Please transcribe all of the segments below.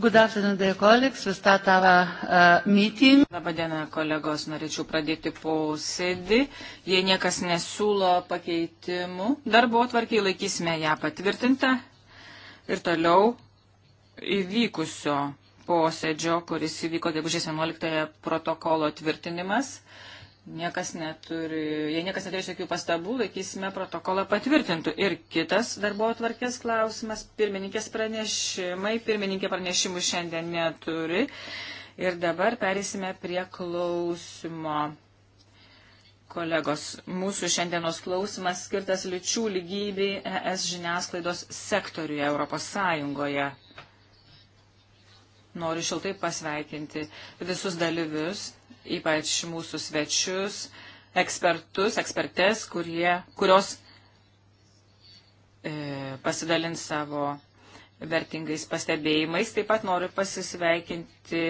Good afternoon, dear colleagues. We start our uh, meeting. Labadiena, kolegos. Norėčiau pradėti posėdį. Jei niekas nesiūlo pakeitimų, darbo atvarkiai laikysime ją patvirtintą. Ir toliau įvykusio posėdžio, kuris įvyko gegužės 11 protokolo tvirtinimas. Uh, Niekas neturi, jei niekas neturi jokių pastabų, laikysime protokolą patvirtintų. Ir kitas darbo atvarkės klausimas, pirmininkės pranešimai, pirmininkė pranešimų šiandien neturi. Ir dabar perėsime prie klausimo. Kolegos, mūsų šiandienos klausimas skirtas lyčių lygybei ES žiniasklaidos sektoriuje Europos Sąjungoje. Noriu šiltai pasveikinti visus dalyvius ypač mūsų svečius, ekspertus, ekspertes, kurie, kurios e, pasidalins savo vertingais pastebėjimais. Taip pat noriu pasisveikinti,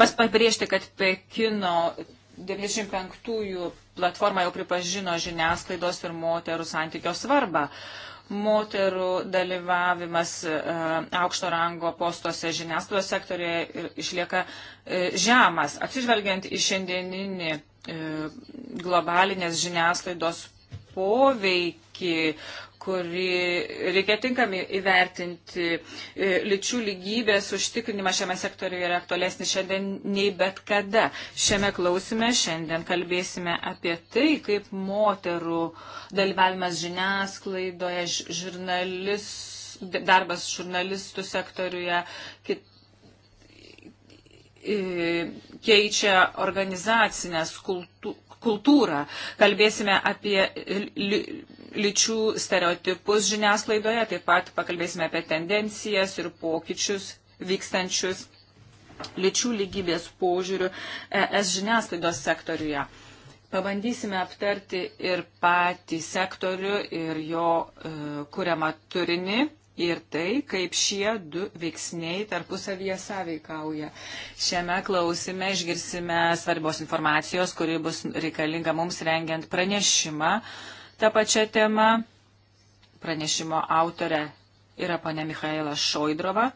pas, pabrėžti, kad Pekino 95-ųjų platforma jau pripažino žiniasklaidos ir moterų santykio svarbą. E, moterų dalyvavimas e, aukšto rango postuose žiniasklaidos sektorėje išlieka e, žemas. Atsižvelgiant į šiandieninį e, globalinės žiniasklaidos poveikį kurį reikia tinkami įvertinti. E, lyčių lygybės užtikrinimas šiame sektoriuje yra aktualesnis šiandien nei bet kada. Šiame klausime šiandien kalbėsime apie tai, kaip moterų dalyvavimas žiniasklaidoje, žurnalis, darbas žurnalistų sektoriuje, kit, keičia organizacinės kultūrą. Kalbėsime apie lyčių stereotipus žiniasklaidoje, taip pat pakalbėsime apie tendencijas ir pokyčius vykstančius lyčių lygybės požiūrių ES žiniasklaidos sektoriuje. Pabandysime aptarti ir patį sektorių ir jo e, kuriamą turinį ir tai, kaip šie du veiksniai tarpusavyje sąveikauja. Šiame klausime išgirsime svarbios informacijos, kuri bus reikalinga mums rengiant pranešimą. E, Ta pačia tema pranešimo autorė yra ponė Mikhaila Šoidrova,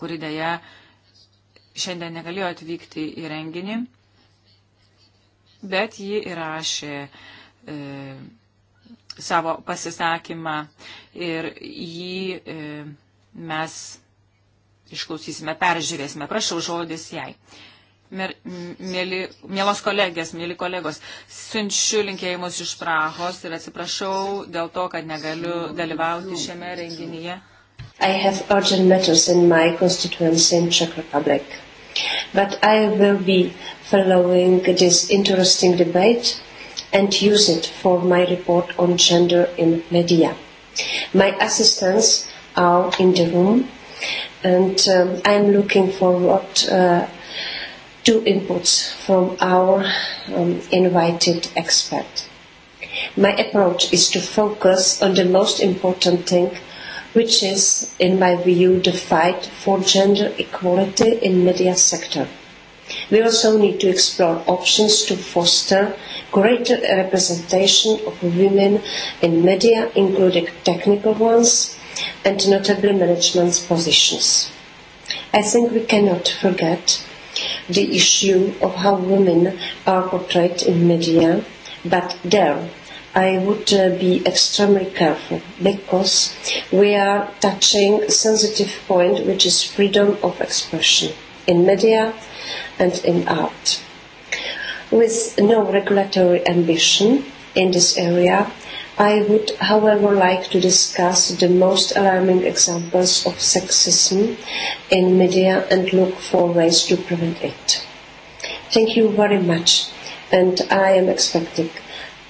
kuri dėja šiandien negalėjo atvykti į renginį, bet ji įrašė e, savo pasisakymą ir jį e, mes išklausysime, peržiūrėsime. Prašau žodis jai. E, mėly, mielos kolegės, mėly kolegos, siunčiu linkėjimus iš Prahos ir atsiprašau dėl to, kad negaliu dalyvauti šiame renginyje. I have urgent matters in my constituency in Czech Republic, but I will be following this interesting debate and use it for my report on gender in media. My assistants are in the room and um, I'm looking forward uh, two inputs from our um, invited expert. My approach is to focus on the most important thing, which is, in my view, the fight for gender equality in media sector. We also need to explore options to foster greater representation of women in media, including technical ones and notably management positions. I think we cannot forget the issue of how women are portrayed in media, but there I would uh, be extremely careful because we are touching a sensitive point which is freedom of expression in media and in art. With no regulatory ambition in this area, I would, however, like to discuss the most alarming examples of sexism in media and look for ways to prevent it. Thank you very much, and I am expecting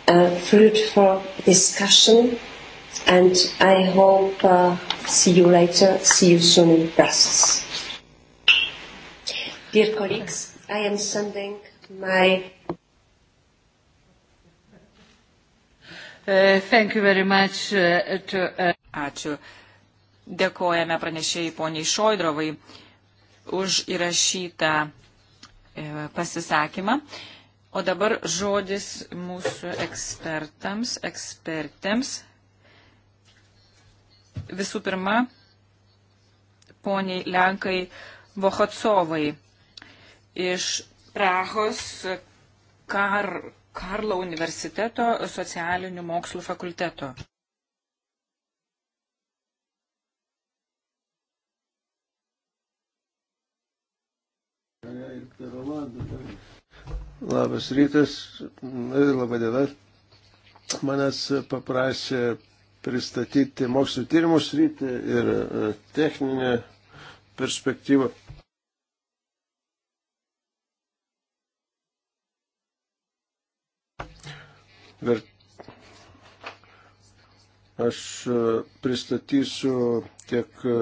a fruitful discussion, and I hope uh, see you later, see you soon in Brussels. Dear colleagues, I am sending my Uh, uh, uh, Ačiū. Dėkojame pranešėjai poniai Šoidrovai už įrašytą e, pasisakymą. O dabar žodis mūsų ekspertams, ekspertėms. Visų pirma, poniai Lenkai Vohotsovai iš Prahos kar, Karlo universiteto socialinių mokslų fakulteto. Labas rytas, laba diena. Manęs paprašė pristatyti mokslo tyrimų sritį ir e, techninę perspektyvą. Ver... Aš e, pristatysiu tiek e,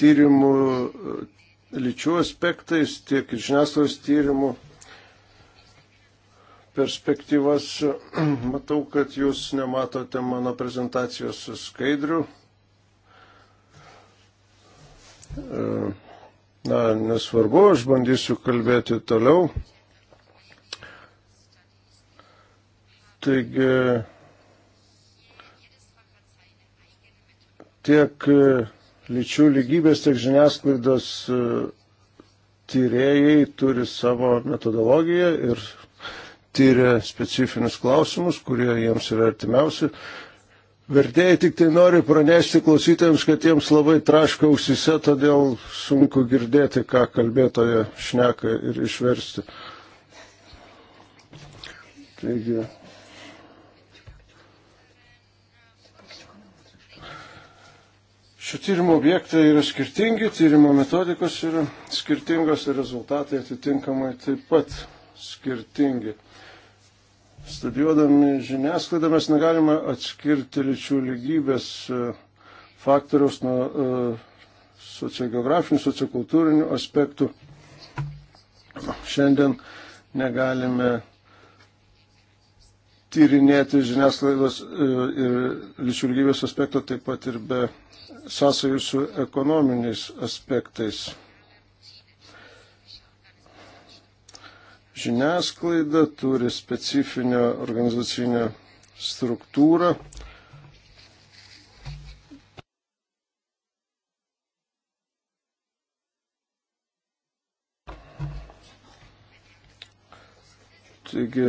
tyrimų e, lyčių aspektais, tiek ir žiniasklaidos tyrimų perspektyvas. Matau, kad jūs nematote mano prezentacijos skaidrių. Na, nesvarbu, aš bandysiu kalbėti toliau. Taigi tiek e, lyčių lygybės, tiek žiniasklaidos e, tyrėjai turi savo metodologiją ir tyria specifinius klausimus, kurie jiems yra artimiausi. Vertėjai tik tai nori pranešti klausytėms, kad jiems labai traška ausise, todėl sunku girdėti, ką kalbėtoja šneka ir išversti. Taigi, Šių tyrimų objektai yra skirtingi, tyrimo metodikos yra skirtingos ir rezultatai atitinkamai taip pat skirtingi. Studijuodami žiniasklaidą mes negalime atskirti lyčių lygybės e, faktoriaus nuo e, sociografinių, sociokultūrinių aspektų. Šiandien negalime tyrinėti žiniasklaidos e, ir lyčių lygybės aspekto taip pat ir be sąsajų su ekonominiais aspektais. Žiniasklaida turi specifinę organizacinę struktūrą. Taigi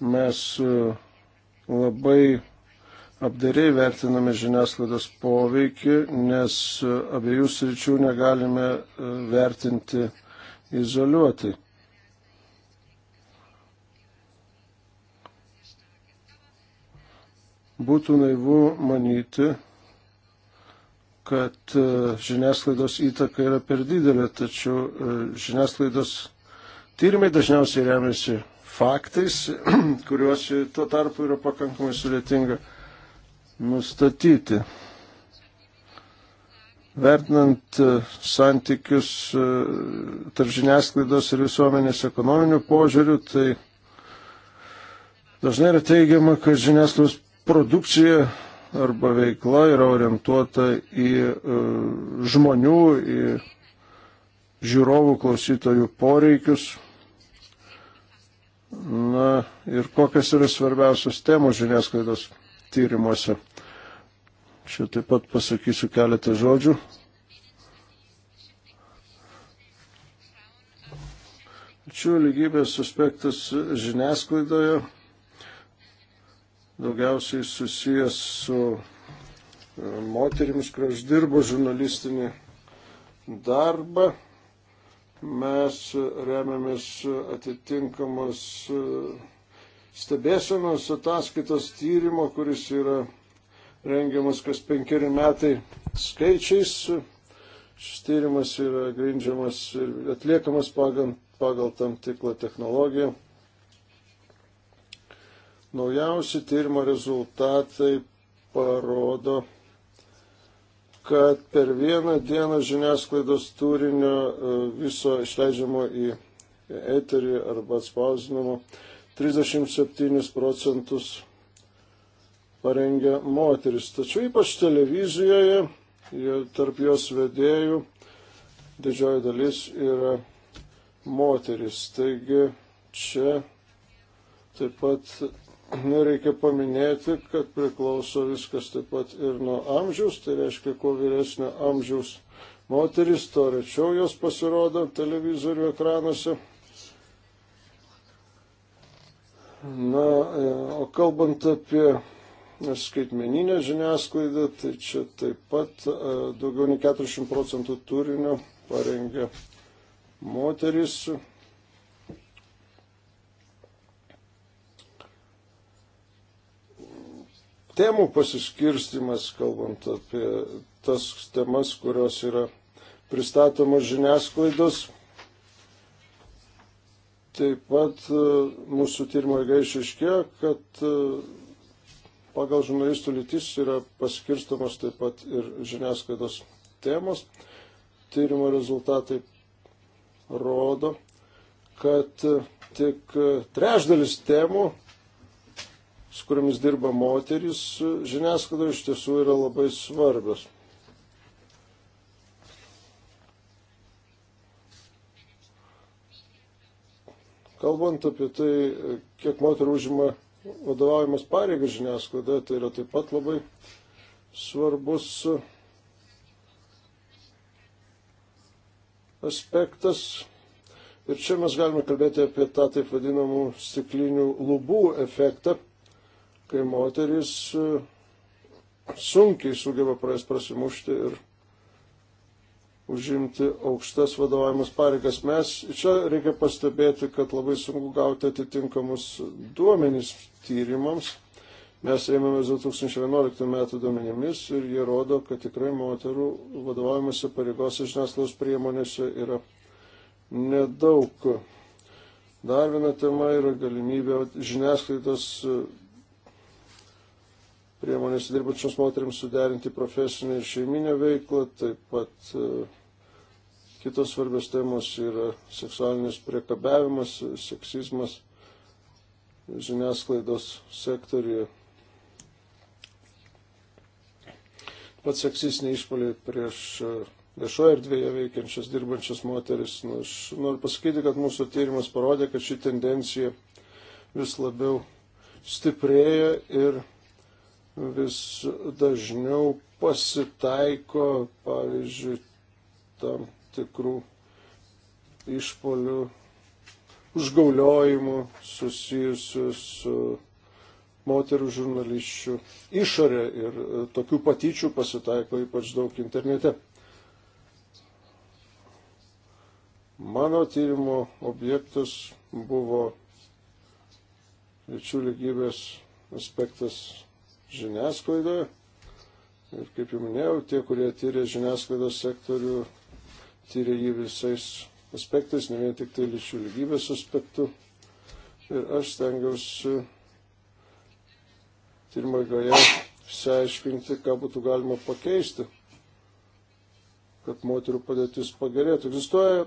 mes e, labai apdariai vertiname žiniasklaidos poveikį, nes abiejų sričių negalime e, vertinti izoliuotai. Būtų naivu manyti, kad e, žiniasklaidos įtaka yra per didelė, tačiau e, žiniasklaidos tyrimai dažniausiai remiasi faktais, kuriuos tuo tarpu yra pakankamai sudėtinga nustatyti. Vertinant e, santykius e, tarp žiniasklaidos ir visuomenės ekonominių požiūrių, tai dažnai yra teigiama, kad žiniasklaidos produkcija arba veikla yra orientuota į e, žmonių, į žiūrovų klausytojų poreikius. Na ir kokios yra svarbiausios temos žiniasklaidos tyrimuose. Čia taip pat pasakysiu keletą žodžių. Čia lygybės aspektas žiniasklaidoje daugiausiai susijęs su e, moterims, kurios dirbo žurnalistinį darbą. Mes remiamės atitinkamos e, stebėsenos ataskaitos tyrimo, kuris yra rengiamas kas penkeri metai skaičiais. Šis tyrimas yra grindžiamas ir atliekamas pagal, pagal tam tikrą technologiją. Naujausi tyrimo rezultatai parodo, kad per vieną dieną žiniasklaidos turinio e, viso išleidžiamo į eterį arba atspausdinamo 37 procentus parengia moteris. Tačiau ypač televizijoje tarp jos vedėjų didžioji dalis yra moteris. Taigi čia taip pat reikia paminėti, kad priklauso viskas taip pat ir nuo amžiaus, tai reiškia, kuo vyresnio amžiaus moteris, to rečiau jos pasirodo televizorių ekranuose. Na, e, o kalbant apie skaitmeninę žiniasklaidą, tai čia taip pat e, daugiau nei 40 procentų turinio parengė moteris. Temų pasiskirstimas, kalbant apie tas temas, kurios yra pristatomos žiniasklaidos, Taip pat e, mūsų tyrimo eigai išaiškėjo, kad e, pagal žurnalistų lytis yra paskirstamos taip pat ir žiniasklaidos temos. Tyrimo rezultatai rodo, kad e, tik trešdalis temų, su kuriamis dirba moteris, žiniasklaidoje iš tiesų yra labai svarbios. Kalbant apie tai, kiek moterų užima vadovaujamas pareigas žiniasklaidoje, tai yra taip pat labai svarbus aspektas. Ir čia mes galime kalbėti apie tą taip vadinamų stiklinių lubų efektą, kai moteris sunkiai sugeba praeispasimušti ir užimti aukštas vadovavimas pareigas. Mes čia reikia pastebėti, kad labai sunku gauti atitinkamus duomenys tyrimams. Mes ėmėmės 2011 metų duomenimis ir jie rodo, kad tikrai moterų vadovavimuose pareigose žiniasklaidos priemonėse yra nedaug. Dar viena tema yra galimybė žiniasklaidos priemonės dirbančioms moteriams suderinti profesinę ir šeiminę veiklą, taip pat e, kitos svarbios temos yra seksualinis priekabiavimas, seksizmas žiniasklaidos sektoriuje. Pats seksistiniai išpoliai prieš e, viešoje erdvėje veikiančias dirbančias moteris. Nu, aš noriu pasakyti, kad mūsų tyrimas parodė, kad ši tendencija vis labiau stiprėja ir vis dažniau pasitaiko, pavyzdžiui, tam tikrų išpolių, užgauliojimų susijusių su moterų žurnalisčių išorė ir e, tokių patyčių pasitaiko ypač daug internete. Mano tyrimo objektas buvo lyčių lygybės aspektas žiniasklaidoje. Ir kaip jau minėjau, tie, kurie tyrė žiniasklaidos sektorių, tyrė jį visais aspektais, ne vien tik tai lyčių lygybės aspektu. Ir aš stengiausi tyrimo įgoje išsiaiškinti, ką būtų galima pakeisti, kad moterų padėtis pagerėtų. Egzistuoja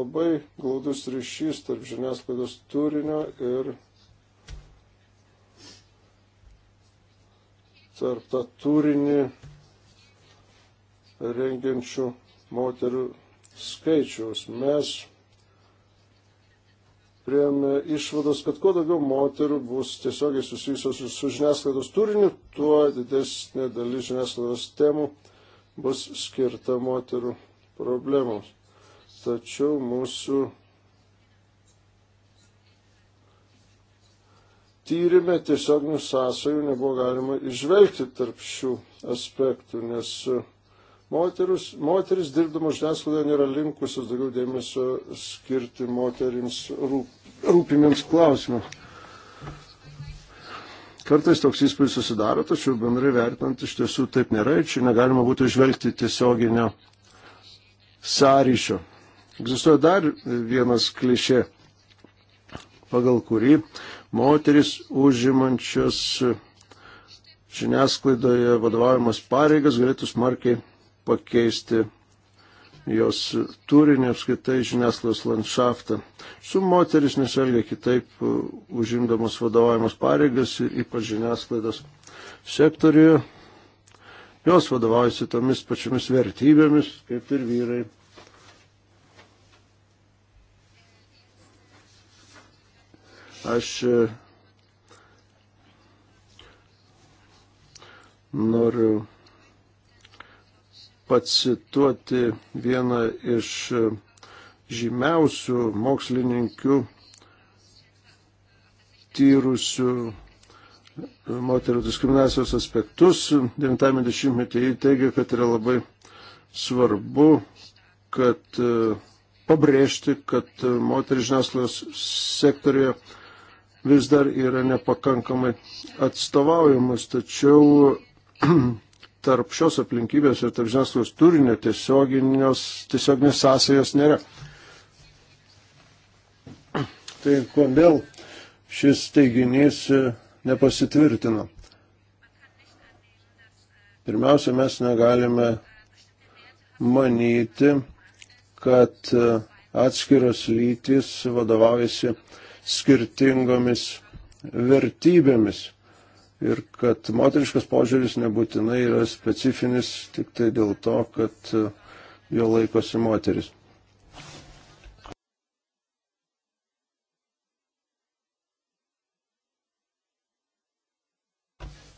labai glaudus ryšys tarp žiniasklaidos turinio ir ar tą turinį rengiančių moterų skaičiaus. Mes prieėmė išvados, kad kuo daugiau moterų bus tiesiogiai susijusios su žiniasklaidos turiniu, tuo didesnė dalis žiniasklaidos temų bus skirta moterų problemams. Tačiau mūsų tyrimė tiesioginių sąsajų nebuvo galima išvelgti tarp šių aspektų, nes e, moteris, moteris dirbdama žiniasklaidoje nėra linkusios daugiau dėmesio skirti moterims rūp, rūpimiems klausimams. Kartais toks įspūdis susidaro, tačiau bendrai vertinant iš tiesų taip nėra ir čia negalima būtų išvelgti tiesioginio sąryšio. Egzistuoja dar vienas klišė, pagal kurį moteris užimančios žiniasklaidoje vadovaujamas pareigas galėtų smarkiai pakeisti jos turinį apskaitai žiniasklaidos landšaftą. Su moteris nesielgia kitaip užimdamas vadovaujamas pareigas ir ypač žiniasklaidos sektoriuje. Jos vadovaujasi tomis pačiomis vertybėmis, kaip ir vyrai. Aš e, noriu pacituoti vieną iš e, žymiausių mokslininkių tyrusių e, moterų diskriminacijos aspektus. 90-metyje teigia, kad yra labai svarbu, kad pabrėžti, kad moteris žiniasklaidos sektorijoje vis dar yra nepakankamai atstovaujamas, tačiau tarp šios aplinkybės ir tarp žiniasklaidos turinio tiesioginės sąsajos nėra. Tai kodėl šis teiginys e, nepasitvirtino? Pirmiausia, mes negalime manyti, kad e, atskiros lytis vadovaujasi skirtingomis vertybėmis ir kad moteriškas požiūris nebūtinai yra specifinis tik tai dėl to, kad e, jo laikosi moteris.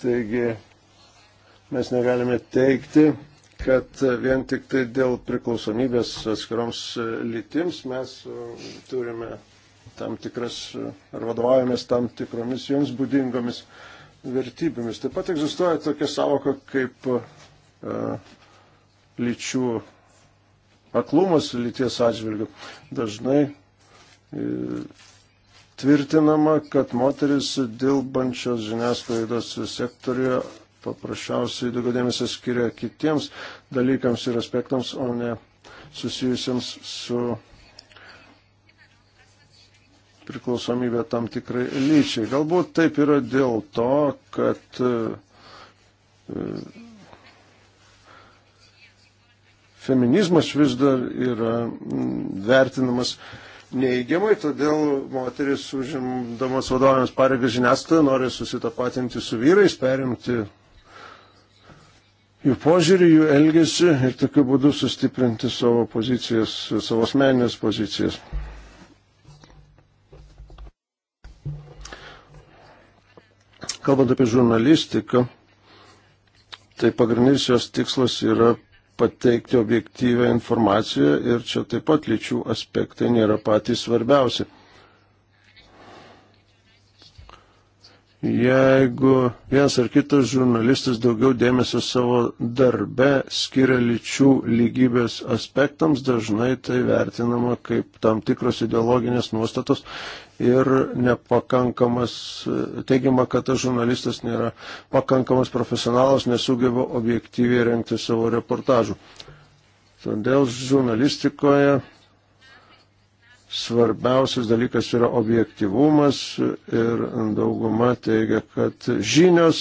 Taigi mes negalime teikti, kad vien tik tai dėl priklausomybės atskiroms lytims mes e, turime tam tikras ar vadovaujamės tam tikromis jums būdingomis vertybėmis. Taip pat egzistuoja tokia savoka kaip e, lyčių aklumas lyties atžvilgių. Dažnai e, tvirtinama, kad moteris dilbančios žiniasklaidos sektoriuje paprasčiausiai daugiau dėmesio skiria kitiems dalykams ir aspektams, o ne susijusiams su priklausomybę tam tikrai lyčiai. Galbūt taip yra dėl to, kad e, feminizmas vis dar yra vertinamas neįgiamai, todėl moteris užimdamas vadovavimas pareigas žiniasklaidoje nori susitapatinti su vyrais, perimti jų požiūrį, jų elgesį ir tokiu būdu sustiprinti savo pozicijas, savo asmeninės pozicijas. Kalbant apie žurnalistiką, tai pagrindinis jos tikslas yra pateikti objektyvę informaciją ir čia taip pat lyčių aspektai nėra patys svarbiausi. jeigu vienas ar kitas žurnalistas daugiau dėmesio savo darbe skiria lyčių lygybės aspektams, dažnai tai vertinama kaip tam tikros ideologinės nuostatos ir nepakankamas, teigiama, kad tas žurnalistas nėra pakankamas profesionalas, nesugeba objektyviai renkti savo reportažų. Todėl žurnalistikoje svarbiausias dalykas yra objektivumas ir dauguma teigia, kad žinios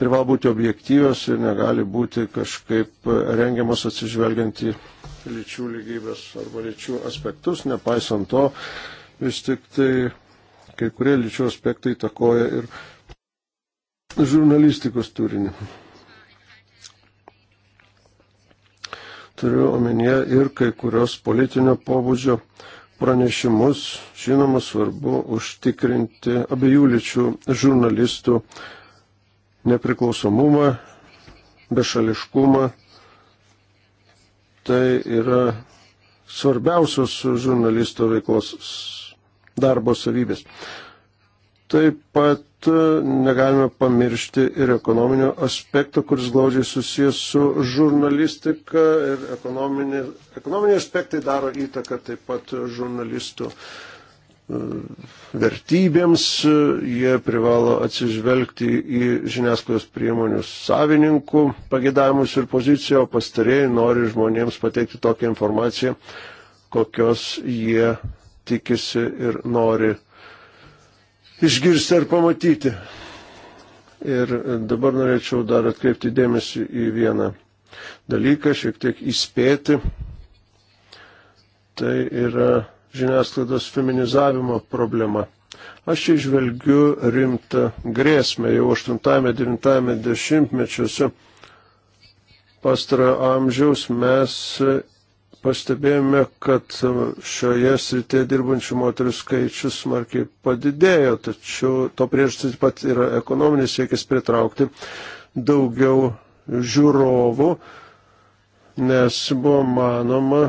privalo būti objektyvios ir negali būti kažkaip rengiamos atsižvelgiant į lyčių lygybės arba lyčių aspektus, nepaisant to, vis tik tai kai kurie lyčių aspektai takoja ir žurnalistikos turinį. turiu omenyje ir kai kurios politinio pobūdžio pranešimus. Žinoma, svarbu užtikrinti abiejų lyčių žurnalistų nepriklausomumą, bešališkumą. Tai yra svarbiausios žurnalisto veiklos darbo savybės. Taip pat e, negalime pamiršti ir ekonominio aspekto, kuris glaudžiai susijęs su žurnalistika ir ekonominiai, ekonominiai aspektai daro įtaką taip pat žurnalistų e, vertybėms, jie privalo atsižvelgti į žiniasklaidos priemonių savininkų pagėdavimus ir poziciją, o pastarėjai nori žmonėms pateikti tokią informaciją, kokios jie tikisi ir nori išgirsti ar pamatyti. Ir dabar norėčiau dar atkreipti dėmesį į vieną dalyką, šiek tiek įspėti. Tai yra žiniasklaidos feminizavimo problema. Aš čia išvelgiu rimtą grėsmę jau 8-9 dešimtmečiuose pastarojo amžiaus mes pastebėjome, kad šioje srityje dirbančių moterų skaičius smarkiai padidėjo, tačiau to priežastis taip pat yra ekonominis siekis pritraukti daugiau žiūrovų, nes buvo manoma,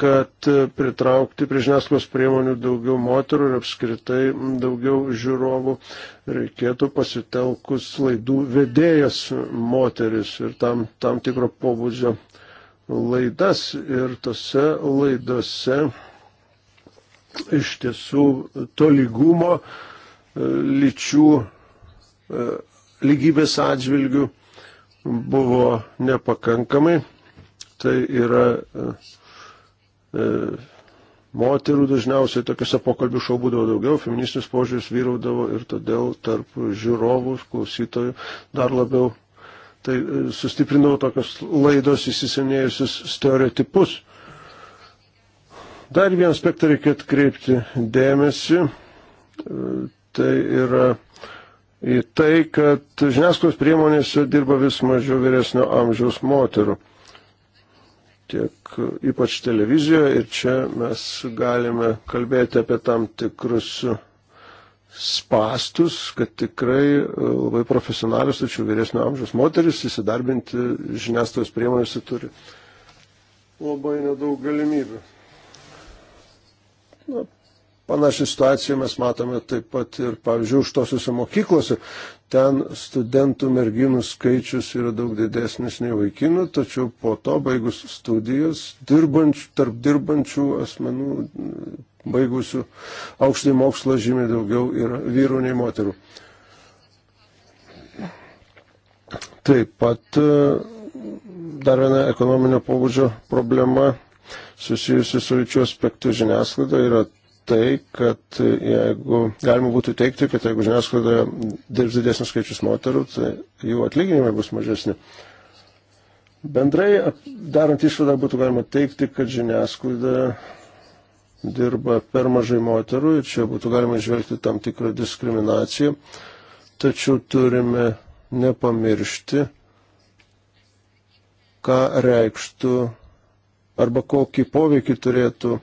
kad pritraukti prie žiniasklaidos priemonių daugiau moterų ir apskritai daugiau žiūrovų reikėtų pasitelkus laidų vedėjas moteris ir tam, tam tikro pobūdžio laidas ir tose laidose iš tiesų tolygumo e, lyčių e, lygybės atžvilgių buvo nepakankamai. Tai yra e, moterų dažniausiai tokiuose pokalbių šau būdavo daugiau, feministinis požiūris vyraudavo ir todėl tarp žiūrovų ir klausytojų dar labiau tai e, sustiprinau tokios laidos įsisenėjusius stereotipus. Dar vieną aspektą reikia atkreipti dėmesį, e, tai yra į tai, kad žiniasklaidos priemonėse dirba vis mažiau vyresnio amžiaus moterų. Tiek e, ypač televizijoje ir čia mes galime kalbėti apie tam tikrus spastus, kad tikrai e, labai profesionalius, tačiau vyresnio amžiaus moteris įsidarbinti žiniasklaidos priemonėse turi labai nedaug galimybių. Na, panašią situaciją mes matome taip pat ir, pavyzdžiui, užtosiuose mokyklose. Ten studentų merginų skaičius yra daug didesnis nei vaikinų, tačiau po to, baigus studijas, dirbančių, tarp dirbančių asmenų baigusių aukštąjį mokslą žymiai daugiau yra vyrų nei moterų. Taip pat e, dar viena ekonominio pobūdžio problema susijusi su lyčių aspektu žiniasklaidoje yra tai, kad jeigu galima būtų teikti, kad jeigu žiniasklaidoje dirbs didesnis skaičius moterų, tai jų atlyginimai bus mažesni. Bendrai, darant išvadą, būtų galima teikti, kad žiniasklaida dirba per mažai moterų ir čia būtų galima išvelgti tam tikrą diskriminaciją. Tačiau turime nepamiršti, ką reikštų arba kokį poveikį turėtų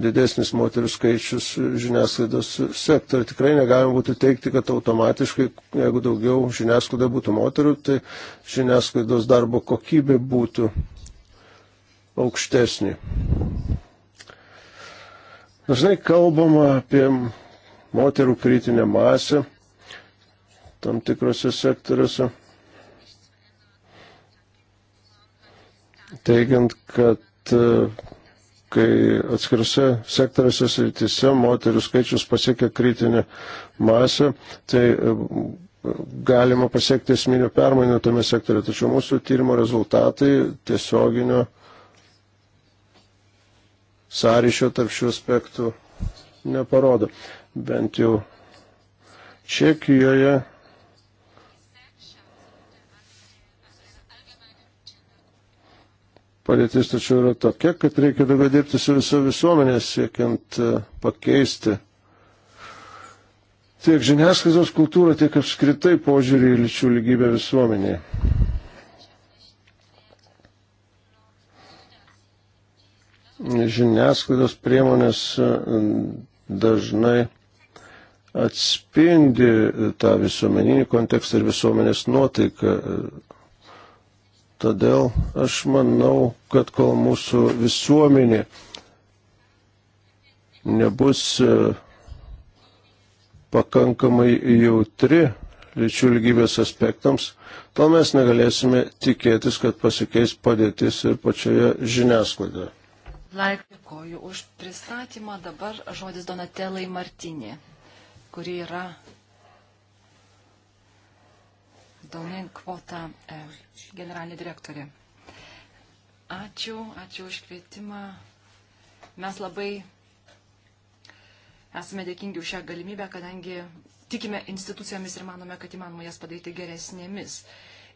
didesnis moterų skaičius žiniasklaidos sektoriui. Tikrai negalima būtų teikti, kad automatiškai, jeigu daugiau žiniasklaida būtų moterų, tai žiniasklaidos darbo kokybė būtų aukštesnė. Dažnai kalbama apie moterų kritinę masę tam tikrose sektoriuose, teigiant, kad e, kai atskirose sektoriuose srityse moterių skaičius pasiekia kritinę masę, tai e, galima pasiekti esminių permainų tame sektoriu. Tačiau mūsų tyrimo rezultatai tiesioginio sąryšio tarp šių aspektų neparodo. Bent jau Čekijoje padėtis tačiau yra tokia, kad reikia daugiau dirbti su viso visuomenė siekiant e, pakeisti tiek žiniasklaidos kultūrą, tiek apskritai požiūrį į lyčių lygybę visuomenėje. žiniasklaidos priemonės e, dažnai atspindi tą visuomeninį kontekstą ir visuomenės nuotaiką. Todėl aš manau, kad kol mūsų visuomenė nebus e, pakankamai jautri lyčių lygybės aspektams, tol mes negalėsime tikėtis, kad pasikeis padėtis ir pačioje žiniasklaidoje like... Dėkoju už pristatymą. Dabar žodis Donatelai Martinė, kuri yra Domain Quota e, generalinė direktorė. Ačiū, ačiū už kvietimą. Mes labai esame dėkingi už šią galimybę, kadangi tikime institucijomis ir manome, kad įmanoma jas padaryti geresnėmis.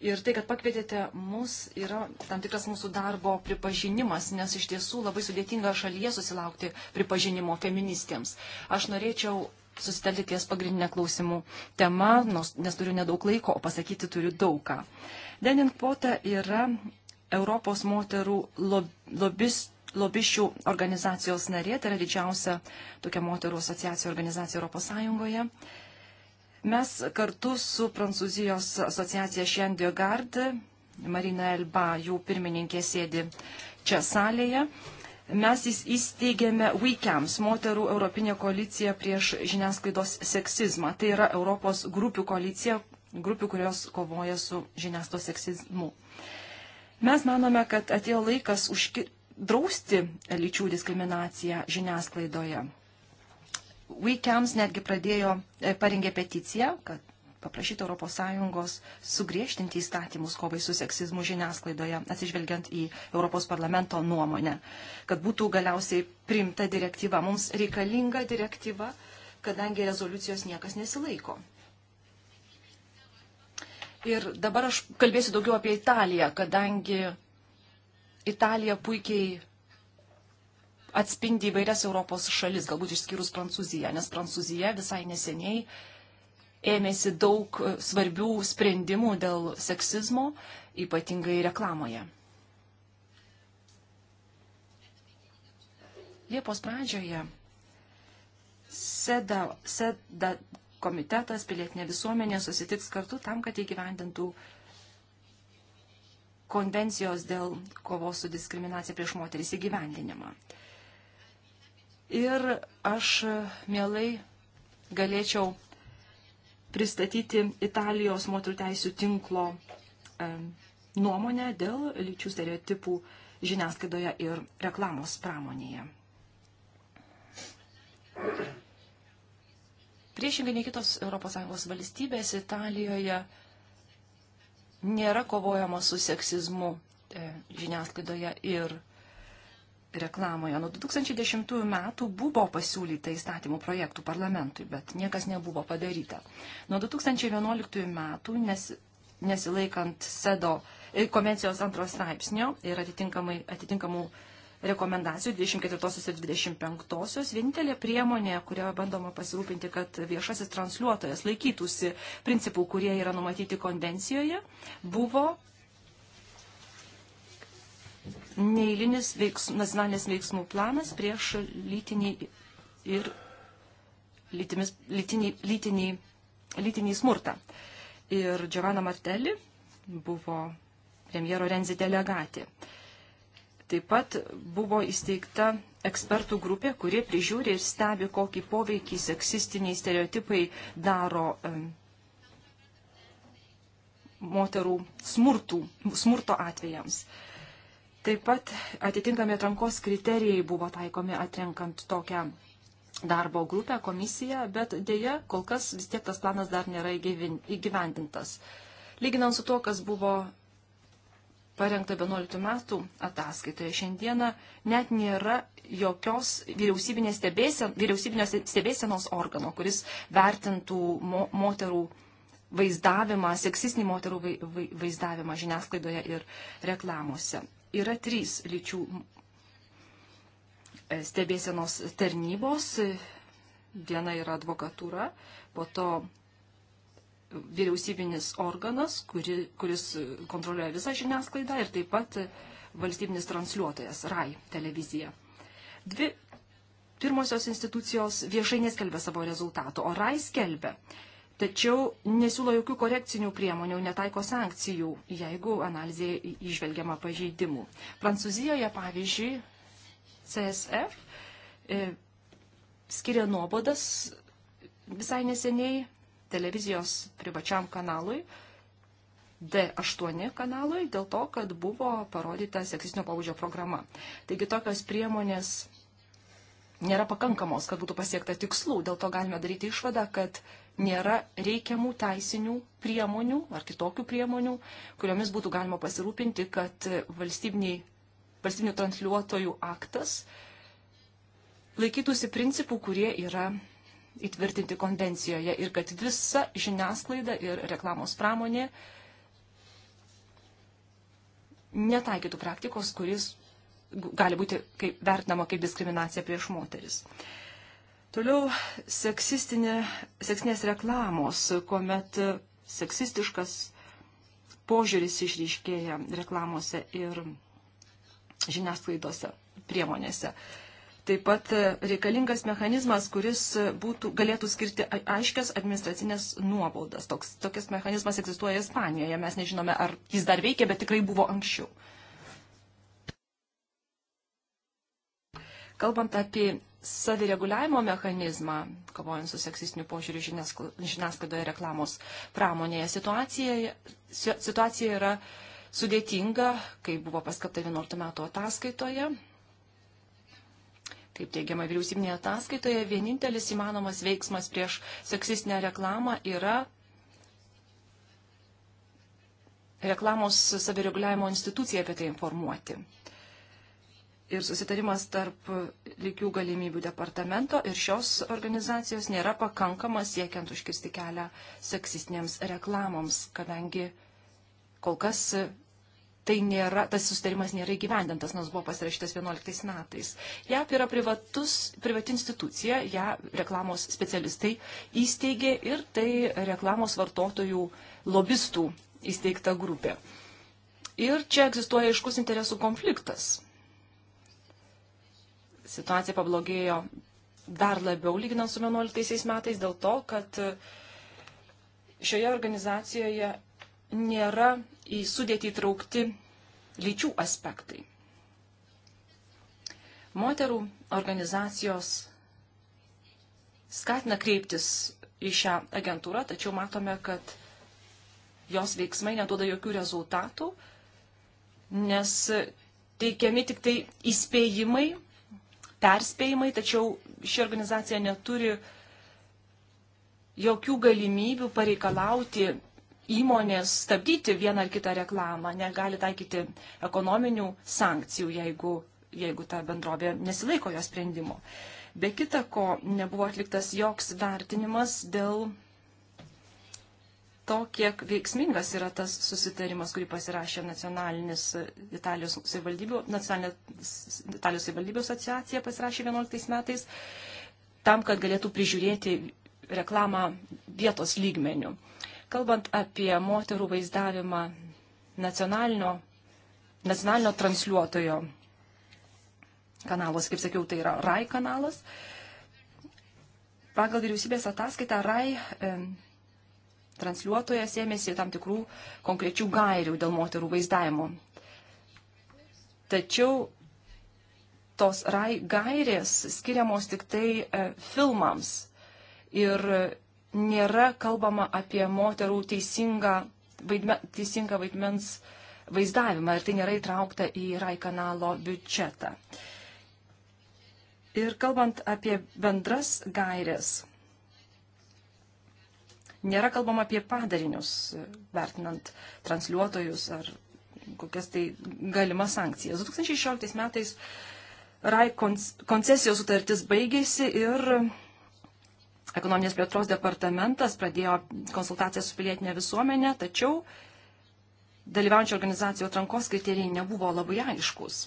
Ir tai, kad pakvietėte mus, yra tam tikras mūsų darbo pripažinimas, nes iš tiesų labai sudėtinga šalyje susilaukti pripažinimo feministėms. Aš norėčiau susitelti ties pagrindinę klausimų temą, nes turiu nedaug laiko, o pasakyti turiu daug ką. Denin Pota yra Europos moterų lobistų lobiščių organizacijos narė, tai yra didžiausia tokia moterų asociacija organizacija Europos Sąjungoje. Uh, Mes kartu su Prancūzijos asociacija Chien de Garde, Marina Elba, jų pirmininkė sėdi čia salėje, mes įsteigėme WeCams, moterų Europinė koalicija prieš žiniasklaidos seksizmą. Tai yra Europos grupių koalicija, grupių, kurios kovoja su žiniasklaidos seksizmu. Mes manome, kad atėjo laikas užkirti drausti lyčių diskriminaciją žiniasklaidoje. Weekiams netgi pradėjo, e, parengė peticiją, kad paprašyti ES sugriežtinti įstatymus kovai su seksizmu žiniasklaidoje, atsižvelgiant į Europos parlamento nuomonę, kad būtų galiausiai priimta direktyva. Mums reikalinga direktyva, kadangi rezoliucijos niekas nesilaiko. Ir dabar aš kalbėsiu daugiau apie Italiją, kadangi Italija puikiai atspindi įvairias Europos šalis, galbūt išskyrus Prancūziją, nes Prancūzija visai neseniai ėmėsi daug e, svarbių sprendimų dėl seksizmo, ypatingai reklamoje. Liepos pradžioje SEDA, SEDA komitetas pilietinė visuomenė susitiks kartu tam, kad įgyvendintų konvencijos dėl kovos su diskriminacija prieš moteris įgyvendinimą. Ir aš mielai galėčiau pristatyti Italijos moterų teisų tinklo e, nuomonę dėl lyčių stereotipų žiniasklaidoje ir reklamos pramonėje. Priešingai nei kitos ES valstybės, Italijoje nėra kovojama su seksizmu e, žiniasklaidoje ir reklamoje reklamoje. Nuo 2010 metų buvo pasiūlyta įstatymų projektų parlamentui, bet niekas nebuvo padaryta. Nuo 2011 metų, nes, nesilaikant SEDO e, konvencijos antros straipsnio ir atitinkamų rekomendacijų 24 ir 25, vienintelė priemonė, kurioje bandoma pasirūpinti, kad viešasis transliuotojas laikytųsi principų, kurie yra numatyti konvencijoje, buvo neįlinis veiks, nacionalinės veiksmų planas prieš lytinį ir lytimis, lytinį, lytinį, lytinį smurtą. Ir Giovanna Martelli buvo premjero Renzi delegatė. Taip pat buvo įsteigta ekspertų grupė, kurie prižiūri ir stebi, kokį poveikį seksistiniai stereotipai daro moterų smurtų, smurto atvejams. Taip pat atitinkami atrankos kriterijai buvo taikomi atrenkant tokią darbo grupę, komisiją, bet dėja kol kas vis tiek tas planas dar nėra įgyvendintas. Lyginant su to, kas buvo parengta 11 metų ataskaitoje, šiandieną net nėra jokios stebėsen, vyriausybinio stebėsenos organo, kuris vertintų mo, moterų vaizdavimą, seksistinį moterų vaizdavimą žiniasklaidoje ir reklamose yra trys lyčių e, stebėsenos tarnybos. Viena yra advokatūra, po to vyriausybinis organas, kuri, kuris kontroliuoja visą žiniasklaidą ir taip pat valstybinis transliuotojas, RAI televizija. Dvi pirmosios institucijos viešai neskelbė savo rezultatų, o RAI skelbė. Uh, tačiau nesiūlo jokių korekcinių priemonių, netaiko sankcijų, jeigu analizėje išvelgiama pažeidimų. Prancūzijoje, pavyzdžiui, CSF e, skiria nuobodas visai neseniai televizijos privačiam kanalui, D8 kanalui, dėl to, kad buvo parodyta seksistinio pabudžio programa. Taigi tokios priemonės nėra pakankamos, kad būtų pasiekta tikslų. Dėl to galime daryti išvadą, kad nėra reikiamų teisinių priemonių ar kitokių priemonių, kuriomis būtų galima pasirūpinti, kad valstybinių transliuotojų aktas laikytųsi principų, kurie yra įtvirtinti konvencijoje ir kad visa žiniasklaida ir reklamos pramonė netaikytų praktikos, kuris gali būti kaip, vertinama kaip diskriminacija prieš moteris. Toliau seksistinė, seksinės reklamos, kuomet seksistiškas požiūris išryškėja reklamose ir žiniasklaidose priemonėse. Taip pat reikalingas mechanizmas, kuris būtų, galėtų skirti aiškias administracinės nuobaudas. Toks, tokias mechanizmas egzistuoja Ispanijoje. Mes nežinome, ar jis dar veikia, bet tikrai buvo anksčiau. Kalbant apie savireguliavimo mechanizmą, kovojant su seksistiniu požiūriu žiniasklaidoje reklamos pramonėje, situacija, situacija yra sudėtinga, kaip buvo paskata 11 metų ataskaitoje. Kaip teigiama vyriausybinėje ataskaitoje, vienintelis įmanomas veiksmas prieš seksistinę reklamą yra reklamos savireguliavimo institucija apie tai informuoti ir susitarimas tarp lygių galimybių departamento ir šios organizacijos nėra pakankamas siekiant užkirsti kelią seksistinėms reklamoms, kadangi kol kas tai nėra, tas susitarimas nėra įgyvendintas, nors buvo pasirašytas 11 metais. JAP yra privatus, privati institucija, ją reklamos specialistai įsteigė ir tai reklamos vartotojų lobistų įsteigta grupė. Ir čia egzistuoja iškus interesų konfliktas situacija pablogėjo dar labiau lyginant su 11 metais dėl to, kad e, šioje organizacijoje nėra į sudėtį įtraukti lyčių aspektai. Moterų organizacijos skatina kreiptis į šią agentūrą, tačiau matome, kad jos veiksmai neduoda jokių rezultatų, nes teikiami tik tai įspėjimai perspėjimai, tačiau ši organizacija neturi jokių galimybių pareikalauti įmonės stabdyti vieną ar kitą reklamą, negali taikyti ekonominių sankcijų, jeigu, jeigu ta bendrovė nesilaiko jo sprendimo. Be kita ko, nebuvo atliktas joks vertinimas dėl to, kiek veiksmingas yra tas susitarimas, kurį pasirašė nacionalinis e, Italijos savivaldybių, nacionalinė Italijos savivaldybių asociacija pasirašė 11 metais, tam, kad galėtų prižiūrėti reklamą vietos lygmenių. Kalbant apie moterų vaizdavimą nacionalinio, nacionalinio transliuotojo kanalos, kaip sakiau, tai yra RAI kanalas. Pagal vyriausybės ataskaitą RAI transliuotojas ėmėsi tam tikrų konkrečių gairių dėl moterų vaizdavimo. Tačiau tos rai gairės skiriamos tik tai e, filmams ir e, nėra kalbama apie moterų teisingą, vaidme, teisingą vaidmens vaizdavimą ir tai nėra įtraukta į rai kanalo biudžetą. Ir kalbant apie bendras gairės, Nėra kalbama apie padarinius, vertinant transliuotojus ar kokias tai galimas sankcijas. 2016 metais RAI koncesijos sutartis baigėsi ir ekonominės plėtros departamentas pradėjo konsultaciją su pilietinė visuomenė, tačiau dalyvaujančių organizacijų atrankos kriterijai nebuvo labai aiškus.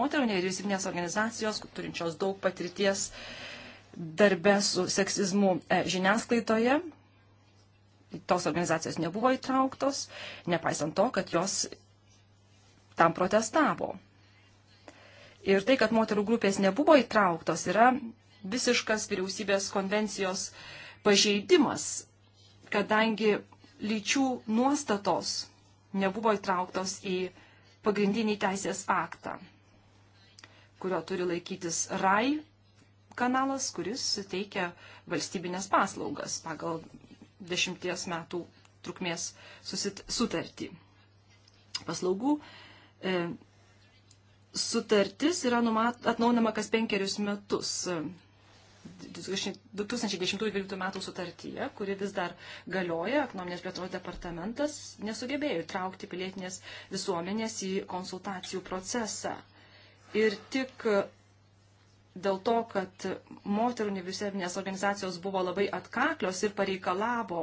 Moterų nevyriausybinės organizacijos, turinčios daug patirties darbe su seksizmu e, žiniasklaidoje, tos organizacijos nebuvo įtrauktos, nepaisant to, kad jos tam protestavo. Ir tai, kad moterų grupės nebuvo įtrauktos, yra visiškas vyriausybės konvencijos pažeidimas, kadangi lyčių nuostatos nebuvo įtrauktos į pagrindinį teisės aktą, kurio turi laikytis RAI kanalas, kuris teikia valstybinės paslaugas pagal dešimties metų trukmės susit, sutartį. Paslaugų e, sutartis yra numat, atnaunama kas penkerius metus. 2010-2012 e, metų sutartyje, kuri vis dar galioja, ekonominės plėtros departamentas nesugebėjo įtraukti pilietinės visuomenės į konsultacijų procesą. Ir tik dėl to, kad moterų nevyriausybinės organizacijos buvo labai atkaklios ir pareikalavo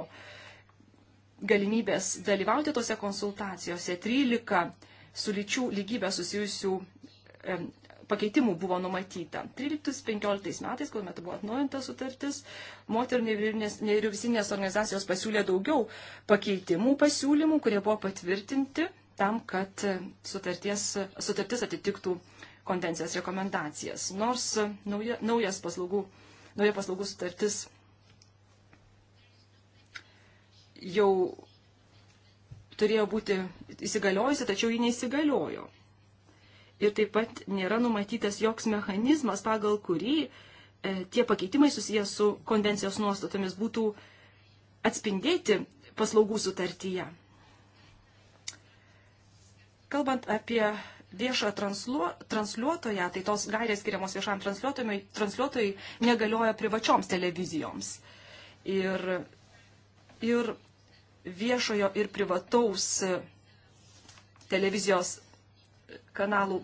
galimybės dalyvauti tose konsultacijose. 13 su lyčių lygybė susijusių pakeitimų buvo numatyta. 13-15 metais, kuomet buvo atnaujinta sutartis, moterų nevyriausybinės organizacijos pasiūlė daugiau pakeitimų pasiūlymų, kurie buvo patvirtinti tam, kad sutarties, sutartis atitiktų konvencijos rekomendacijas. Nors nauja, naujas paslaugų, nauja paslaugų sutartis jau turėjo būti įsigaliojusi, tačiau ji neįsigaliojo. Ir taip pat nėra numatytas joks mechanizmas, pagal kurį e, tie pakeitimai susijęs su konvencijos nuostatomis būtų atspindėti paslaugų sutartyje. Kalbant apie viešą transluo, transliuotoją, tai tos gairės skiriamos viešam transliuotojui, transliuotojui negalioja privačioms televizijoms. Ir, ir viešojo ir privataus e, televizijos kanalų,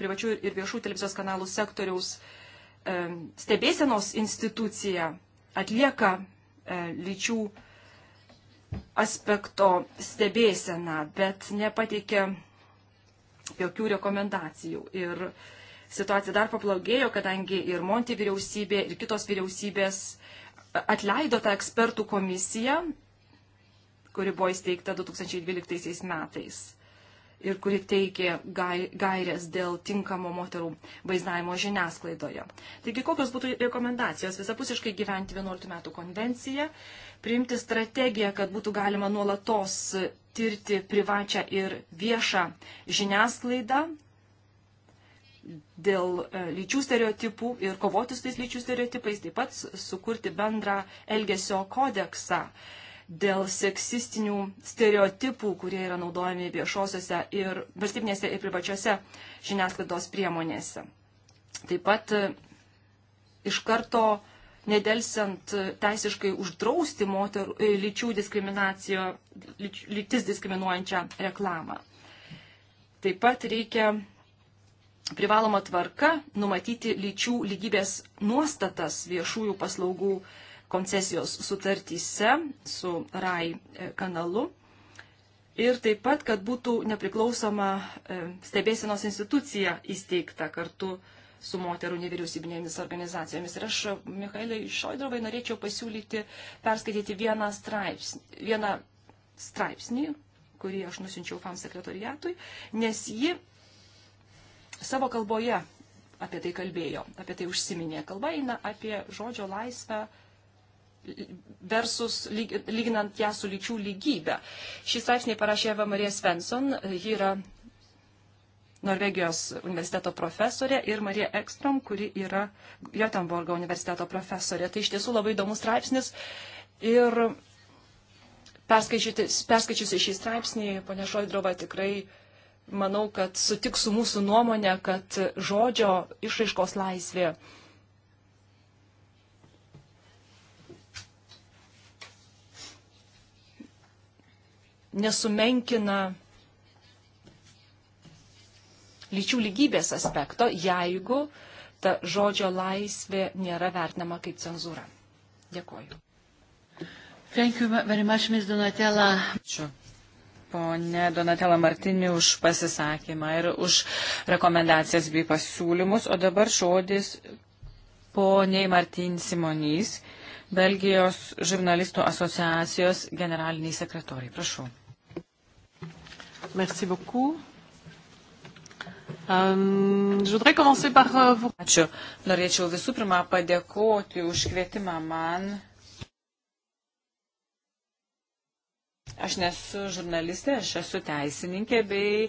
privačių ir viešų televizijos kanalų sektoriaus e, stebėsenos institucija atlieka e, lyčių aspekto stebėseną, bet nepateikia jokių rekomendacijų. Ir situacija dar pablogėjo, kadangi ir Monti vyriausybė, ir kitos vyriausybės atleido tą ekspertų komisiją, kuri buvo įsteigta 2012 metais ir kuri teikė gairės dėl tinkamo moterų vaizdavimo žiniasklaidoje. Taigi, kokios būtų rekomendacijos visapusiškai gyventi 11 metų konvenciją, priimti strategiją, kad būtų galima nuolatos tirti privačią ir viešą žiniasklaidą dėl e, lyčių stereotipų ir kovoti su tais lyčių stereotipais, taip pat sukurti bendrą elgesio kodeksą dėl seksistinių stereotipų, kurie yra naudojami viešosiose ir valstybinėse ir privačiose žiniasklaidos priemonėse. Taip pat e, iš karto nedelsiant e, teisiškai uždrausti moterų, e, lyčių diskriminaciją, lyč, lytis diskriminuojančią reklamą. Taip pat reikia privaloma tvarka numatyti lyčių lygybės nuostatas viešųjų paslaugų koncesijos sutartyse su RAI e, kanalu. Ir taip pat, kad būtų nepriklausoma e, stebėsienos institucija įsteigta kartu su moterų nevyriausybinėmis organizacijomis. Ir aš, Michailai Šoidrovai, norėčiau pasiūlyti perskaityti vieną straipsnį, vieną straipsnį kurį aš nusinčiau FAM sekretoriatui, nes ji savo kalboje apie tai kalbėjo, apie tai užsiminė. Kalba eina apie žodžio laisvę, versus lyg, lyginant ją su lyčių lygybė. Šį straipsnį parašė Eva Marija Svensson, ji yra Norvegijos universiteto profesorė ir Marija Ekstrom, kuri yra Jotenborgo universiteto profesorė. Tai iš tiesų labai įdomus straipsnis ir perskaičiusi šį straipsnį, ponia Šoidrova tikrai manau, kad sutiks su mūsų nuomonė, kad žodžio išraiškos laisvė nesumenkina lyčių lygybės aspekto, jeigu ta žodžio laisvė nėra vertinama kaip cenzūra. Dėkoju. Much, Ačiū ponė Donatela Martini už pasisakymą ir už rekomendacijas bei pasiūlymus. O dabar žodis poniai Martin Simonys, Belgijos žurnalistų asociacijos generaliniai sekretoriai. Prašau. Merci beaucoup. Um, par... Euh, Ačiū. Norėčiau visų pirma padėkoti už kvietimą man Aš nesu žurnalistė, aš esu teisininkė bei e,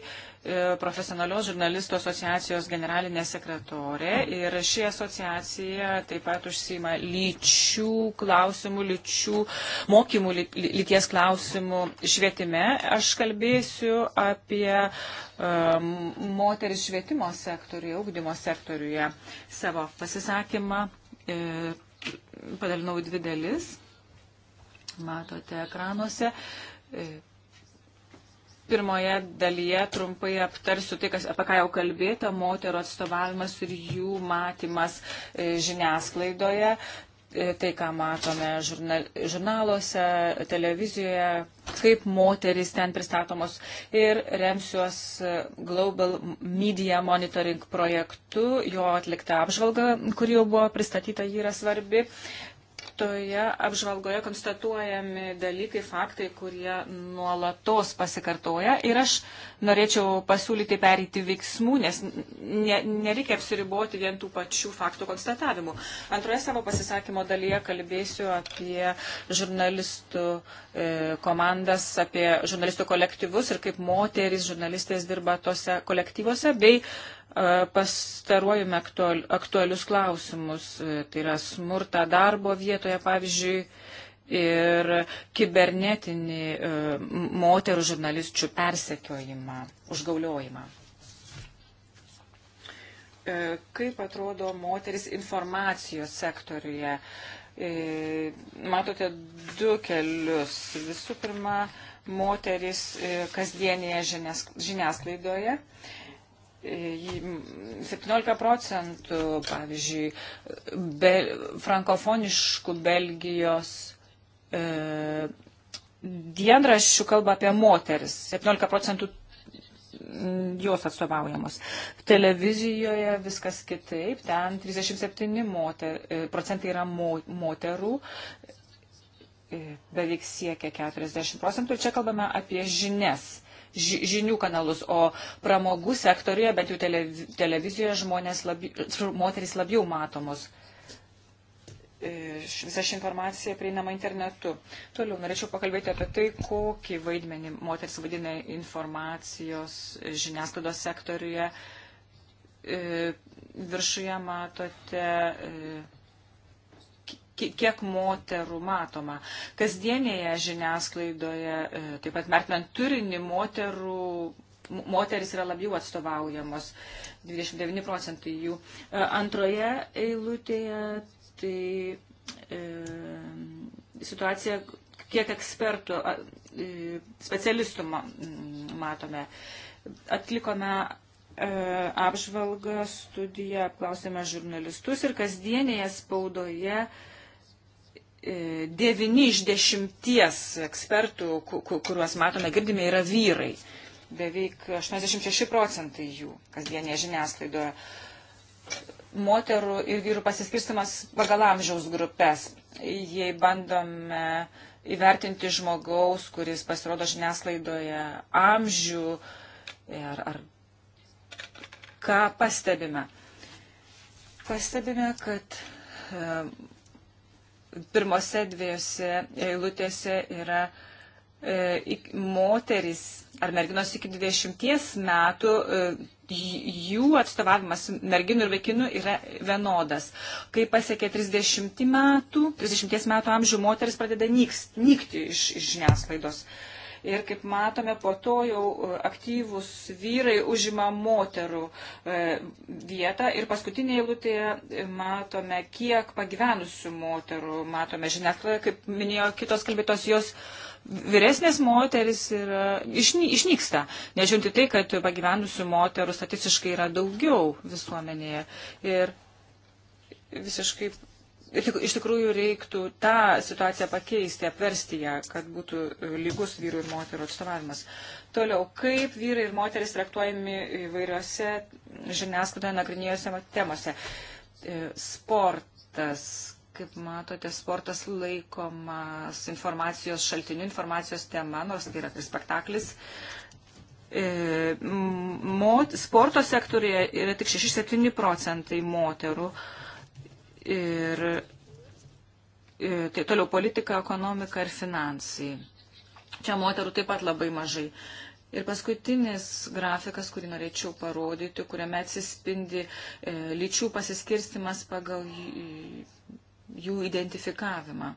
profesionalios žurnalistų asociacijos generalinė sekretorė ir ši asociacija taip pat užsima lyčių klausimų, lyčių mokymų, lyties klausimų švietime. Aš kalbėsiu apie um, moteris švietimo sektoriuje, ūkdymo sektoriuje savo pasisakymą. E, padalinau dvi dalis matote ekranuose. E, pirmoje dalyje trumpai aptarsiu tai, kas, apie ką jau kalbėta, moterų atstovavimas ir jų matymas e, žiniasklaidoje, e, tai, ką matome žurnal, žurnaluose, televizijoje, kaip moterys ten pristatomos. Ir remsiuos Global Media Monitoring projektu, jo atlikta apžvalga, kuri jau buvo pristatyta, ji yra svarbi toje apžvalgoje konstatuojami dalykai, faktai, kurie nuolatos pasikartoja. Ir aš norėčiau pasiūlyti perėti veiksmų, nes ne, nereikia apsiriboti vien tų pačių faktų konstatavimų. Antroje savo pasisakymo dalyje kalbėsiu apie žurnalistų e, komandas, apie žurnalistų kolektyvus ir kaip moteris žurnalistės dirba tose kolektyvuose, bei E, pastaruojame aktualius klausimus, e, tai yra smurta darbo vietoje, pavyzdžiui, ir kibernetinį e, moterų žurnalisčių persekiojimą, užgauliojimą. Kaip atrodo moteris informacijos sektoriuje? Matote du kelius. Visų pirma, moteris kasdienėje žiniasklaidoje. Žinias 17 procentų, pavyzdžiui, be, frankofoniškų Belgijos e, dienraščių kalba apie moteris. 17 procentų jos atstovaujamos. Televizijoje viskas kitaip, ten 37 moter, e, procentai yra mo, moterų, e, beveik siekia 40 procentų ir čia kalbame apie žinias žinių kanalus, o pramogų sektoriuje, bet jau televizijoje žmonės labi, moteris labiau matomos. E, visa ši informacija prieinama internetu. Toliau norėčiau pakalbėti apie tai, kokį vaidmenį moteris vadina informacijos žiniasklaidos sektoriuje. E, viršuje matote e, kiek moterų matoma. Kasdienėje žiniasklaidoje, e, taip pat mertinant turinį, moterų, moteris yra labiau atstovaujamos, 29 procentai jų. E, antroje eilutėje tai e, situacija, kiek ekspertų, e, specialistų ma, matome. Atlikome e, apžvalgą, studiją, apklausėme žurnalistus ir kasdienėje spaudoje uh, E, Devini iš dešimties ekspertų, kuriuos matome, girdime, yra vyrai. Beveik 86 procentai jų kasdienėje žiniasklaidoje. Moterų ir vyrų pasiskirstimas pagal amžiaus grupės. Jei bandome įvertinti žmogaus, kuris pasirodo žiniasklaidoje amžių e, ar, ar ką pastebime. Pastebime, kad e, pirmose dviejose eilutėse yra e, moteris ar merginos iki 20 metų, e, jų atstovavimas merginų ir vaikinų yra vienodas. Kai pasiekia 30 metų, 30 metų amžių moteris pradeda nykti, nykti iš, iš žiniasklaidos. E, Ir kaip matome, po to jau e, aktyvūs vyrai užima moterų e, vietą. Ir paskutinėje eilutėje matome, kiek pagyvenusių moterų. Matome žiniasklaidoje, kaip minėjo kitos kalbėtos, jos vyresnės moteris yra, išny, išnyksta. Nežiūrinti tai, kad pagyvenusių moterų statistiškai yra daugiau visuomenėje. Ir visiškai iš tikrųjų reiktų tą situaciją pakeisti, apversti ją, kad būtų e, lygus vyrų ir moterų atstovavimas. Toliau, kaip vyrai ir moteris traktuojami įvairiose žiniasklaidoje nagrinėjose temose. E, sportas, kaip matote, sportas laikomas informacijos šaltinių, informacijos tema, nors tai yra tai spektaklis. E, sporto sektorija yra tik 6-7 procentai moterų Ir e, tai toliau politika, ekonomika ir finansai. Čia moterų taip pat labai mažai. Ir paskutinis grafikas, kurį norėčiau parodyti, kuriame atsispindi e, lyčių pasiskirstimas pagal jų identifikavimą.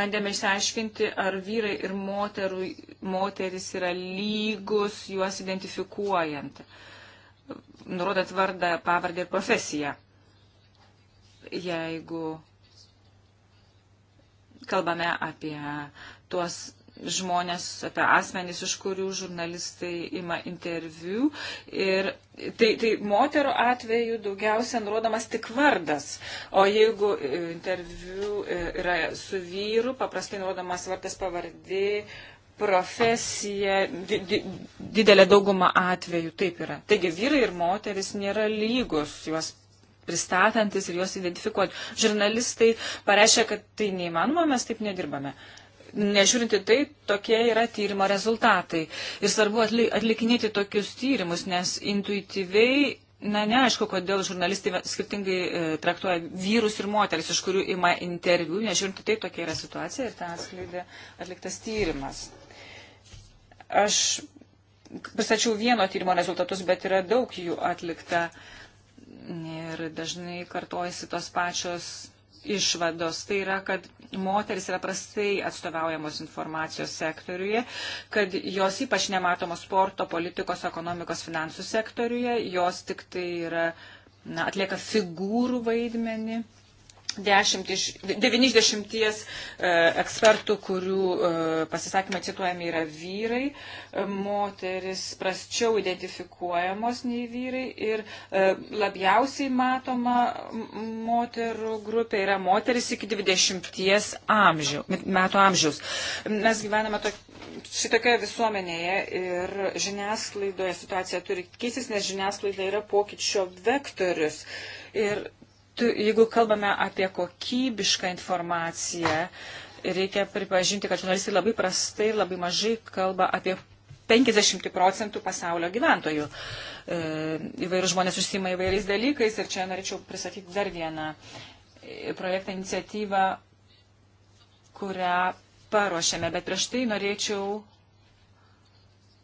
Bandėme išsiaiškinti, ar vyrai ir moterų, moteris yra lygus juos identifikuojant. E, nurodant vardą, pavardę ir profesiją. Jeigu kalbame apie tuos žmonės, apie asmenys, iš kurių žurnalistai ima interviu. Ir tai, tai moterų atveju daugiausia nurodomas tik vardas. O jeigu e, interviu e, yra su vyru, paprastai nurodomas vardas pavardė, profesija di, di, didelė dauguma atvejų taip yra. Taigi vyrai ir moteris nėra lygus, juos pristatantis ir juos identifikuoti. Žurnalistai pareiškia, kad tai neįmanoma, mes taip nedirbame. Nežiūrinti tai, tokie yra tyrimo rezultatai. Ir svarbu atlikinėti tokius tyrimus, nes intuityviai na neaišku, kodėl žurnalistai skirtingai e, traktuoja vyrus ir moteris, iš kurių ima interviu, nežiūrint tai tokia yra situacija ir tą atskleidė atliktas tyrimas. Aš pristačiau vieno tyrimo rezultatus, bet yra daug jų atlikta ir dažnai kartojasi tos pačios išvados. Tai yra, kad moteris yra prastai atstovaujamos informacijos sektoriuje, kad jos ypač nematomos sporto, politikos, ekonomikos, finansų sektoriuje, jos tik tai yra, na, atlieka figūrų vaidmenį. 10 iš, 9 iš 10 e, ekspertų, kurių e, pasisakymai cituojami yra vyrai, e, moteris prasčiau identifikuojamos nei vyrai ir labiausiai matoma moterų grupė yra moteris iki 20 amžių, metų amžiaus. Mes gyvename tok, šitokioje visuomenėje ir žiniasklaidoje situacija turi keistis, nes žiniasklaida yra pokyčio vektorius. Ir jeigu kalbame apie kokybišką informaciją, reikia pripažinti, kad žurnalistai labai prastai ir labai mažai kalba apie 50 procentų pasaulio gyventojų. E, įvairius žmonės užsima įvairiais dalykais ir čia norėčiau pristatyti dar vieną e, projektą iniciatyvą, kurią paruošėme, bet prieš tai norėčiau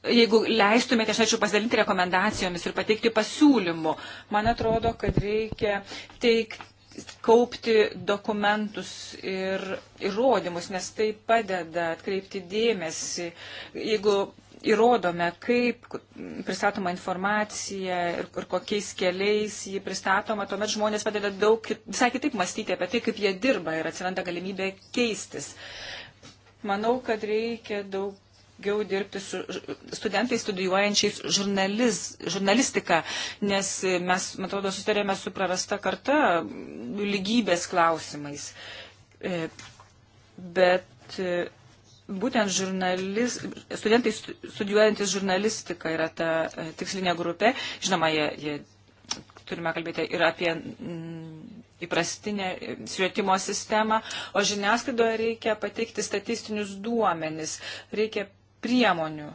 jeigu leistumėte, aš norėčiau pasidalinti rekomendacijomis ir pateikti pasiūlymų. Man atrodo, kad reikia teikti kaupti dokumentus ir įrodymus, nes tai padeda atkreipti dėmesį. Jeigu įrodome, kaip pristatoma informacija ir, ir kokiais keliais ji pristatoma, tuomet žmonės padeda daug visai kitaip mąstyti apie tai, kaip jie dirba ir atsiranda galimybė keistis. Manau, kad reikia daug daugiau dirbti su studentais studijuojančiais žurnaliz, žurnalistiką, nes e, mes, man atrodo, sustarėme su prarasta karta lygybės klausimais. E, bet e, būtent žurnalis, studentai studijuojantis žurnalistiką yra ta tikslinė grupė. Žinoma, jie, jie turime kalbėti ir apie mm, įprastinę švietimo sistemą, o žiniasklaidoje reikia pateikti statistinius duomenis, reikia priemonių.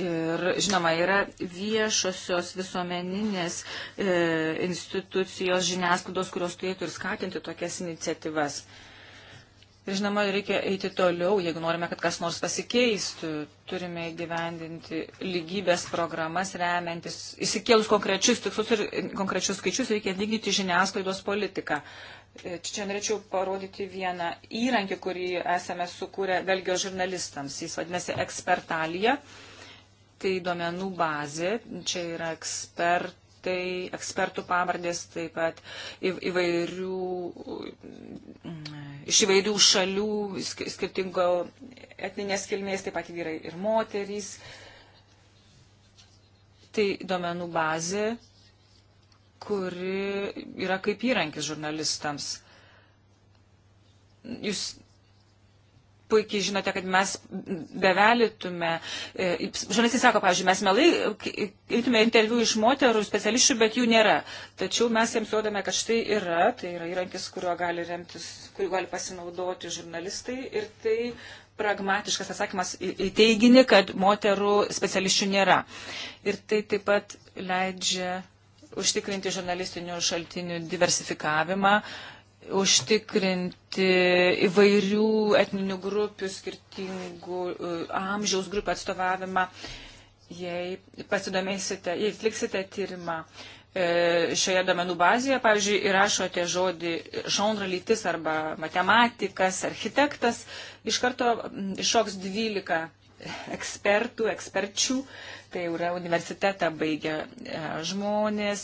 Ir žinoma, yra viešosios visuomeninės e, institucijos žiniasklaidos, kurios turėtų ir skatinti tokias iniciatyvas. Ir žinoma, reikia eiti toliau, jeigu norime, kad kas nors pasikeistų, turime gyvendinti lygybės programas, remiantis, įsikėlus konkrečius tikslus ir konkrečius skaičius, reikia vykdyti žiniasklaidos politiką. E, E, čia norėčiau parodyti vieną įrankį, kurį esame sukūrę Belgijos žurnalistams. Jis vadinasi Ekspertalija. Tai duomenų bazė. Čia yra ekspertai, ekspertų pavardės, taip pat įvairių, iš įvairių šalių, skirtingo etninės kilmės, taip pat vyrai ir moterys. Tai duomenų bazė kuri yra kaip įrankis žurnalistams. Jūs puikiai žinote, kad mes bevelitume, e, žurnalistai sako, pavyzdžiui, mes melai imtume interviu iš moterų specialistų, bet jų nėra. Tačiau mes jiems duodame, kad štai yra, tai yra įrankis, kuriuo gali remtis, kuriuo gali pasinaudoti žurnalistai ir tai pragmatiškas atsakymas į teiginį, kad moterų specialistų nėra. Ir tai taip pat leidžia užtikrinti žurnalistinių šaltinių diversifikavimą, užtikrinti įvairių etninių grupių, skirtingų uh, amžiaus grupių atstovavimą. Jei pasidomėsite, jei atliksite tyrimą e, šioje domenų bazėje, pavyzdžiui, įrašote žodį žonra lytis arba matematikas, architektas, iš karto mm, iššoks 12 ekspertų, eksperčių, tai yra universitetą baigę e, žmonės.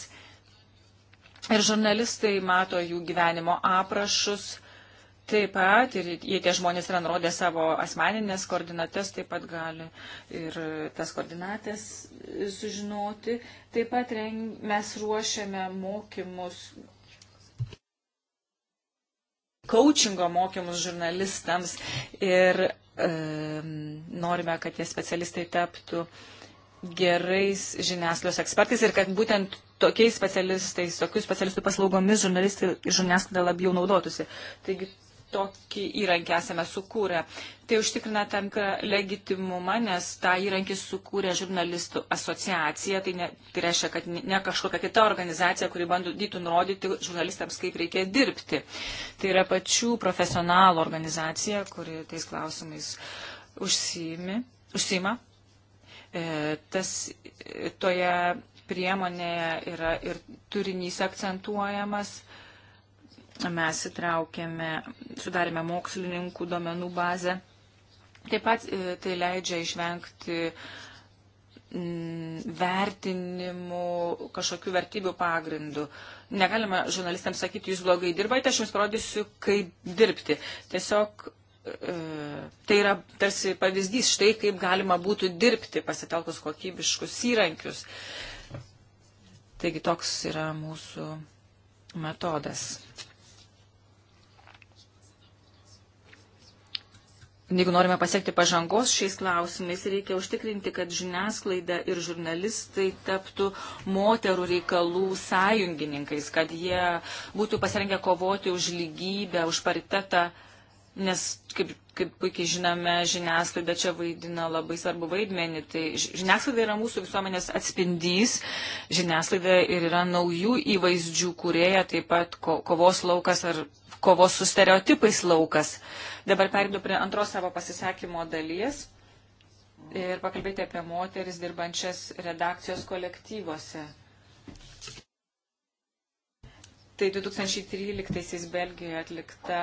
Ir žurnalistai mato jų gyvenimo aprašus. Taip pat, ir jei tie žmonės yra nurodę savo asmeninės koordinates, taip pat gali ir tas koordinatės sužinoti. Taip pat reng, mes ruošiame mokymus, coachingo mokymus žurnalistams ir norime, kad tie specialistai taptų gerais žiniasklaidos ekspertais ir kad būtent tokiais specialistais, tokių specialistų paslaugomis žurnalistai žiniasklaida labiau naudotųsi. Taigi tokį įrankį esame sukūrę. Tai užtikrina tam legitimumą, nes tą įrankį sukūrė žurnalistų asociacija. Tai, ne, tai reiškia, kad ne kažkokia kita organizacija, kuri bandytų nurodyti žurnalistams, kaip reikia dirbti. Tai yra pačių profesionalų organizacija, kuri tais klausimais užsimi, užsima. E, tas e, toje priemonėje yra ir turinys akcentuojamas Mes įtraukėme, sudarėme mokslininkų duomenų bazę. Taip pat e, tai leidžia išvengti mm, vertinimų kažkokių vertybių pagrindų. Negalima žurnalistams sakyti, jūs blogai dirbate, aš jums parodysiu, kaip dirbti. Tiesiog e, tai yra tarsi pavyzdys štai, kaip galima būtų dirbti pasitelkus kokybiškus įrankius. Taigi toks yra mūsų metodas. Jeigu norime pasiekti pažangos šiais klausimais, reikia užtikrinti, kad žiniasklaida ir žurnalistai taptų moterų reikalų sąjungininkais, kad jie būtų pasirengę kovoti už lygybę, už paritetą, nes, kaip, kaip puikiai žinome, žiniasklaida čia vaidina labai svarbu vaidmenį. Tai žiniasklaida yra mūsų visuomenės atspindys, žiniasklaida ir yra naujų įvaizdžių kurieja, taip pat ko, kovos laukas ar kovos su stereotipais laukas. Dabar perėdu prie antros savo pasisakymo dalies ir pakalbėti apie moteris dirbančias redakcijos kolektyvuose. Tai 2013 Belgijoje atlikta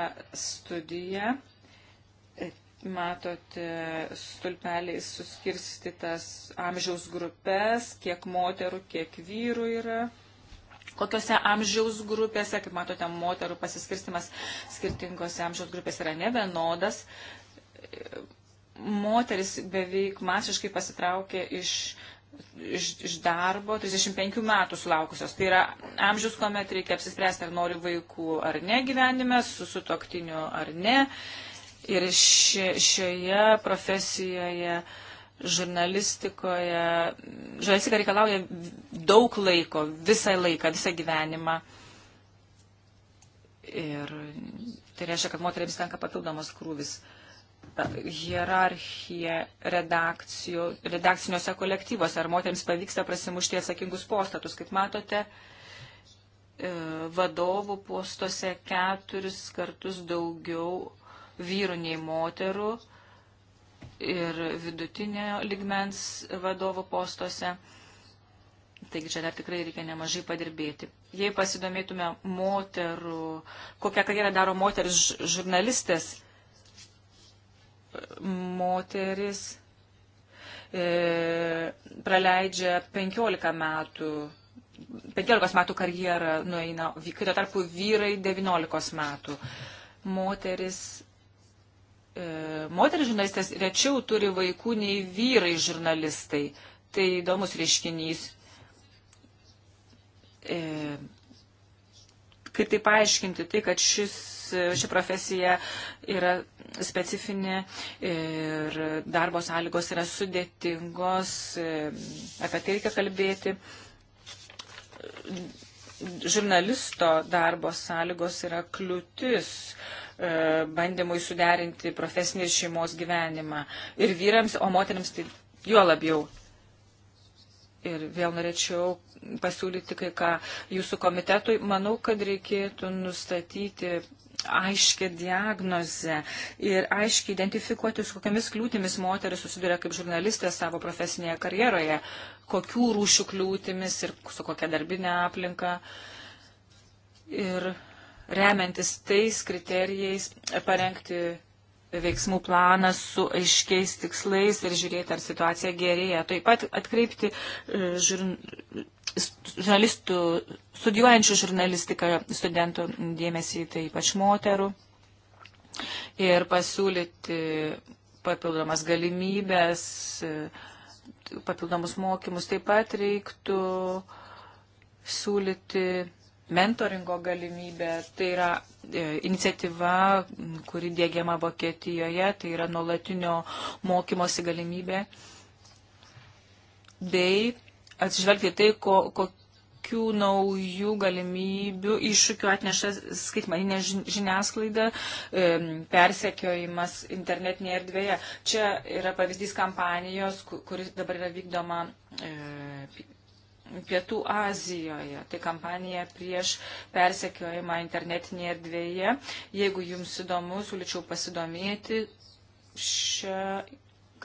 studija. Matote stulpeliais suskirstytas amžiaus grupės, kiek moterų, kiek vyrų yra kokiose amžiaus grupėse, kaip matote, moterų pasiskirstimas skirtingose amžiaus grupėse yra nevienodas. Moteris beveik masiškai pasitraukė iš, iš, iš darbo 35 metų sulaukusios. Tai yra amžius, kuomet reikia apsispręsti, ar nori vaikų ar ne gyvenime, su sutoktiniu ar ne. Ir ši, šioje profesijoje uh, žurnalistikoje, žurnalistika reikalauja daug laiko, visą laiką, visą gyvenimą. Ir tai reiškia, kad moteriams tenka papildomas krūvis. Hierarchija redakciniuose kolektyvuose, ar moteriams pavyksta prasimušti atsakingus postatus, kaip matote, e, vadovų postuose keturis kartus daugiau vyrų nei moterų ir vidutinio ligmens vadovų postuose. Taigi čia dar tikrai reikia nemažai padirbėti. Jei pasidomėtume moterų, kokią karjerą daro moteris žurnalistės, moteris e, praleidžia 15 metų, 15 metų karjerą nueina, kai tuo tarpu vyrai 19 metų. Moteris E, moteris žurnalistės rečiau turi vaikų nei vyrai žurnalistai. Tai įdomus reiškinys. E, kaip tai paaiškinti, tai kad šis, ši profesija yra specifinė ir darbo sąlygos yra sudėtingos, e, apie tai reikia kalbėti. Žurnalisto darbo sąlygos yra kliūtis. E, E, bandymui suderinti profesinį ir šeimos gyvenimą. Ir vyrams, o moteriams tai juo labiau. Ir vėl norėčiau pasiūlyti kai ką jūsų komitetui. Manau, kad reikėtų nustatyti aiškę diagnozę ir aiškiai identifikuoti, su kokiamis kliūtimis moteris susiduria kaip žurnalistė savo profesinėje karjeroje, kokių rūšių kliūtimis ir su kokia darbinė aplinka. Ir remiantis tais kriterijais parengti veiksmų planą su aiškiais tikslais ir žiūrėti, ar situacija gerėja. Taip pat atkreipti e, žurn... žurnalistų, studijuojančių žurnalistiką studentų dėmesį, tai ypač moterų, ir pasiūlyti papildomas galimybės, e, papildomus mokymus. Taip pat reiktų siūlyti mentoringo galimybė, tai yra e, iniciatyva, kuri dėgiama Vokietijoje, tai yra nuolatinio mokymosi galimybė, bei atsižvelgti tai, ko, kokių naujų galimybių iššūkių atneša skaitmaninė žiniasklaida, e, persekiojimas internetinėje erdvėje. Čia yra pavyzdys kampanijos, kuris dabar yra vykdoma e, Pietų Azijoje. Tai kampanija prieš persekiojimą internetinėje erdvėje. Jeigu jums įdomu, siūlyčiau pasidomėti šią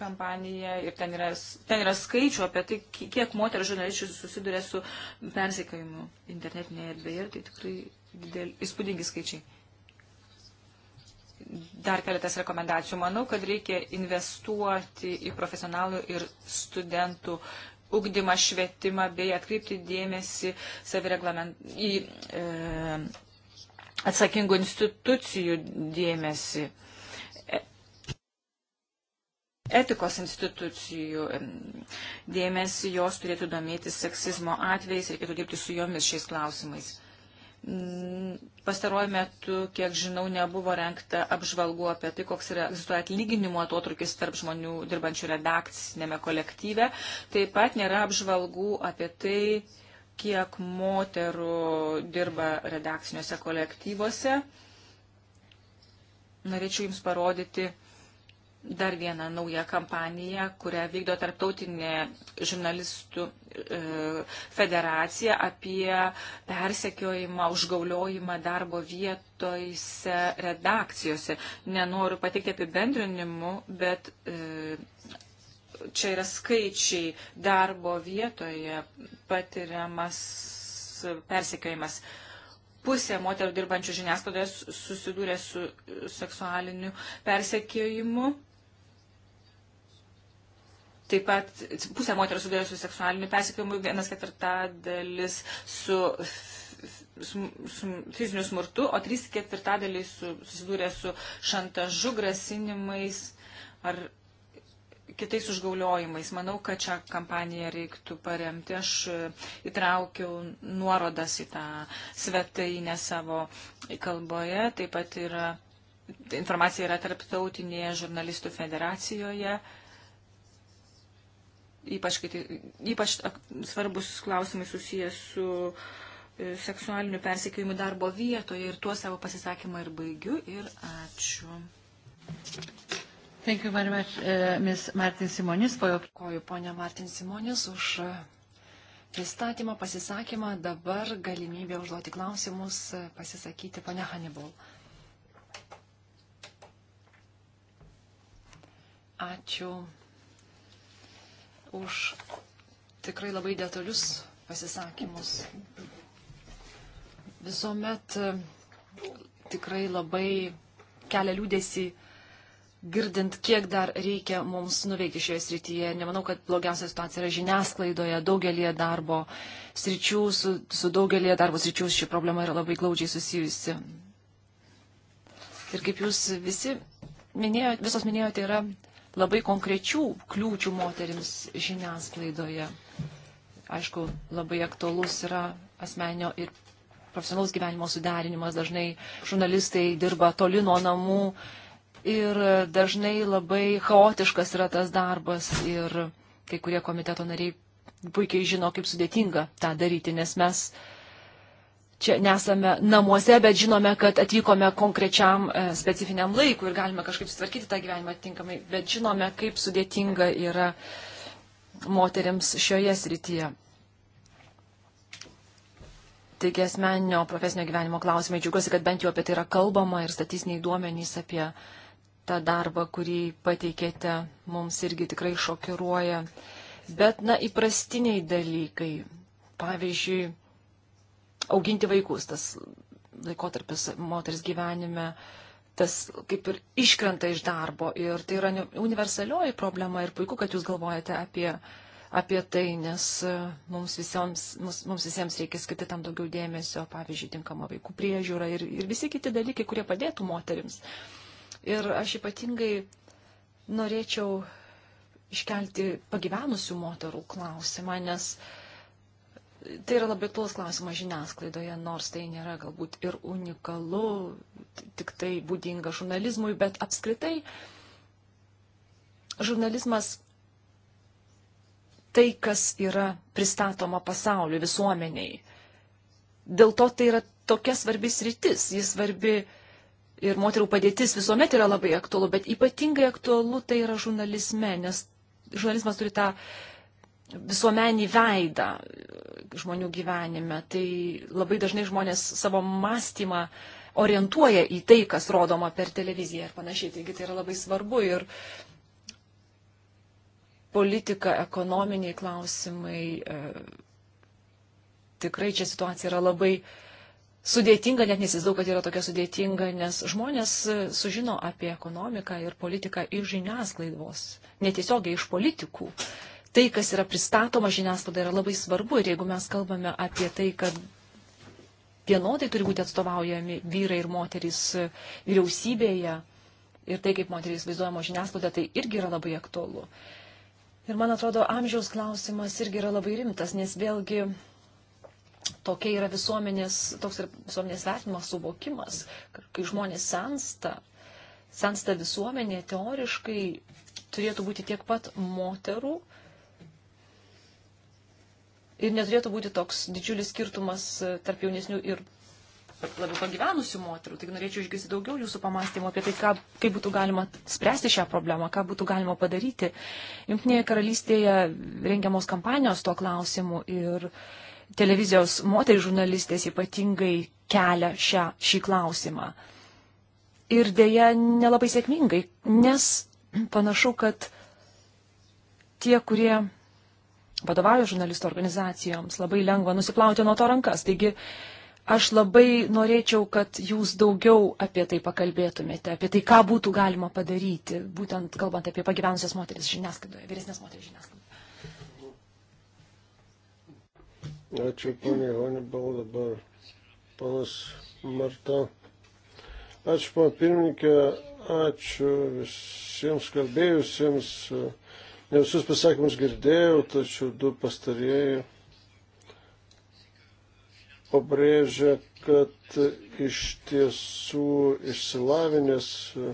kampaniją ir ten yra, ten yra skaičių apie tai, kiek moterų žurnalisčių susiduria su persekiojimu internetinėje erdvėje ir tai tikrai didel, įspūdingi skaičiai. Dar keletas rekomendacijų. Manau, kad reikia investuoti į profesionalų ir studentų ugdymą, švietimą bei atkreipti dėmesį į e, atsakingų institucijų dėmesį, e, etikos institucijų dėmesį, jos turėtų domėtis seksizmo atvejais, reikėtų dirbti su jomis šiais klausimais. Mm, pastaruoju metu, kiek žinau, nebuvo renkta apžvalgų apie tai, koks yra egzistuoja atlyginimo atotrukis tarp žmonių dirbančių redakcinėme kolektyve. Taip pat nėra apžvalgų apie tai, kiek moterų dirba redakciniuose kolektyvuose. Norėčiau Jums parodyti dar vieną naują kampaniją, kurią vykdo tarptautinė žurnalistų e, federacija apie persekiojimą, užgauliojimą darbo vietoise, redakcijose. Nenoriu patikti apibendrinimu, bet e, čia yra skaičiai darbo vietoje patiriamas persekiojimas pusė moterų dirbančių žiniasklaidoje susidūrė su seksualiniu persekiojimu. Taip pat pusė moterų sudarė su seksualiniu persikėjimu, vienas ketvirtadalis su, su, su fiziniu smurtu, o trys ketvirtadaliai su, susidūrė su šantažu, grasinimais ar kitais užgauliojimais. Manau, kad šią kampaniją reiktų paremti. Aš įtraukiau nuorodas į tą svetainę savo kalboje. Taip pat yra, informacija yra tarptautinėje žurnalistų federacijoje. Uh, ypač, ypač svarbus klausimai susijęs su e, seksualiniu persekiojimu darbo vietoje ir tuo savo pasisakymą ir baigiu ir ačiū. Thank you very much, uh, e, Ms. Martin Simonis, for your... Koju, ponia Martin Simonis, už e, pristatymą, pasisakymą. Dabar galimybė užduoti klausimus, pasisakyti, ponia Hannibal. Ačiū už tikrai labai detalius pasisakymus. Visuomet e, tikrai labai kelia liūdėsi girdint, kiek dar reikia mums nuveikti šioje srityje. Nemanau, kad blogiausia situacija yra žiniasklaidoje, daugelie darbo sričių, su, su daugelie darbo sričių ši problema yra labai glaudžiai susijusi. Ir kaip jūs visi minėjote, visos minėjote, yra labai konkrečių kliūčių moterims žiniasklaidoje. Aišku, labai aktuolus yra asmenio ir profesionalaus gyvenimo suderinimas. Dažnai žurnalistai dirba toli nuo namų ir dažnai labai chaotiškas yra tas darbas ir kai kurie komiteto nariai puikiai žino, kaip sudėtinga tą daryti, nes mes uh, čia nesame namuose, bet žinome, kad atvykome konkrečiam e, specifiniam laikui ir galime kažkaip sutvarkyti tą gyvenimą tinkamai, bet žinome, kaip sudėtinga yra moteriams šioje srityje. Taigi asmeninio profesinio gyvenimo klausimai džiugiuosi, kad bent jau apie tai yra kalbama ir statistiniai duomenys apie tą darbą, kurį pateikėte, mums irgi tikrai šokiruoja. Bet, na, įprastiniai dalykai. Pavyzdžiui, auginti vaikus. Tas laikotarpis moters gyvenime, tas kaip ir iškrenta iš darbo. Ir tai yra universalioji problema ir puiku, kad jūs galvojate apie, apie tai, nes e, mums visiems, mums, mums visiems reikia skirti tam daugiau dėmesio, pavyzdžiui, tinkama vaikų priežiūra ir, ir visi kiti dalykai, kurie padėtų moteriams. Ir aš ypatingai norėčiau iškelti pagyvenusių moterų klausimą, nes uh, Tai yra labai klus klausimas žiniasklaidoje, nors tai nėra galbūt ir unikalu, tik tai būdinga žurnalizmui, bet apskritai žurnalizmas tai, kas yra pristatoma pasauliu, visuomeniai. Dėl to tai yra tokia svarbi sritis, jis svarbi ir moterų padėtis visuomet yra labai aktualu, bet ypatingai aktualu tai yra žurnalizme, nes žurnalizmas turi tą visuomenį veidą žmonių gyvenime. Tai labai dažnai žmonės savo mąstymą orientuoja į tai, kas rodoma per televiziją ir panašiai. Taigi tai yra labai svarbu ir politika, ekonominiai klausimai. E, tikrai čia situacija yra labai sudėtinga, net nesizdaug, kad yra tokia sudėtinga, nes žmonės e, sužino apie ekonomiką ir politiką iš žiniasklaidos, netiesiogiai iš politikų. Uh, tai, kas yra pristatoma žiniasklaida, yra labai svarbu. Ir jeigu mes kalbame apie tai, kad vienodai turi būti atstovaujami vyrai ir moterys vyriausybėje ir tai, kaip moterys vaizduojamo žiniasklaida, tai irgi yra labai aktualu. Ir man atrodo, amžiaus klausimas irgi yra labai rimtas, nes vėlgi tokia yra visuomenės, toks yra visuomenės vertinimas, suvokimas, kai žmonės sensta, sensta visuomenė, teoriškai turėtų būti tiek pat moterų, Ir neturėtų būti toks didžiulis skirtumas e, tarp jaunesnių ir labiau pagyvenusių moterų. Taigi norėčiau išgirsti daugiau jūsų pamastymų apie tai, ką, kaip būtų galima spręsti šią problemą, ką būtų galima padaryti. Junktinėje karalystėje rengiamos kampanijos tuo klausimu ir televizijos moterį žurnalistės ypatingai kelia šią, šį klausimą. Ir dėja nelabai sėkmingai, nes panašu, kad tie, kurie vadovauja žurnalistų organizacijoms, labai lengva nusiplauti nuo to rankas. Taigi aš labai norėčiau, kad jūs daugiau apie tai pakalbėtumėte, apie tai, ką būtų galima padaryti, būtent kalbant apie pagyvenusias moteris žiniasklaidoje, vyresnės moteris žiniasklaidoje. Ačiū, ponė Honibal, dabar panas Marta. Ačiū, pana pirmininkė, ačiū visiems kalbėjusiems. Uh, Ne visus pasakymus girdėjau, tačiau du pastarėjai pabrėžia, kad iš tiesų išsilavinės e,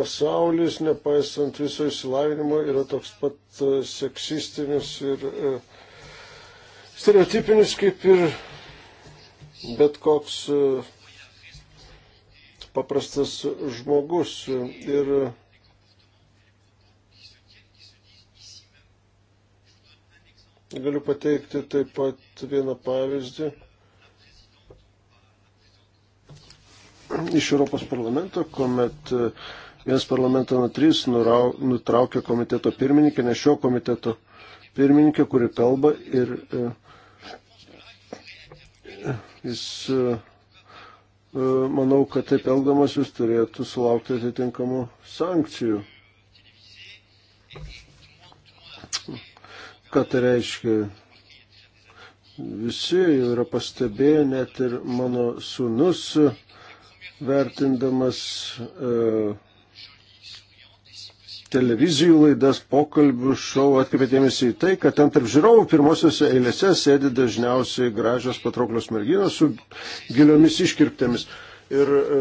pasaulis, nepaisant viso išsilavinimo, yra toks pat e, seksistinis ir e, stereotipinis kaip ir bet koks paprastas žmogus. Ir Galiu pateikti taip pat vieną pavyzdį iš Europos parlamento, kuomet e, vienas parlamento natrys nutraukė komiteto pirmininkę, ne šio komiteto pirmininkę, kuri kalba ir e, jis, e, manau, kad taip elgdamas jūs turėtų sulaukti atitinkamų sankcijų. Ką tai reiškia? Visi jau yra pastebėję, net ir mano sunus, vertindamas e, televizijų laidas, pokalbių šou atkreipė dėmesį į tai, kad ten tarp žiūrovų pirmosiose eilėse sėdi dažniausiai gražios patrauklios merginos su giliomis iškirptėmis. Ir e,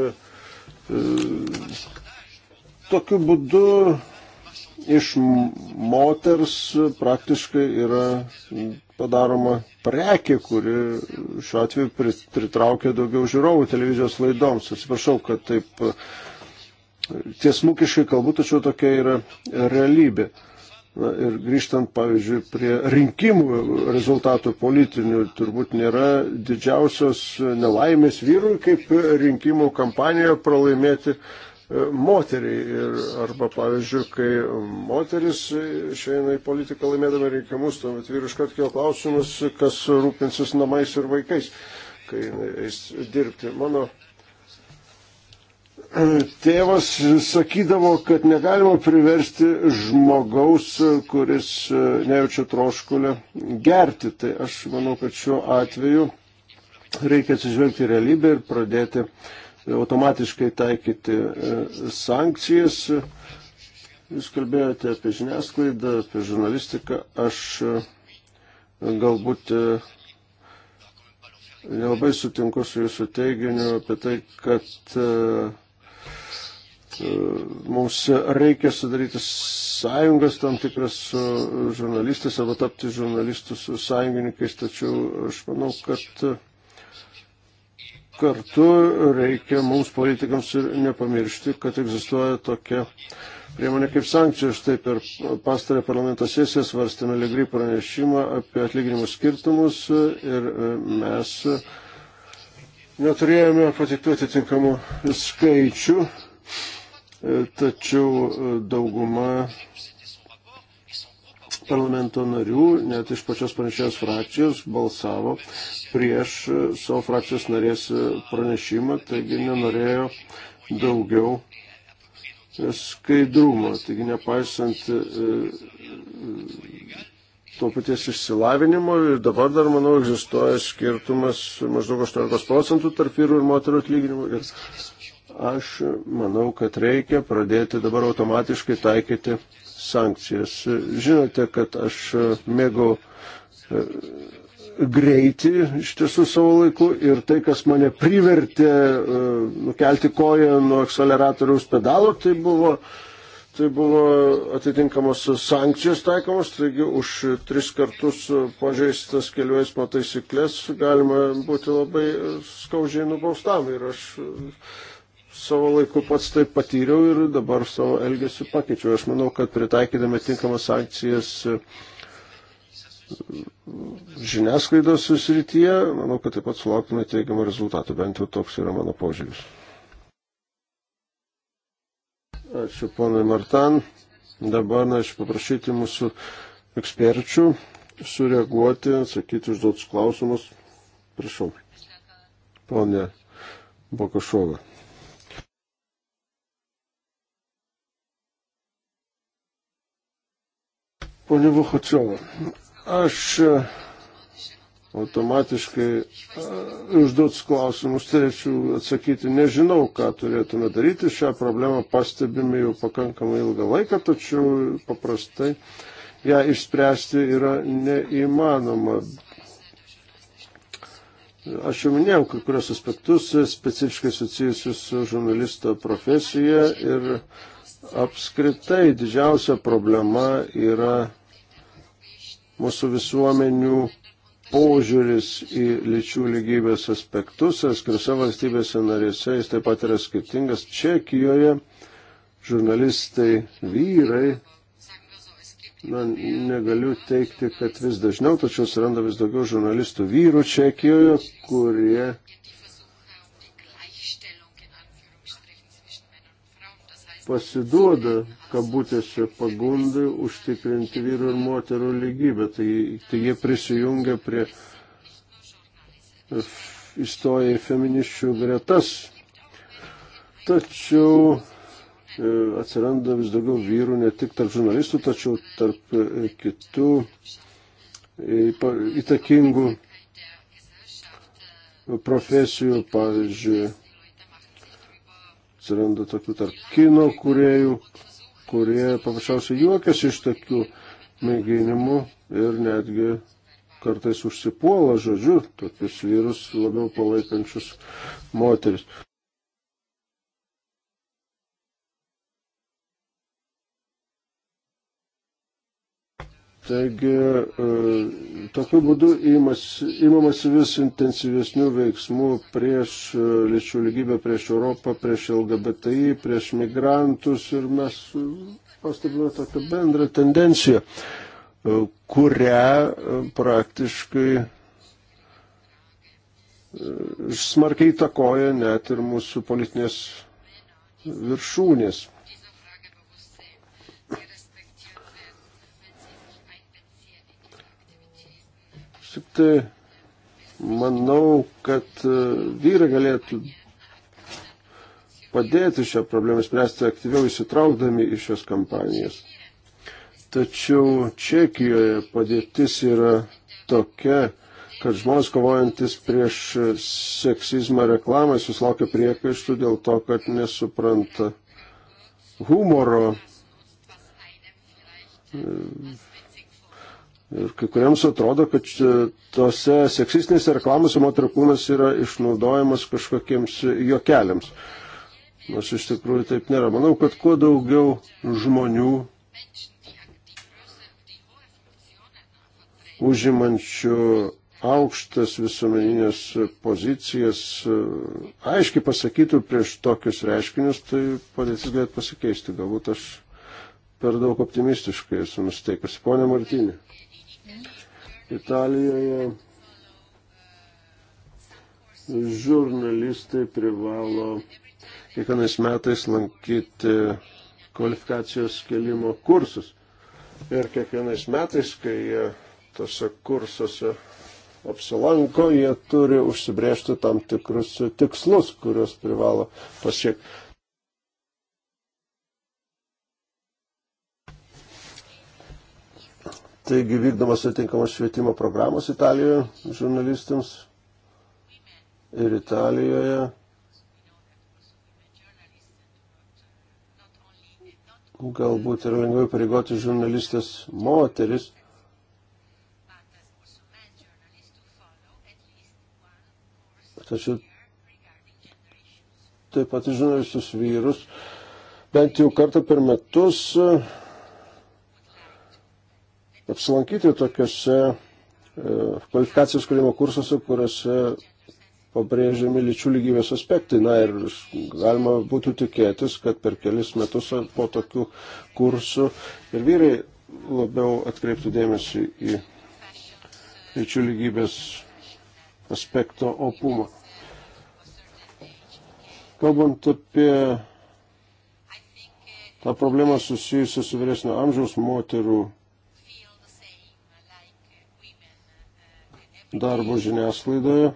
e, tokiu būdu iš moters praktiškai yra padaroma prekė, kuri šiuo atveju pritraukia daugiau žiūrovų televizijos laidoms. Atsiprašau, kad taip e, tiesmukiškai kalbu, tačiau tokia yra realybė. Na, ir grįžtant, pavyzdžiui, prie rinkimų rezultatų politinių, turbūt nėra didžiausios nelaimės vyrui, kaip rinkimų kampanijoje pralaimėti uh, moteriai. Ir, arba, pavyzdžiui, kai moteris išeina į politiką laimėdama rinkimus, tuomet vyriškai atkyla klausimas, kas rūpinsis namais ir vaikais, kai eis dirbti. Mano tėvas sakydavo, kad negalima priversti žmogaus, kuris nejaučia troškulio, gerti. Tai aš manau, kad šiuo atveju reikia atsižvelgti realybę ir pradėti uh, automatiškai taikyti e, sankcijas. Jūs kalbėjote apie žiniasklaidą, apie žurnalistiką. Aš e, galbūt e, nelabai sutinku su jūsų teiginiu apie tai, kad mums reikia sudaryti sąjungas tam tikras su žurnalistais arba tapti žurnalistus sąjungininkais, tačiau aš manau, kad Kartu reikia mums politikams ir nepamiršti, kad egzistuoja tokia priemonė kaip sankcijos. Štai per pastarę parlamento sesiją svarstėme Legry pranešimą apie atlyginimų skirtumus ir e, mes neturėjome patiktų atitinkamų skaičių, e, tačiau e, dauguma parlamento narių, net iš pačios pranešėjos frakcijos balsavo prieš savo frakcijos narės pranešimą, taigi nenorėjo daugiau skaidrumo. Taigi nepaisant e, e, to paties išsilavinimo ir dabar dar, manau, egzistuoja skirtumas maždaug 18 procentų tarp vyrų ir moterų atlyginimų. Ir aš manau, kad reikia pradėti dabar automatiškai taikyti sankcijas. Žinote, kad aš mėgau e, greitį iš tiesų savo laiku ir tai, kas mane privertė e, nukelti koją nuo akceleratoriaus pedalo, tai buvo, tai buvo atitinkamos sankcijos taikomos, taigi už tris kartus pažeistas kelių eismo taisyklės galima būti labai skaudžiai nubaustam ir aš savo laiku pats tai patyriau ir dabar savo elgesiu pakeičiau. Aš manau, kad pritaikydami tinkamas sankcijas e, žiniasklaidos srityje, manau, kad taip pat sulauktume teigiamą rezultatą. Bent jau toks yra mano požiūris. Ačiū ponui Martan. Dabar norėčiau paprašyti mūsų eksperčių sureaguoti, atsakyti užduotus klausimus. Prašau. Ponė Bokašova. Pone Vuchačiova, aš e, automatiškai e, užduotus klausimus turėčiau atsakyti, nežinau, ką turėtume daryti, šią problemą pastebime jau pakankamai ilgą laiką, tačiau paprastai ją išspręsti yra neįmanoma. Aš jau minėjau kai kurios aspektus specifiškai susijusius su žurnalisto profesija ir apskritai didžiausia problema yra mūsų visuomenių požiūris į lyčių lygybės aspektus, atskirose valstybėse narėse jis taip pat yra skirtingas. Čekijoje žurnalistai vyrai, na, negaliu teikti, kad vis dažniau, tačiau suranda vis daugiau žurnalistų vyrų Čekijoje, kurie pasiduoda, kabutėse, pagundai užtikrinti vyrų ir moterų lygybę. Tai, tai jie prisijungia prie įstoja į feminiščių gretas. Tačiau e, atsiranda vis daugiau vyrų ne tik tarp žurnalistų, tačiau tarp e, kitų e, įtakingų profesijų, pavyzdžiui, atsiranda tokių tarp kino kuriejų, kurie paprasčiausiai juokiasi iš tokių mėginimų ir netgi kartais užsipuola žodžiu tokius vyrus labiau palaikančius moteris. Taigi e, tokiu būdu įmamas vis intensyvesnių veiksmų prieš e, lyčių lygybę, prieš Europą, prieš LGBTI, prieš migrantus ir mes pastebime tokią bendrą tendenciją, e, kurią praktiškai smarkiai takoja net ir mūsų politinės viršūnės. E, manau, kad e, vyrai galėtų padėti šią problemą spręsti aktyviau įsitraukdami į šios kampanijas. Tačiau Čekijoje padėtis yra tokia, kad žmonės kovojantis prieš seksizmą reklamai susilaukia priekaištų dėl to, kad nesupranta humoro Ir kai kuriems atrodo, kad tose seksistinėse reklamose moterų kūnas yra išnaudojamas kažkokiems juokeliams. Nors iš tikrųjų taip nėra. Manau, kad kuo daugiau žmonių užimančių aukštas visuomeninės pozicijas e, aiškiai pasakytų prieš tokius reiškinius, tai padėtis galėtų pasikeisti. Galbūt aš per daug optimistiškai esu nusteikusi. Pone Martinė. Italijoje žurnalistai privalo kiekvienais metais lankyti kvalifikacijos kelimo kursus. Ir kiekvienais metais, kai jie tose kursuose apsilanko, jie turi užsibriežti tam tikrus tikslus, kuriuos privalo pasiekti. Taigi vykdomas atinkamos švietimo programos Italijoje žurnalistams ir Italijoje. Galbūt yra lengviau pareigoti žurnalistės moteris. Tačiau taip pat žurnalistus vyrus bent jau kartą per metus apsilankyti tokiuose e, kvalifikacijos kūrimo kursuose, kuriuose pabrėžiami lyčių lygybės aspektai. Na ir galima būtų tikėtis, kad per kelis metus po tokių kursų ir vyrai labiau atkreiptų dėmesį į lyčių lygybės aspekto opumą. Kalbant apie tą problemą susijusią su vyresnio amžiaus moterų darbo žiniasklaidoje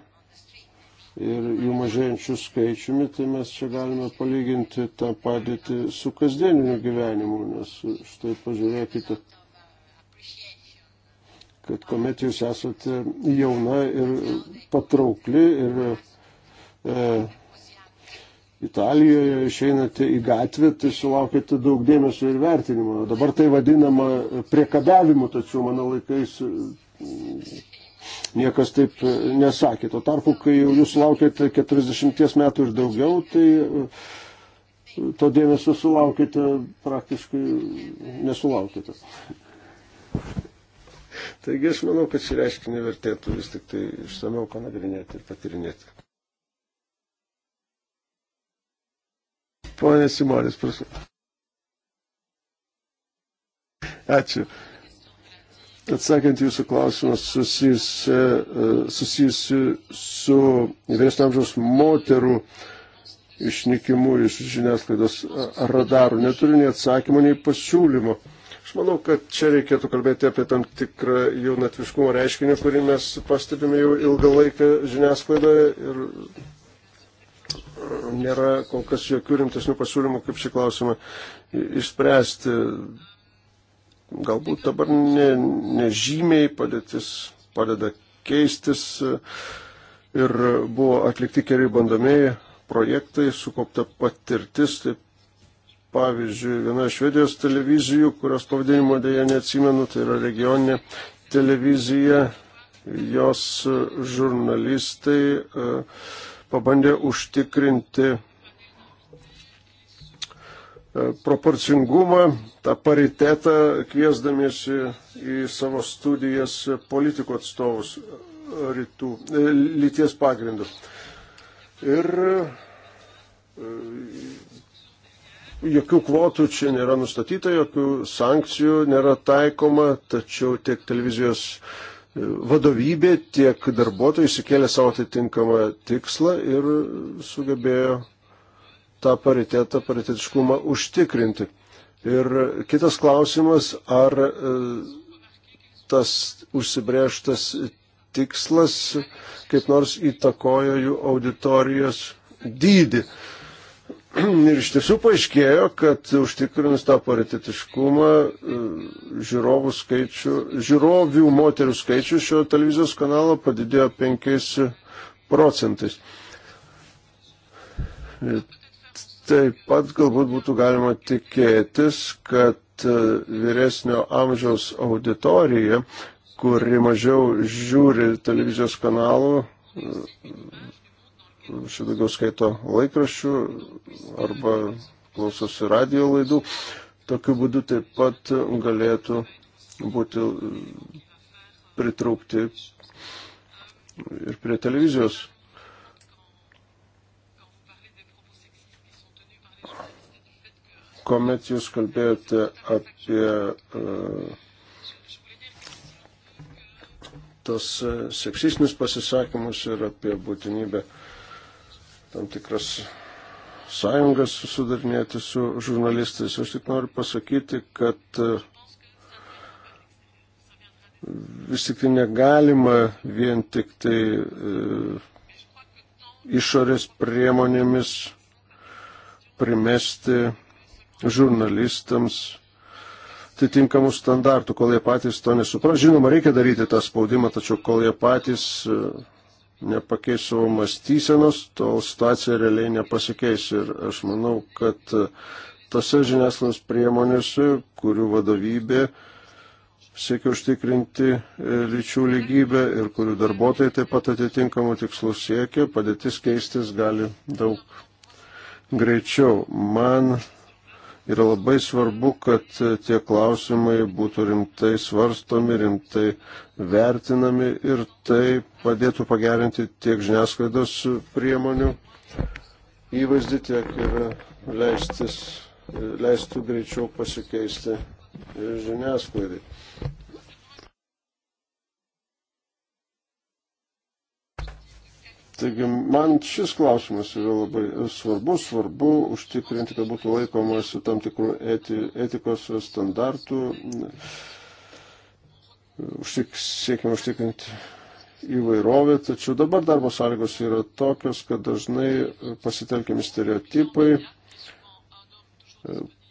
ir jų mažėjančių skaičiumi, tai mes čia galime palyginti tą padėtį su kasdieniniu gyvenimu, nes štai pažiūrėkite, kad kuomet jūs esate jauna ir patraukli ir e, Italijoje išeinate į gatvę, tai sulaukite daug dėmesio ir vertinimo. Dabar tai vadinama priekabiavimu, tačiau mano laikais niekas taip e, nesakė. Tuo tarpu, kai jūs laukite 40 metų ir daugiau, tai e, to dėmesio sulaukite praktiškai nesulaukite. Taigi aš manau, kad šį reiškinį vertėtų vis tik tai išsameu panagrinėti ir patirinėti. Pone Simonis, prašau. Ačiū. Atsakant jūsų klausimas e, susijusi su vyresnio amžiaus moterų išnikimu iš žiniasklaidos radarų, neturiu nei atsakymo, nei pasiūlymo. Aš manau, kad čia reikėtų kalbėti apie tam tikrą jaunatviškumo reiškinį, kurį mes pastebime jau ilgą laiką žiniasklaidoje ir e, nėra kol kas jokių rimtesnių pasiūlymų, kaip šį klausimą išspręsti. Galbūt dabar ne, nežymiai padėtis padeda keistis e, ir buvo atlikti keli bandomieji projektai, sukaupta patirtis. Tai pavyzdžiui, viena švedijos televizijų, kurios pavadinimo dėja neatsimenu, tai yra regioninė televizija, jos žurnalistai e, pabandė užtikrinti E, proporcingumą, tą paritetą, kviesdamiesi į savo studijas politikų atstovus rytų, e, lyties pagrindų. Ir e, jokių kvotų čia nėra nustatyta, jokių sankcijų nėra taikoma, tačiau tiek televizijos vadovybė, tiek darbuotojai įsikėlė savo atitinkamą tikslą ir sugebėjo tą paritetą, paritetiškumą užtikrinti. Ir kitas klausimas, ar e, tas užsibrėžtas tikslas kaip nors įtakojo jų auditorijos dydį. Ir iš tiesų paaiškėjo, kad užtikrinus tą paritetiškumą e, žiūrovų skaičių, žiūrovių moterių skaičių šio televizijos kanalo padidėjo 5 procentais. Taip pat galbūt būtų galima tikėtis, kad e, vyresnio amžiaus auditorija, kuri mažiau žiūri televizijos kanalų, e, šitą daugiau skaito laikraščių arba klausosi radio laidų, tokiu būdu taip pat galėtų būti e, pritraukti ir prie televizijos kuomet jūs kalbėjote apie e, tas e, seksistinius pasisakymus ir apie būtinybę tam tikras sąjungas susidarinėti su žurnalistais. Aš tik noriu pasakyti, kad e, vis tik tai negalima vien tik tai išorės priemonėmis primesti žurnalistams atitinkamų standartų, kol jie patys to nesupras. Žinoma, reikia daryti tą spaudimą, tačiau kol jie patys e, nepakeis savo mąstysenos, tol situacija realiai nepasikeis. Ir aš manau, kad e, tose žiniasklaidos priemonėse, kurių vadovybė siekia užtikrinti e, lyčių lygybę ir kurių darbuotojai taip pat atitinkamų tikslų siekia, padėtis keistis gali daug greičiau. Man Yra labai svarbu, kad tie klausimai būtų rimtai svarstomi, rimtai vertinami ir tai padėtų pagerinti tiek žiniasklaidos priemonių įvaizdį, tiek ir leistis, leistų greičiau pasikeisti žiniasklaidai. Taigi man šis klausimas yra labai svarbus, svarbu užtikrinti, kad būtų laikomasi tam tikrų eti, etikos standartų, užtik, siekime užtikrinti įvairovę, tačiau dabar darbo sąlygos yra tokios, kad dažnai pasitelkiami stereotipai,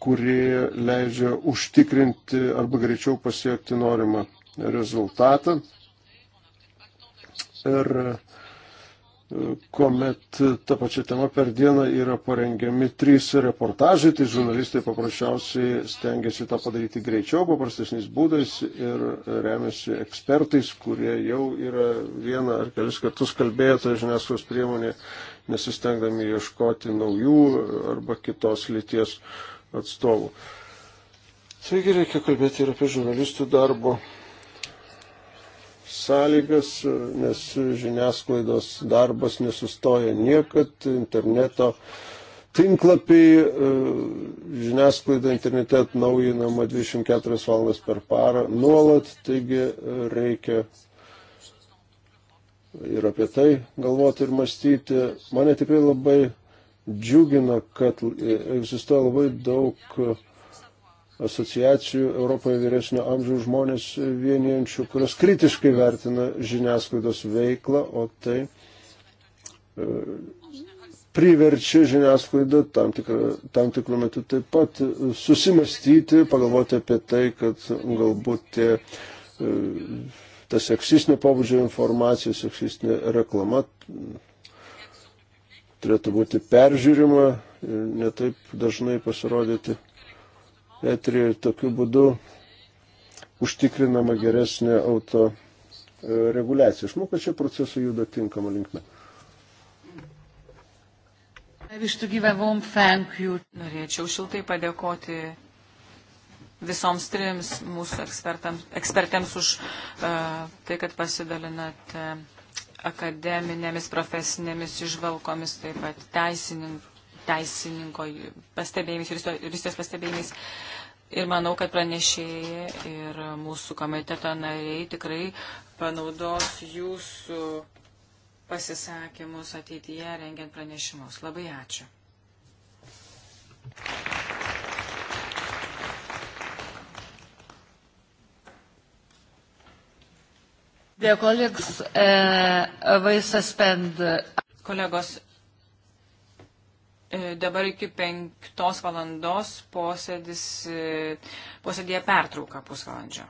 kurie leidžia užtikrinti arba greičiau pasiekti norimą rezultatą. Ir kuomet ta pačia tema per dieną yra parengiami trys reportažai, tai žurnalistai paprasčiausiai stengiasi tą padaryti greičiau, paprastesniais būdais ir remiasi ekspertais, kurie jau yra vieną ar kelis kartus kalbėję toje žiniasklaidos priemonėje, nesistengdami ieškoti naujų arba kitos lyties atstovų. Taigi reikia kalbėti ir apie žurnalistų darbo sąlygas, nes žiniasklaidos darbas nesustoja niekad, interneto tinklapiai, e, žiniasklaida internete atnaujinama 24 valandas per parą nuolat, taigi reikia ir apie tai galvoti ir mąstyti. Mane tikrai labai džiugina, kad egzistuoja labai daug asociacijų Europoje vyresnio amžiaus žmonės vienijančių, kurios kritiškai vertina žiniasklaidos veiklą, o tai e, priverčia žiniasklaidą tam, tikrą, tam tikrų metų taip pat susimastyti, pagalvoti apie tai, kad galbūt tie, e, ta seksistinė pobūdžio informacija, seksistinė reklama turėtų būti peržiūrima ir netaip dažnai pasirodyti eterį ir tokiu būdu užtikrinama geresnė auto e, reguliacija. Aš manau, kad šie procesai juda tinkama linkme. Norėčiau šiltai padėkoti visoms trims mūsų ekspertams už uh, tai, kad pasidalinat akademinėmis, profesinėmis išvalkomis, taip pat teisininkų teisininko pastebėjimais ir juristės pastebėjimais. Ir manau, kad pranešėjai ir mūsų komiteto nariai tikrai panaudos jūsų pasisakymus ateityje rengiant pranešimus. Labai ačiū. Dear colleagues, uh, we suspend. Kolegos, E, dabar iki penktos valandos posėdis, e, posėdėje pertrauka pusvalandžio.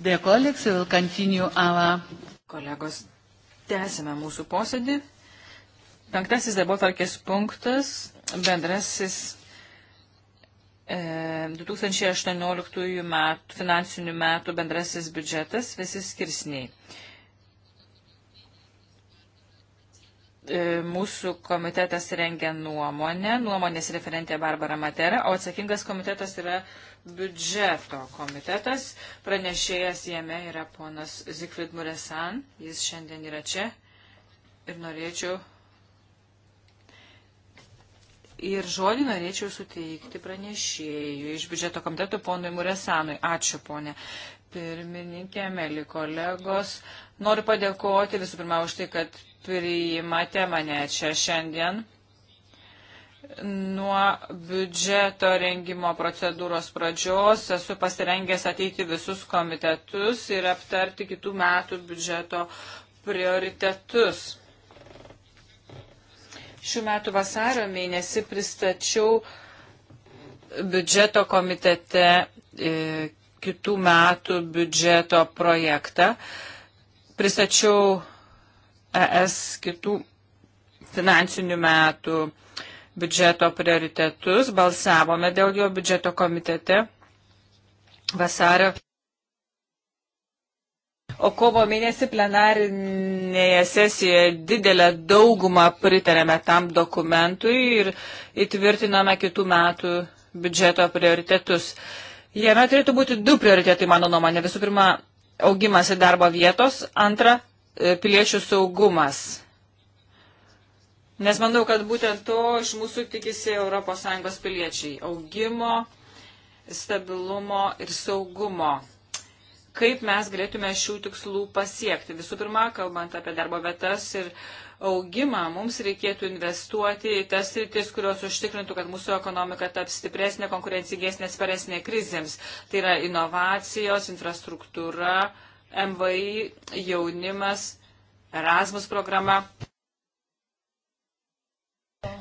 Dear colleagues, we will continue our... Kolegos, tęsime mūsų posėdį. Penktasis darbotvarkės punktas, bendrasis e, 2018 metų, finansinių metų bendrasis biudžetas, visi skirsniai. Mūsų komitetas rengia nuomonę, nuomonės referentė Barbara Matera, o atsakingas komitetas yra biudžeto komitetas. Pranešėjas jame yra ponas Zikvid Muresan, jis šiandien yra čia ir norėčiau. Ir žodį norėčiau suteikti pranešėjui iš biudžeto komiteto ponui Muresanui. Ačiū, ponė pirmininkė, mėly kolegos. Noriu padėkoti visų pirma už tai, kad priimate mane čia šiandien. Nuo biudžeto rengimo procedūros pradžios esu pasirengęs ateiti visus komitetus ir aptarti kitų metų biudžeto prioritetus. Šių metų vasario mėnesį pristačiau biudžeto komitete e, kitų metų biudžeto projektą. Pristačiau ES kitų finansinių metų biudžeto prioritetus, balsavome dėl jo biudžeto komitete vasario. O kovo mėnesį plenarinėje sesijoje didelę daugumą pritarėme tam dokumentui ir įtvirtinome kitų metų biudžeto prioritetus. Uh, Jame turėtų būti du prioritetai, mano nuomonė. Visų pirma, augimas į darbo vietos, antra, e, piliečių saugumas. Nes manau, kad būtent to iš mūsų tikisi ES piliečiai - augimo, stabilumo ir saugumo. Kaip mes galėtume šių tikslų pasiekti? Visų pirma, kalbant apie darbo vietas ir uh, augimą, mums reikėtų investuoti į tas rytis, kurios užtikrintų, kad mūsų ekonomika taps stipresnė, konkurencingesnė, sparesnė krizėms. Tai yra inovacijos, infrastruktūra, MVI, jaunimas, Erasmus programa.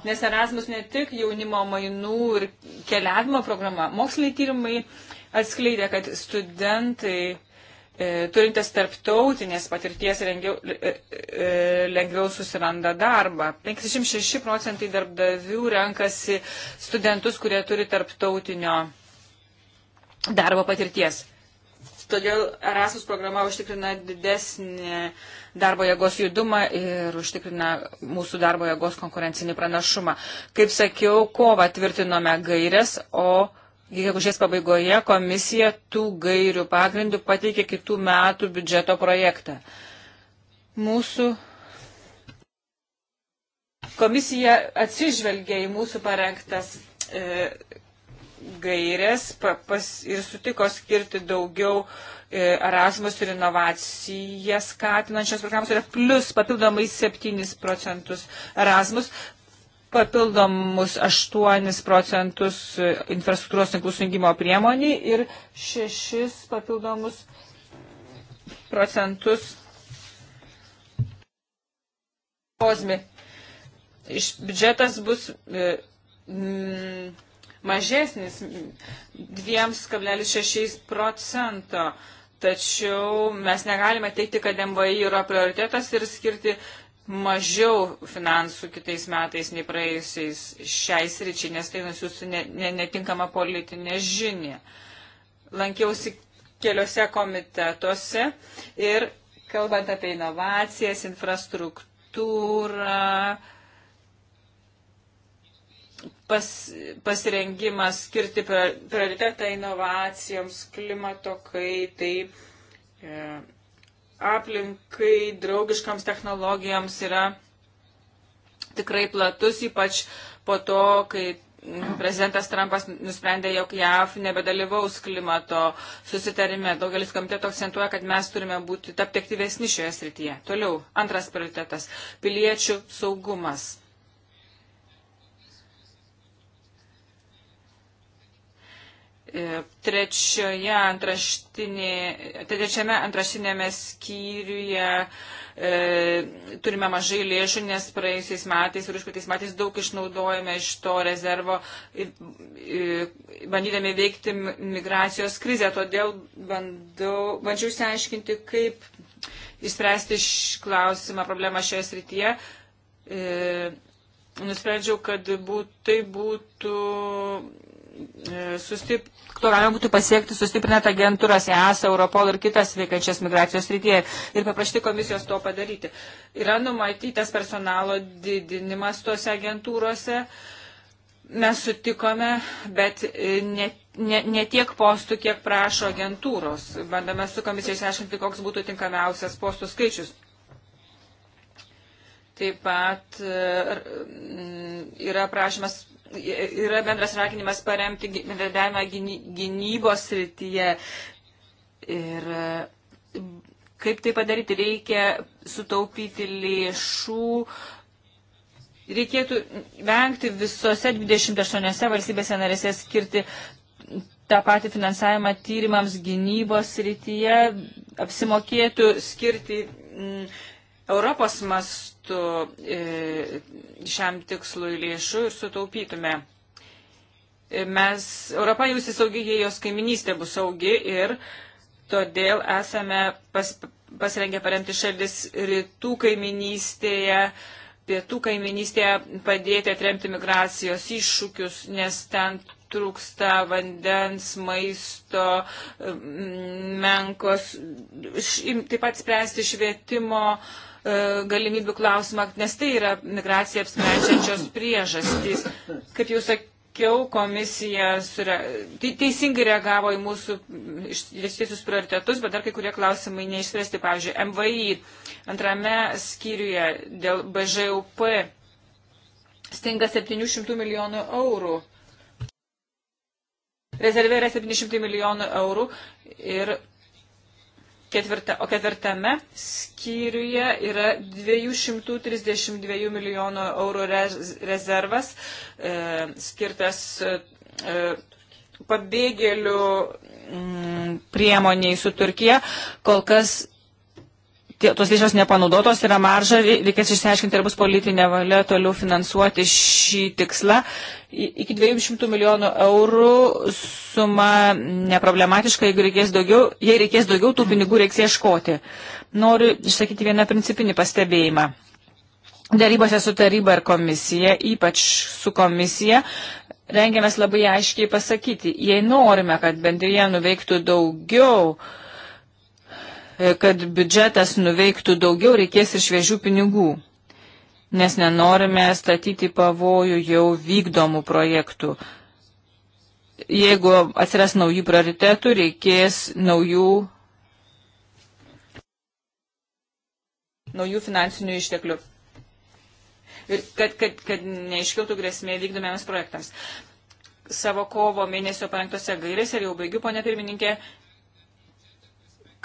Nes Erasmus ne tik jaunimo mainų ir keliavimo programa, moksliniai tyrimai atskleidė, kad studentai E, turintis tarptautinės patirties rengiau, e, e, lengviau susiranda darbą. 56 procentai darbdavių renkasi studentus, kurie turi tarptautinio darbo patirties. Todėl Erasmus programa užtikrina didesnį darbo jėgos judumą ir užtikrina mūsų darbo jėgos konkurencinį pranašumą. Kaip sakiau, kovą tvirtinome gairias, o Gegužės pabaigoje komisija tų gairių pagrindų pateikė kitų metų biudžeto projektą. Mūsų komisija atsižvelgia į mūsų parengtas e, gairės pa, pas, ir sutiko skirti daugiau e, Erasmus ir inovacijas skatinančios programos tai yra plus papildomai 7 procentus Erasmus, papildomus 8 procentus infrastruktūros tinklų sujungimo priemonį ir 6 papildomus procentus pozmi. Iš biudžetas bus e, mm, mažesnis 2,6 procento. Tačiau mes negalime teikti, kad MVI yra prioritetas ir skirti mažiau finansų kitais metais nei praėjusiais šiais ryčiai, nes tai nusiųstų ne, ne, netinkamą politinę žinį. Lankiausi keliose komitetuose ir kalbant apie inovacijas, infrastruktūrą, pas, pasirengimas skirti prioritetą inovacijoms, klimato kaitai. E, aplinkai draugiškams technologijams yra tikrai platus, ypač po to, kai prezidentas Trumpas nusprendė, jog JAV nebedalyvaus klimato susitarime. Daugelis komiteto akcentuoja, kad mes turime būti tapti aktyvesni šioje srityje. Toliau, antras prioritetas - piliečių saugumas. E, trečioje antraštinė, trečiame antraštinėme skyriuje e, turime mažai lėšų, nes praėjusiais metais ir užpraeitais metais daug išnaudojame iš to rezervo, e, e, bandydami veikti migracijos krizę. Todėl bandau, bandžiau išsiaiškinti, kaip išspręsti klausimą, problemą šioje srityje. E, nusprendžiau, kad būt, tai būtų E, sustip, to galima būtų pasiekti sustiprinant agentūras EAS, Europol ir kitas veikiančias migracijos rytyje ir paprašyti komisijos to padaryti. Yra numatytas personalo didinimas tose agentūrose. Mes sutikome, bet e, ne, ne, ne tiek postų, kiek prašo agentūros. Bandome su komisija išsiaiškinti, koks būtų tinkamiausias postų skaičius. Taip pat e, yra prašymas yra bendras raginimas paremti bendradavimą gynybos srityje. Ir e, kaip tai padaryti, reikia sutaupyti lėšų. Reikėtų vengti visose 28 valstybėse narėse skirti tą patį finansavimą tyrimams gynybos srityje, apsimokėtų skirti Europos mastu e, šiam tikslui lėšų ir sutaupytume. E, mes, Europa jausi saugi, jei jos kaiminystė bus saugi ir todėl esame pas, pasirengę paremti šalis rytų kaiminystėje, pietų kaiminystėje, padėti atremti migracijos iššūkius, nes ten trūksta vandens, maisto, menkos, taip pat spręsti švietimo uh, E, galimybių klausimą, nes tai yra migracija apsprendžiančios priežastys. Kaip jau sakiau, komisija sure, tai teisingai reagavo į mūsų išdėstytus prioritetus, bet dar kai kurie klausimai neišspręsti. Pavyzdžiui, MVI antrame skyriuje dėl BŽUP stinga 700 milijonų eurų. Rezervė yra 700 milijonų eurų ir ketvirta, o ketvirtame skyriuje yra 232 milijono eurų rezervas e, skirtas e, e pabėgėlių mm, priemoniai su Turkija. Kol kas tos lėšos nepanaudotos yra marža, reikės išsiaiškinti, ar bus politinė valia toliau finansuoti šį tikslą. Iki 200 milijonų eurų suma neproblematiška, jeigu reikės daugiau, jei reikės daugiau, tų pinigų reiks ieškoti. Noriu išsakyti vieną principinį pastebėjimą. Darybose su taryba ir komisija, ypač su komisija, rengiamės labai aiškiai pasakyti, jei norime, kad bendryje nuveiktų daugiau, uh, E, kad biudžetas nuveiktų daugiau, reikės ir šviežių pinigų, nes nenorime statyti pavojų jau vykdomų projektų. Jeigu atsiras naujų prioritetų, reikės naujų, naujų finansinių išteklių. Ir kad, kad, kad neiškiltų grėsmė vykdomiems projektams savo kovo mėnesio parengtose gairėse, ir jau baigiu, ponė pirmininkė,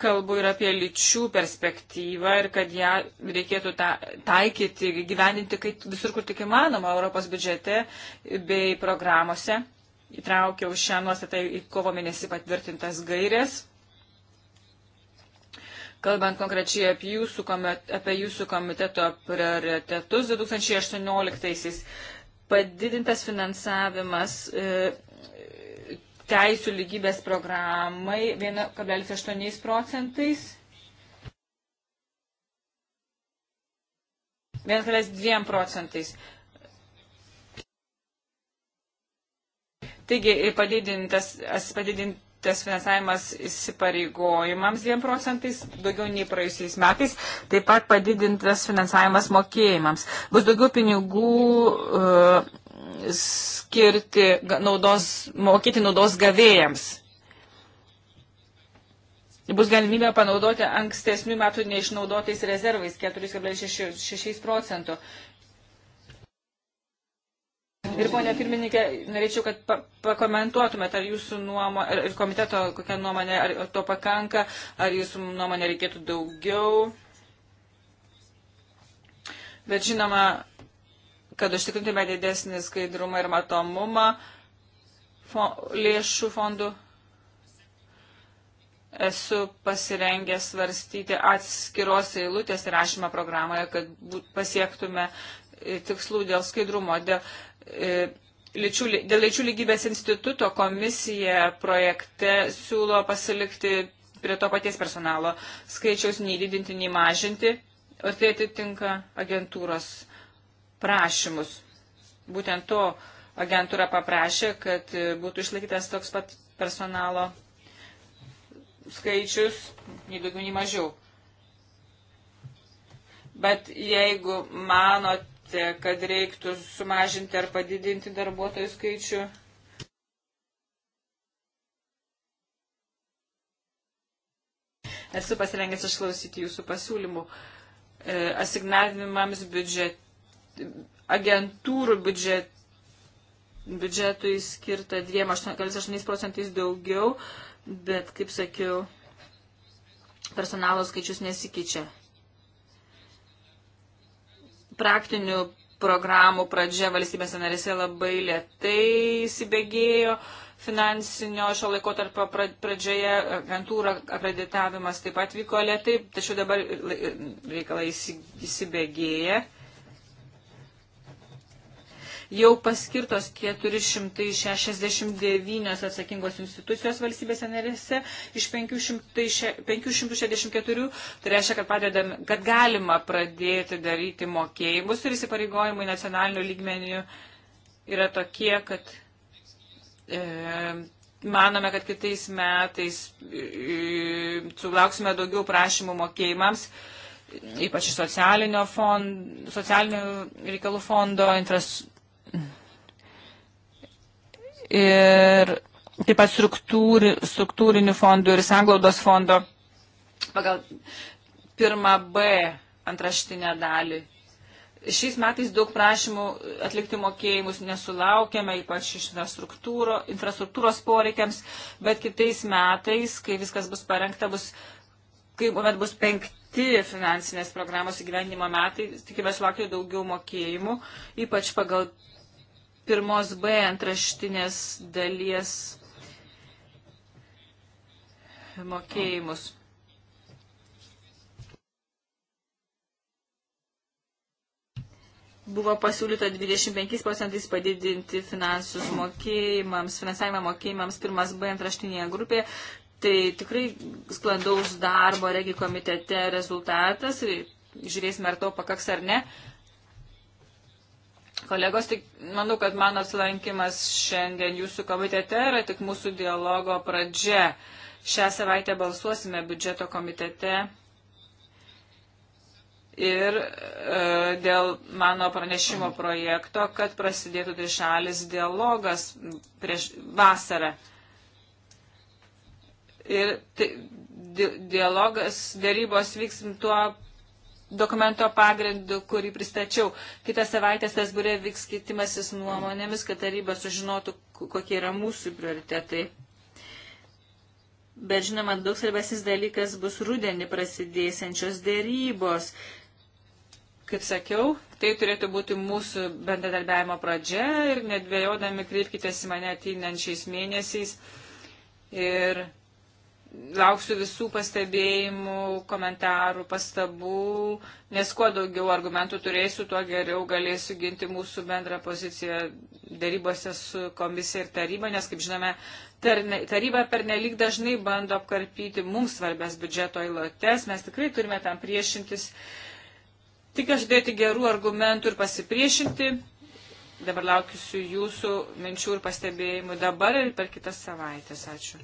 kalbu ir apie lyčių perspektyvą ir kad ją reikėtų ta, taikyti, gyveninti kaip visur, kur tik įmanoma, Europos biudžete bei programuose. Įtraukiau šią nuostatą į kovo mėnesį patvirtintas gairės. Kalbant konkrečiai apie jūsų, komiteto, apie jūsų komiteto prioritetus 2018-aisiais, padidintas finansavimas e, teisų lygybės programai 1,8 procentais. 1,2 procentais. Taigi padidintas, padidintas finansavimas įsipareigojimams 2 procentais, daugiau nei praėjusiais metais, taip pat padidintas finansavimas mokėjimams. Bus daugiau pinigų. Uh, skirti naudos, mokyti naudos gavėjams. Bus galimybė panaudoti ankstesnių metų neišnaudotais rezervais 4,6 procentų. Ir ponia pirmininkė, norėčiau, kad pa pakomentuotumėte, ar jūsų nuomonė, ar komiteto kokia nuomonė, ar to pakanka, ar jūsų nuomonė reikėtų daugiau. Bet žinoma, kad užtikrintume didesnį skaidrumą ir matomumą fon, lėšų fondų. Esu pasirengęs svarstyti atskiros eilutės įrašymą programoje, kad būt, pasiektume e, tikslų dėl skaidrumo. Dėl, e, lyčių, dėl lyčių lygybės instituto komisija projekte siūlo pasilikti prie to paties personalo skaičiaus nei didinti, nei mažinti, o tai atitinka agentūros prašymus. Būtent to agentūra paprašė, kad būtų išlaikytas toks pat personalo skaičius, nei daugiau, nei mažiau. Bet jeigu manote, kad reiktų sumažinti ar padidinti darbuotojų skaičių, esu pasirengęs išklausyti jūsų pasiūlymų. E, asignavimams biudžete agentūrų biudžet, biudžetui skirta 2,8 procentais daugiau, bet, kaip sakiau, personalo skaičius nesikeičia. Praktinių programų pradžia valstybėse narėse labai lietai įsibėgėjo finansinio šio laiko tarp pradžioje agentūrų akreditavimas taip pat vyko lietai, tačiau dabar reikalai įsibėgėja. Jau paskirtos 469 atsakingos institucijos valstybėse narėse iš 500, 564. Tai reiškia, kad, padedam, kad galima pradėti daryti mokėjimus ir įsipareigojimai nacionalinių lygmenių yra tokie, kad. E, Manome, kad kitais metais e, sulauksime daugiau prašymų mokėjimams, ypač socialinio, fond, socialinio reikalų fondo, infras, ir taip pat struktūri, struktūrinių fondų ir sanglaudos fondo pagal pirmą B antraštinę dalį. Šiais metais daug prašymų atlikti mokėjimus nesulaukėme, ypač iš infrastruktūros poreikiams, bet kitais metais, kai viskas bus parengta, bus, kai kuomet bus penkti finansinės programos įgyvendimo metai, tikime sulaukti daugiau mokėjimų, ypač pagal pirmos B antraštinės dalies mokėjimus. Buvo pasiūlyta 25 procentais padidinti finansus mokėjimams, finansavimą mokėjimams pirmas B antraštinėje grupėje. Tai tikrai sklandaus darbo regi komitete rezultatas. Žiūrėsime, ar to pakaks ar ne. Uh, Kolegos, tik manau, kad mano apsilankimas šiandien jūsų komitete yra tik mūsų dialogo pradžia. Šią savaitę balsuosime biudžeto komitete ir e, dėl mano pranešimo projekto, kad prasidėtų trišalis dialogas prieš vasarą. Ir tai, di, dialogas, dėrybos vyksim tuo dokumento pagrindu, kurį pristačiau. Kitą savaitę Strasbūrė vyks kitimasis nuomonėmis, kad taryba sužinotų, kokie yra mūsų prioritetai. Bet žinoma, daug svarbesnis dalykas bus rudenį prasidėsiančios dėrybos. Kaip sakiau, tai turėtų būti mūsų bendradarbiavimo pradžia ir nedvėjodami kreipkite į mane ateinančiais mėnesiais. Ir lauksiu visų pastebėjimų, komentarų, pastabų, nes kuo daugiau argumentų turėsiu, tuo geriau galėsiu ginti mūsų bendrą poziciją darybose su komisija ir taryba, nes, kaip žinome, taryba per nelik dažnai bando apkarpyti mums svarbės biudžeto įlotes, mes tikrai turime tam priešintis, tik aš dėti gerų argumentų ir pasipriešinti. Dabar laukiu jūsų minčių ir pastebėjimų dabar ir per kitas savaitės. Ačiū.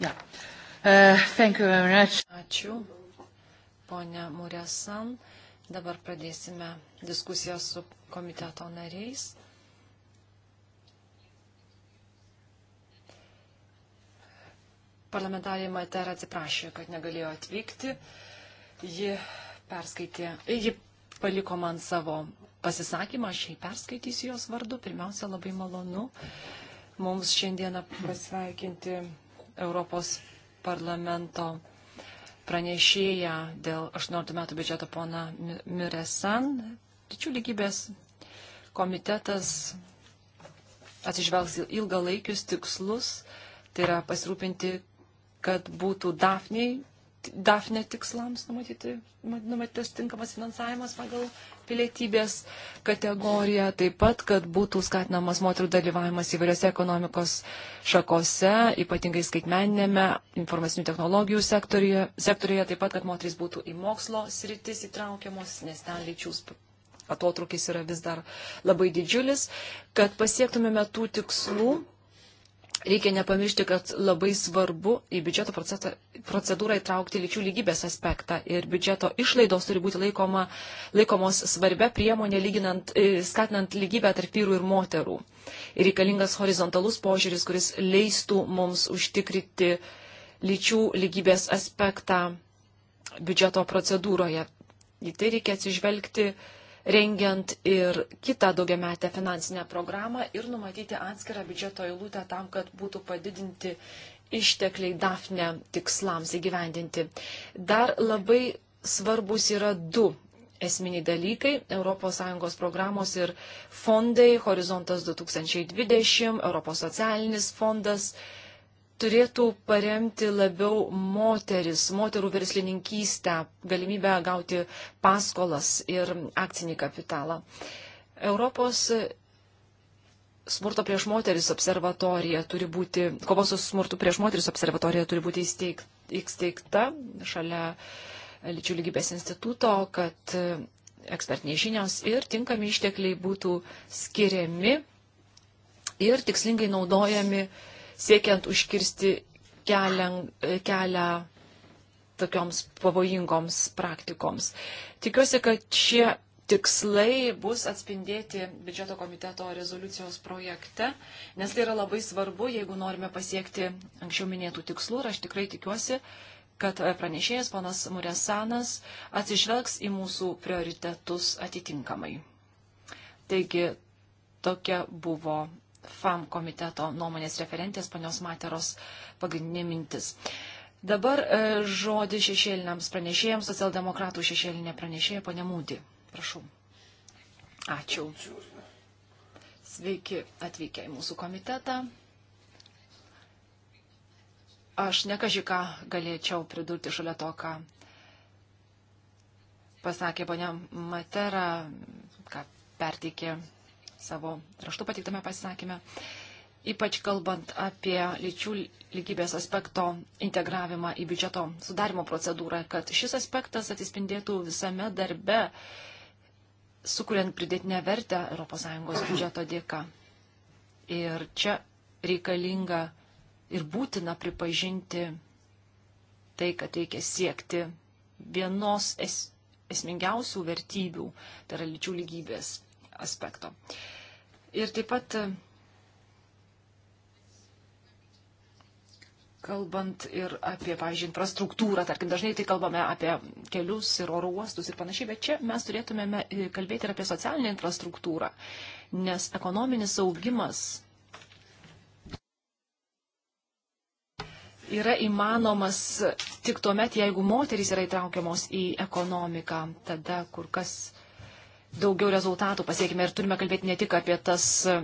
Yeah. Uh, thank you very much. Ačiū, ponia Muresan. Dabar pradėsime diskusiją su komiteto nariais. Parlamentarė Matera atsiprašė, kad negalėjo atvykti. Ji perskaitė, ji paliko man savo pasisakymą, aš jį perskaitysiu jos vardu. Pirmiausia, labai malonu mums šiandieną pasveikinti Europos parlamento pranešėją dėl 18 metų biudžeto pona Miresan. Lyčių lygybės komitetas atsižvelgs ilgalaikius tikslus, tai yra pasirūpinti, kad būtų Dafniai, Dafne tikslams numatyti, numatytas tinkamas finansavimas pagal pilietybės kategoriją, taip pat, kad būtų skatinamas moterų dalyvavimas įvairiose ekonomikos šakose, ypatingai skaitmeninėme, informacinių technologijų sektorijoje, sektorijoje, taip pat, kad moteris būtų į mokslo sritis įtraukiamos, nes ten lyčių atotrukis yra vis dar labai didžiulis, kad pasiektumėme tų tikslų Reikia nepamiršti, kad labai svarbu į biudžeto procedūrą įtraukti lyčių lygybės aspektą ir biudžeto išlaidos turi būti laikoma, laikomos svarbia priemonė, lyginant, e, skatinant lygybę tarp vyrų ir moterų. Ir reikalingas horizontalus požiūris, kuris leistų mums užtikrinti lyčių lygybės aspektą biudžeto procedūroje. Į tai reikia atsižvelgti rengiant ir kitą daugiametę finansinę programą ir numatyti atskirą biudžeto eilutę tam, kad būtų padidinti ištekliai DAFNE tikslams įgyvendinti. Dar labai svarbus yra du esminiai dalykai - ES programos ir fondai, Horizontas 2020, ES socialinis fondas, turėtų paremti labiau moteris, moterų verslininkystę, galimybę gauti paskolas ir akcinį kapitalą. Europos smurto prieš moteris observatorija turi būti, kovos su smurtu prieš moteris observatorija turi būti įsteigta šalia lyčių lygybės instituto, kad e, ekspertiniai žinios ir tinkami ištekliai būtų skiriami ir tikslingai naudojami uh, siekiant užkirsti kelią, kelią tokioms pavojingoms praktikoms. Tikiuosi, kad šie tikslai bus atspindėti biudžeto komiteto rezoliucijos projekte, nes tai yra labai svarbu, jeigu norime pasiekti anksčiau minėtų tikslų ir aš tikrai tikiuosi, kad pranešėjas ponas Muresanas atsižvelgs į mūsų prioritetus atitinkamai. Taigi tokia buvo FAM komiteto nuomonės referentės panios Materos pagrindinė mintis. Dabar e, žodį šešėliniams pranešėjams, socialdemokratų šešėlinė pranešėja ponė Mūdį. Prašau. Ačiū. Sveiki atvykę į mūsų komitetą. Aš nekažiką galėčiau pridurti šalia to, ką pasakė ponia Matera, ką perteikė savo raštu pateiktame pasisakymė, ypač kalbant apie lyčių lygybės aspekto integravimą į biudžeto sudarimo procedūrą, kad šis aspektas atsispindėtų visame darbe, sukuriant pridėtinę vertę ES biudžeto dėka. Ir čia reikalinga ir būtina pripažinti tai, kad reikia siekti vienos es, esmingiausių vertybių, tai yra lyčių lygybės aspekto. Ir taip pat, kalbant ir apie, pavyzdžiui, infrastruktūrą, tarkim, dažnai tai kalbame apie kelius ir oro uostus ir panašiai, bet čia mes turėtumėme e, kalbėti ir apie socialinę infrastruktūrą, nes ekonominis augimas yra įmanomas tik tuo met, jeigu moterys yra įtraukiamos į ekonomiką, tada kur kas daugiau rezultatų pasiekime ir turime kalbėti ne tik apie tas, e,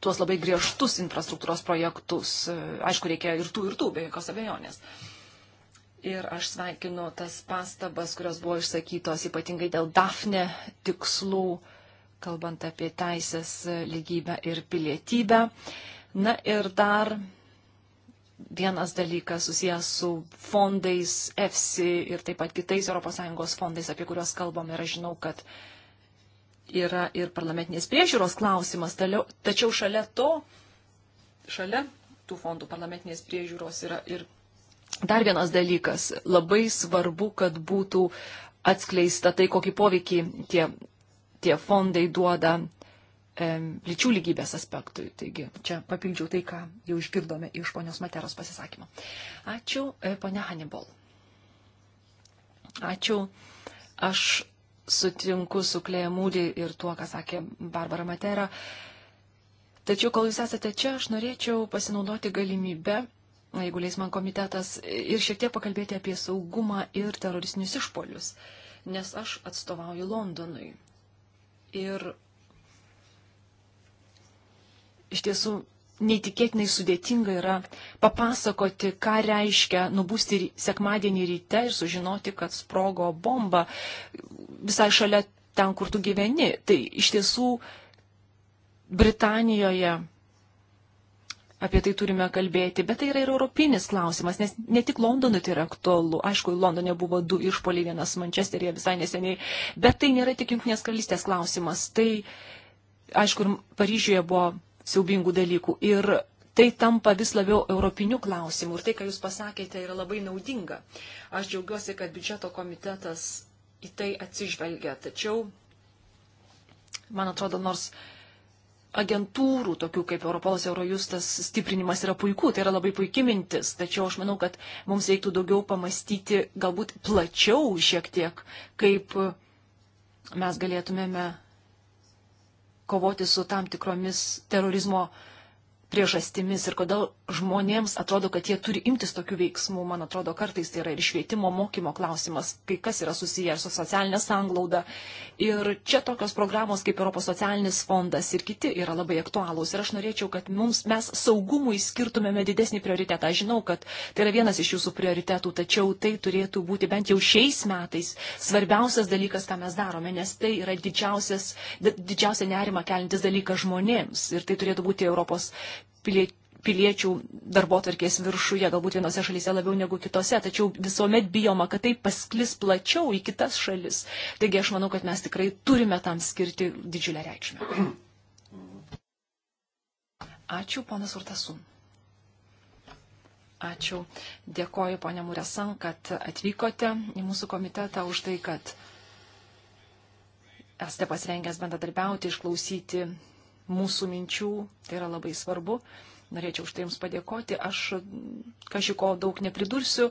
tuos labai griežtus infrastruktūros projektus. E, aišku, reikia ir tų, ir tų, be jokios abejonės. Ir aš sveikinu tas pastabas, kurios buvo išsakytos ypatingai dėl DAFNE tikslų, kalbant apie teisės e, lygybę ir pilietybę. Na ir dar vienas dalykas susijęs su fondais, EFSI ir taip pat kitais ES fondais, apie kuriuos kalbam ir aš žinau, kad yra ir parlamentinės priežiūros klausimas, tačiau šalia to, šalia tų fondų parlamentinės priežiūros yra ir dar vienas dalykas. Labai svarbu, kad būtų atskleista tai, kokį poveikį tie, tie fondai duoda E, lyčių lygybės aspektui. Taigi čia papildžiau tai, ką jau išgirdome iš ponios Materos pasisakymo. Ačiū, e, ponia Hannibal. Ačiū. Aš sutinku su Klejamūdį ir tuo, ką sakė Barbara Matera. Tačiau, kol jūs esate čia, aš norėčiau pasinaudoti galimybę, jeigu leis man komitetas, ir šiek tiek pakalbėti apie saugumą ir teroristinius išpolius. Nes aš atstovauju Londonui. Ir iš tiesų neįtikėtinai sudėtinga yra papasakoti, ką reiškia nubūsti sekmadienį ryte ir sužinoti, kad sprogo bomba visai šalia ten, kur tu gyveni. Tai iš tiesų Britanijoje apie tai turime kalbėti, bet tai yra ir europinis klausimas, nes ne tik Londonui tai yra aktualu. Aišku, Londone buvo du išpoliai, vienas Mančesteryje visai neseniai, bet tai nėra tik Junktinės karalystės klausimas. Tai, aišku, ir Paryžiuje buvo siaubingų dalykų. Ir tai tampa vis labiau europiniu klausimu. Ir tai, ką Jūs pasakėte, yra labai naudinga. Aš džiaugiuosi, kad biudžeto komitetas į tai atsižvelgia. Tačiau, man atrodo, nors agentūrų, tokių kaip Europolas Eurojustas, stiprinimas yra puiku, tai yra labai puikia mintis, tačiau aš manau, kad mums reiktų daugiau pamastyti galbūt plačiau šiek tiek, kaip mes galėtumėme kovoti su tam tikromis terorizmo priežastimis ir kodėl žmonėms atrodo, kad jie turi imtis tokių veiksmų. Man atrodo, kartais tai yra ir švietimo mokymo klausimas, kai kas yra susiję su socialinė sanglauda. Ir čia tokios programos kaip Europos socialinis fondas ir kiti yra labai aktualūs. Ir aš norėčiau, kad mums, mes saugumui skirtumėme didesnį prioritetą. Aš žinau, kad tai yra vienas iš jūsų prioritetų, tačiau tai turėtų būti bent jau šiais metais svarbiausias dalykas, ką mes darome, nes tai yra didžiausias, didžiausia nerima kelintis dalykas žmonėms. Ir tai turėtų būti Europos pilie, piliečių darbo tarkės viršuje, galbūt vienose šalyse labiau negu kitose, tačiau visuomet bijoma, kad tai pasklis plačiau į kitas šalis. Taigi aš manau, kad mes tikrai turime tam skirti didžiulę reikšmę. Ačiū, ponas Urtasun. Ačiū. Dėkoju, ponė Muresan, kad atvykote į mūsų komitetą už tai, kad esate pasirengęs bendradarbiauti, išklausyti mūsų minčių, tai yra labai svarbu. Norėčiau už tai Jums padėkoti. Aš kažko daug nepridursiu.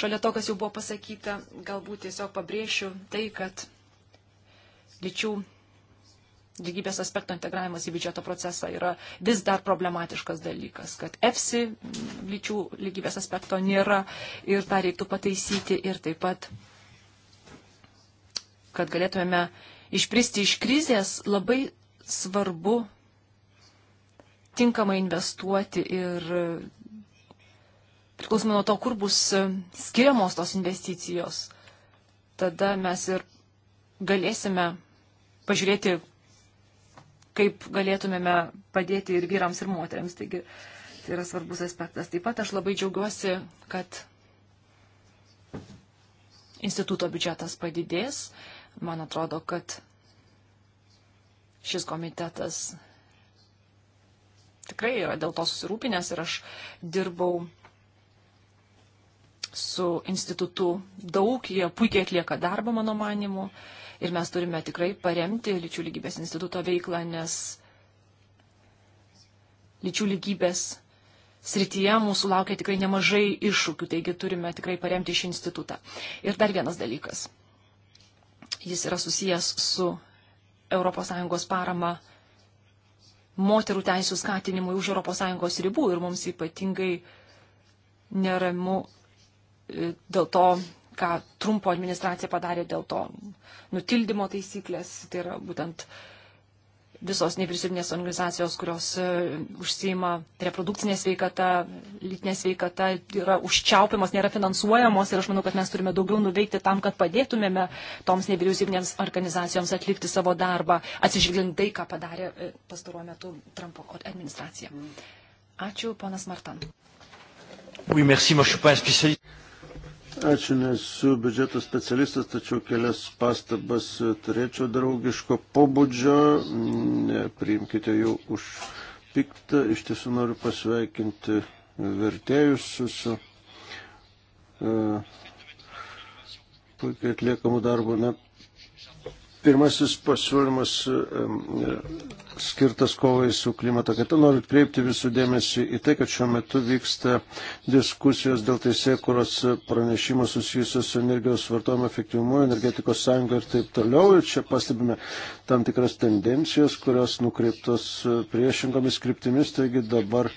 Šalia to, kas jau buvo pasakyta, galbūt tiesiog pabrėšiu tai, kad lyčių lygybės aspekto integravimas į biudžeto procesą yra vis dar problematiškas dalykas, kad EFSI lyčių lygybės aspekto nėra ir tą reiktų pataisyti ir taip pat, kad galėtumėme išpristi iš krizės, labai svarbu tinkamai investuoti ir priklausomai nuo to, kur bus skiriamos tos investicijos, tada mes ir galėsime pažiūrėti, kaip galėtumėme padėti ir vyrams, ir moteriams. Taigi tai yra svarbus aspektas. Taip pat aš labai džiaugiuosi, kad instituto biudžetas padidės. Man atrodo, kad šis komitetas tikrai yra dėl to susirūpinęs ir aš dirbau su institutu daug, jie puikiai atlieka darbą, mano manimu, ir mes turime tikrai paremti lyčių lygybės instituto veiklą, nes lyčių lygybės srityje mūsų laukia tikrai nemažai iššūkių, taigi turime tikrai paremti šį institutą. Ir dar vienas dalykas. Jis yra susijęs su ES parama moterų teisų skatinimui už ES ribų ir mums ypatingai neramu e, dėl to, ką Trumpo administracija padarė dėl to nutildymo taisyklės, tai yra būtent uh, visos nevyriausybinės organizacijos, kurios e, užsima reprodukcinė sveikata, lytinė sveikata, yra užčiaupiamos, nėra finansuojamos ir aš manau, kad mes turime daugiau nuveikti tam, kad padėtumėme toms nevyriausybinėms organizacijoms atlikti savo darbą, atsižvelgiant tai, ką padarė e, pastaruoju metu Trumpo administracija. Ačiū, ponas Martan. Oui, merci, moi, Ačiū, nesu biudžeto specialistas, tačiau kelias pastabas turėčiau draugiško pobūdžio. Priimkite jau už piktą. Iš tiesų noriu pasveikinti vertėjus su, su e, uh, puikiai atliekamų darbų. Na, Pirmasis pasiūlymas skirtas kovai su klimato kaita. Noriu kreipti visų dėmesį į tai, kad šiuo metu vyksta diskusijos dėl teisėkuros pranešimo susijusios su energijos vartojimo efektyvumu, energetikos sąjunga ir taip toliau. Ir čia pastebime tam tikras tendencijos, kurios nukreiptos priešingomis kryptimis. Taigi dabar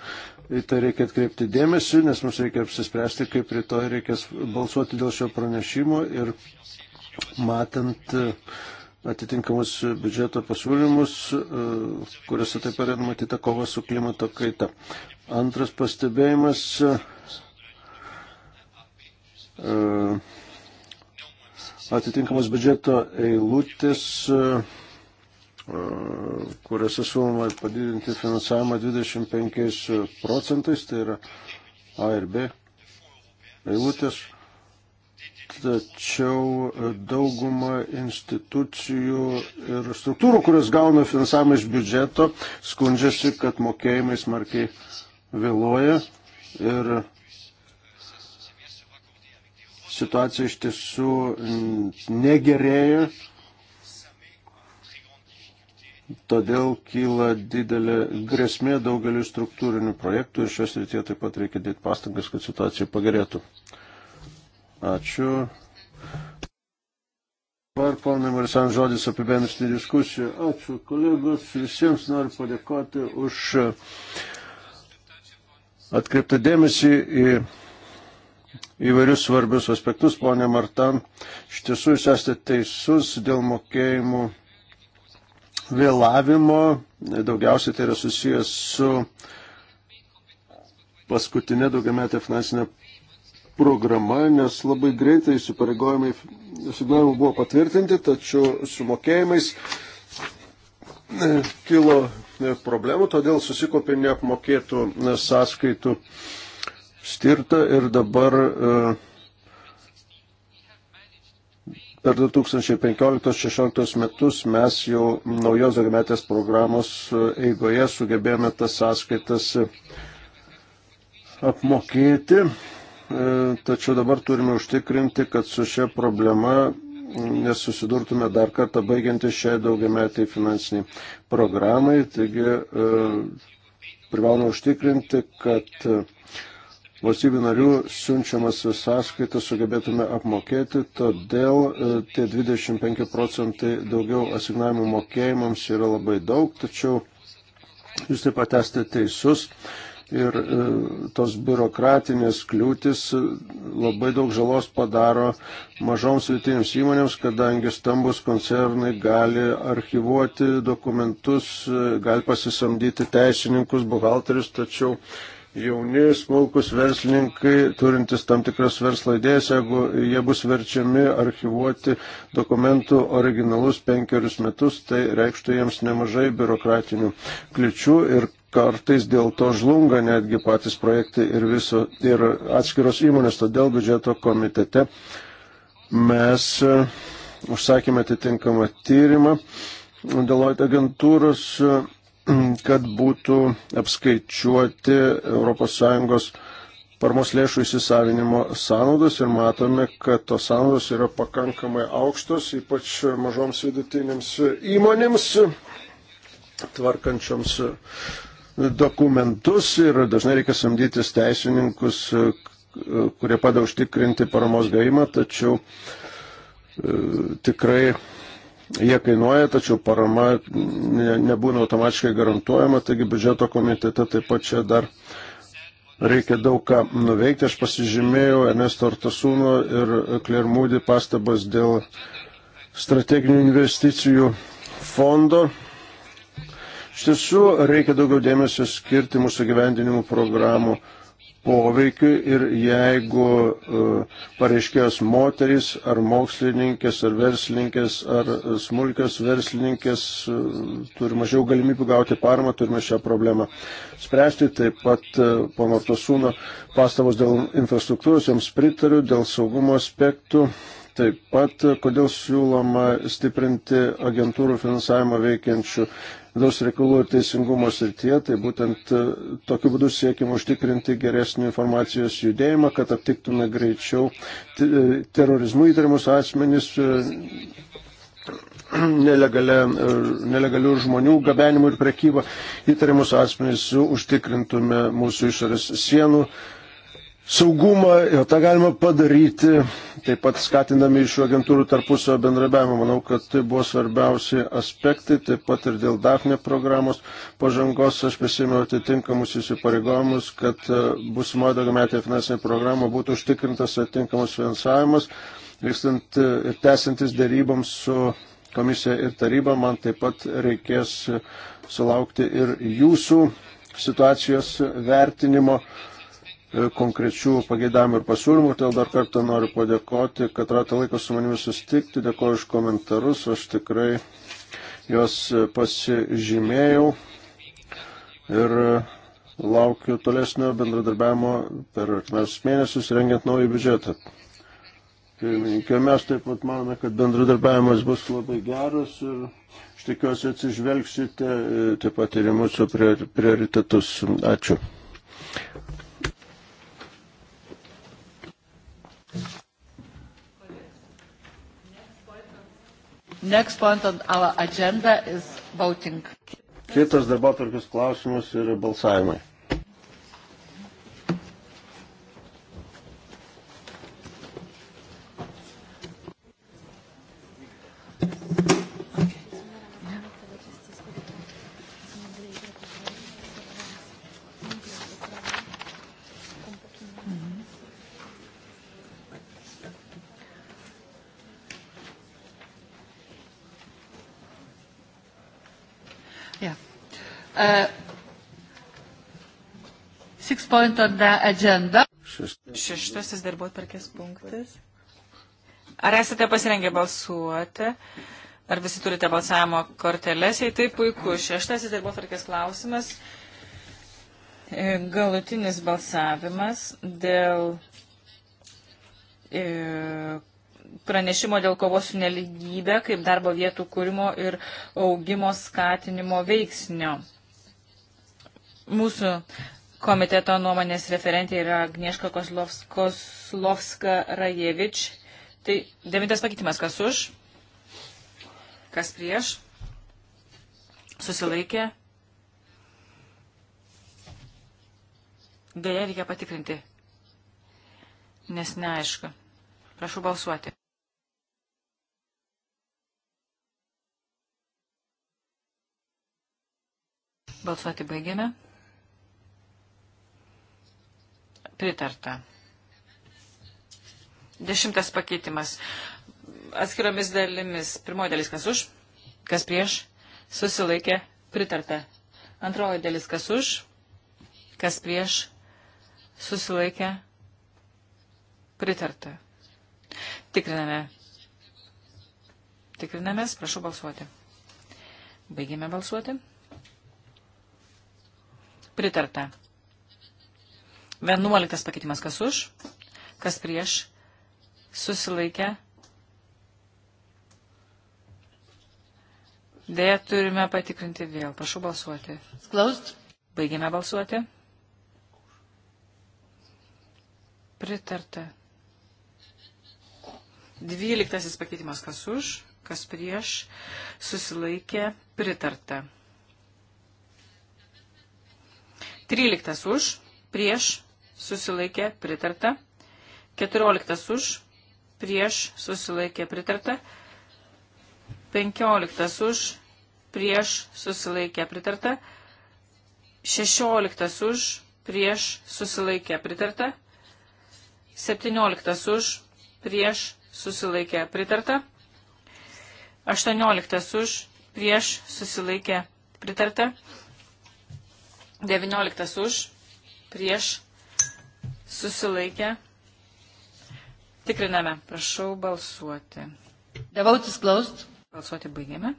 į tai reikia atkreipti dėmesį, nes mums reikia apsispręsti, kaip rytoj reikės balsuoti dėl šio pranešimo. Ir matant uh, atitinkamus biudžeto pasiūlymus, e, kuriuose taip pat yra numatyta kova su klimato kaita. Antras pastebėjimas. E, Atitinkamos biudžeto eilutės, e, kuriuose siūloma padidinti finansavimą 25 procentais, tai yra A ir B eilutės tačiau dauguma institucijų ir struktūrų, kurios gauna finansavimą iš biudžeto, skundžiasi, kad mokėjimai smarkiai vėluoja ir situacija iš tiesų negerėja, todėl kyla didelė grėsmė daugeliu struktūrinių projektų ir šios rytie taip pat reikia dėti pastangas, kad situacija pagerėtų. Ačiū. Dabar ponai Marisan žodis apibendrinti diskusiją. Ačiū kolegos, visiems noriu padėkoti už atkreiptą dėmesį į įvairius svarbius aspektus. Pone Martan, iš tiesų jūs esate teisus dėl mokėjimų vėlavimo. Daugiausiai tai yra susijęs su paskutinė daugiametė finansinė programa, nes labai greitai įsipareigojimai signavimų buvo patvirtinti, tačiau su mokėjimais e, kilo e, problemų, todėl susikopė neapmokėtų e, sąskaitų stirta ir dabar per 2015-2016 metus mes jau naujos daugiametės programos eigoje sugebėjome tas sąskaitas apmokėti E, tačiau dabar turime užtikrinti, kad su šia problema nesusidurtume dar kartą baigiantis šiai daugiametiai finansiniai programai. Taigi e, privalome užtikrinti, kad valstybių narių siunčiamas sąskaitas sugebėtume apmokėti, todėl e, tie 25 procentai daugiau asignavimų mokėjimams yra labai daug, tačiau jūs taip pat esate teisus ir e, tos biurokratinės kliūtis labai daug žalos padaro mažoms vietinėms įmonėms, kadangi stambus koncernai gali archivuoti dokumentus, e, gali pasisamdyti teisininkus, buhalterius, tačiau jauni smulkus verslininkai, turintis tam tikras verslo idėjas, jeigu jie bus verčiami archivuoti dokumentų originalus penkerius metus, tai reikštų jiems nemažai biurokratinių kliučių ir kartais dėl to žlunga netgi patys projektai ir, viso, ir atskiros įmonės. Todėl biudžeto komitete mes e, užsakėme atitinkamą tyrimą Deloitte agentūros, e, kad būtų apskaičiuoti ES paramos lėšų įsisavinimo sąnaudos ir matome, kad tos sąnaudos yra pakankamai aukštos, ypač mažoms vidutinėms įmonėms tvarkančioms dokumentus ir dažnai reikia samdytis teisininkus, e, kurie padeda užtikrinti paramos gavimą, tačiau e, tikrai jie kainuoja, tačiau parama ne, nebūna automatiškai garantuojama, taigi biudžeto komitete taip pat čia dar reikia daug ką nuveikti. Aš pasižymėjau Ernesto Artasūno ir Klermūdį pastabas dėl strateginių investicijų fondo Iš tiesų reikia daugiau dėmesio skirti mūsų gyvendinimų programų poveikiu ir jeigu e, pareiškėjos moterys ar mokslininkės ar verslininkės ar e, smulkios verslininkės e, turi mažiau galimybių gauti paramą, turime šią problemą spręsti. Taip pat po Martosūno pastabos dėl infrastruktūros joms pritariu, dėl saugumo aspektų. Taip pat, kodėl siūloma stiprinti agentūrų finansavimą veikiančių vidaus reikalų ir teisingumo srityje, tai būtent e, tokiu būdu siekim užtikrinti geresnį informacijos judėjimą, kad aptiktume greičiau e, terorizmų įtarimus asmenys e, nelegalių žmonių gabenimų ir prekybą įtarimus asmenys užtikrintume mūsų išorės sienų saugumą ir tą galima padaryti, taip pat skatindami iš šių agentūrų tarpusio bendrabiavimą. Manau, kad tai buvo svarbiausi aspektai, taip pat ir dėl DAFNE programos pažangos aš prisėmiau atitinkamus įsipareigojimus, kad e, busimo daugiametė finansinė programa būtų užtikrintas atitinkamas finansavimas, vykstant e, ir tęsiantis dėryboms su komisija ir taryba, man taip pat reikės e, sulaukti ir jūsų situacijos vertinimo E, konkrečių pageidavimų ir pasiūlymų, todėl dar kartą noriu padėkoti, kad rato laiko su manimi sustikti, dėkoju už komentarus, aš tikrai juos pasižymėjau ir laukiu tolesnio bendradarbiavimo per artimiausius mėnesius rengiant naują biudžetą. Pirmininkė, mes taip pat manome, kad bendradarbiavimas bus labai geras ir aš tikiuosi atsižvelgsite e, taip pat ir į mūsų prioritetus. Ačiū. Next point on our agenda is voting. Kitas darbotvarkės klausimas yra balsavimai. Uh, six point on the agenda. Šeštasis darbo tvarkės punktas. Ar esate pasirengę balsuoti? Ar visi turite balsavimo korteles? Jei taip, puiku. Šeštasis darbo tvarkės klausimas. E, galutinis balsavimas dėl e, pranešimo dėl kovos su neligybė kaip darbo vietų kūrimo ir augimo skatinimo veiksnio. Mūsų komiteto nuomonės referentė yra Agnieška Koslovska Rajevič. Tai devintas pakeitimas, kas už, kas prieš, susilaikė. Dėja reikia patikrinti, nes neaišku. Prašau balsuoti. Balsuoti baigėme. Pritarta. Dešimtas pakeitimas. Atskiromis dalimis. Pirmoji dalis kas už, kas prieš, susilaikė, pritarta. Antroji dalis kas už, kas prieš, susilaikė, pritarta. Tikriname. Tikrinamės, prašau balsuoti. Baigėme balsuoti. Pritarta. Vienuoliktas pakeitimas, kas už, kas prieš, susilaikė. Dėja, turime patikrinti vėl. Prašau balsuoti. Closed. Baigėme balsuoti. Pritarta. Dvyliktasis pakeitimas, kas už, kas prieš, susilaikė, pritarta. Tryliktas už, prieš, susilaikė pritarta. 14 už, prieš susilaikė pritarta. 15 už, prieš susilaikė pritarta. 16 už, prieš susilaikė pritarta. 17 už, prieš susilaikė pritarta. 18 už, prieš susilaikė pritarta. 19 už, prieš susilaikė. Tikriname, prašau balsuoti. Devautis klaust. Balsuoti baigėme.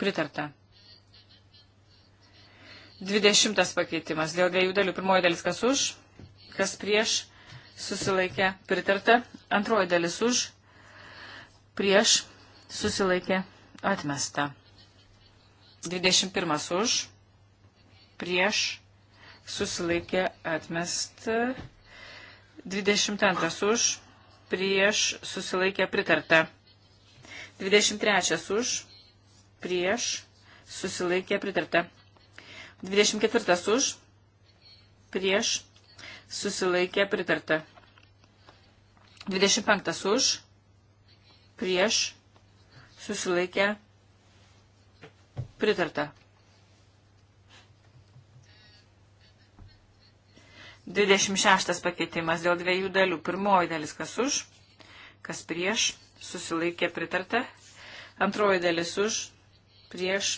Pritarta. 20 pakeitimas. Dėl dviejų dalių. Pirmoji dalis kas už, kas prieš, susilaikė, pritarta. Antroji dalis už, prieš, susilaikė, atmesta. 21 už, prieš, susilaikė atmesta. 22 už, prieš susilaikė pritarta. 23 už, prieš susilaikė pritarta. 24 už, prieš susilaikė pritarta. 25 už, prieš susilaikė pritarta. 26 pakeitimas dėl dviejų dalių. Pirmoji dalis kas už, kas prieš, susilaikė pritarta. Antroji dalis už, prieš,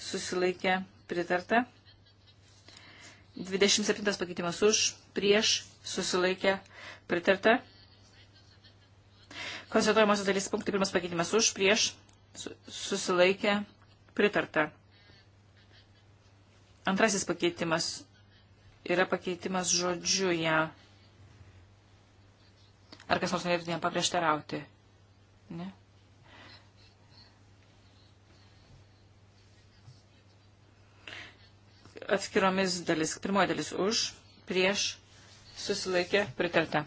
susilaikė pritarta. 27 pakeitimas už, prieš, susilaikė pritarta. Konstatuojamosios dalis punktai pirmas pakeitimas už, prieš, susilaikė pritarta. Antrasis pakeitimas yra pakeitimas žodžiu ją. Ja. Ar kas nors norėtų jam paprieštarauti? Ne? Atskiromis dalis. Pirmoji dalis už, prieš, susilaikė, pritarta.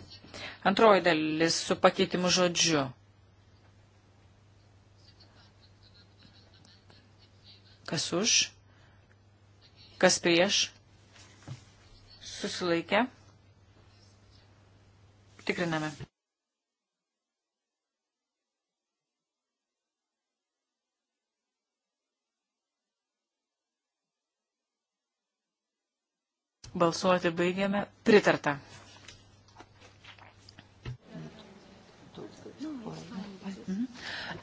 Antroji dalis su pakeitimu žodžiu. Kas už, kas prieš, susilaikė. Tikriname. Balsuoti baigėme. Pritarta.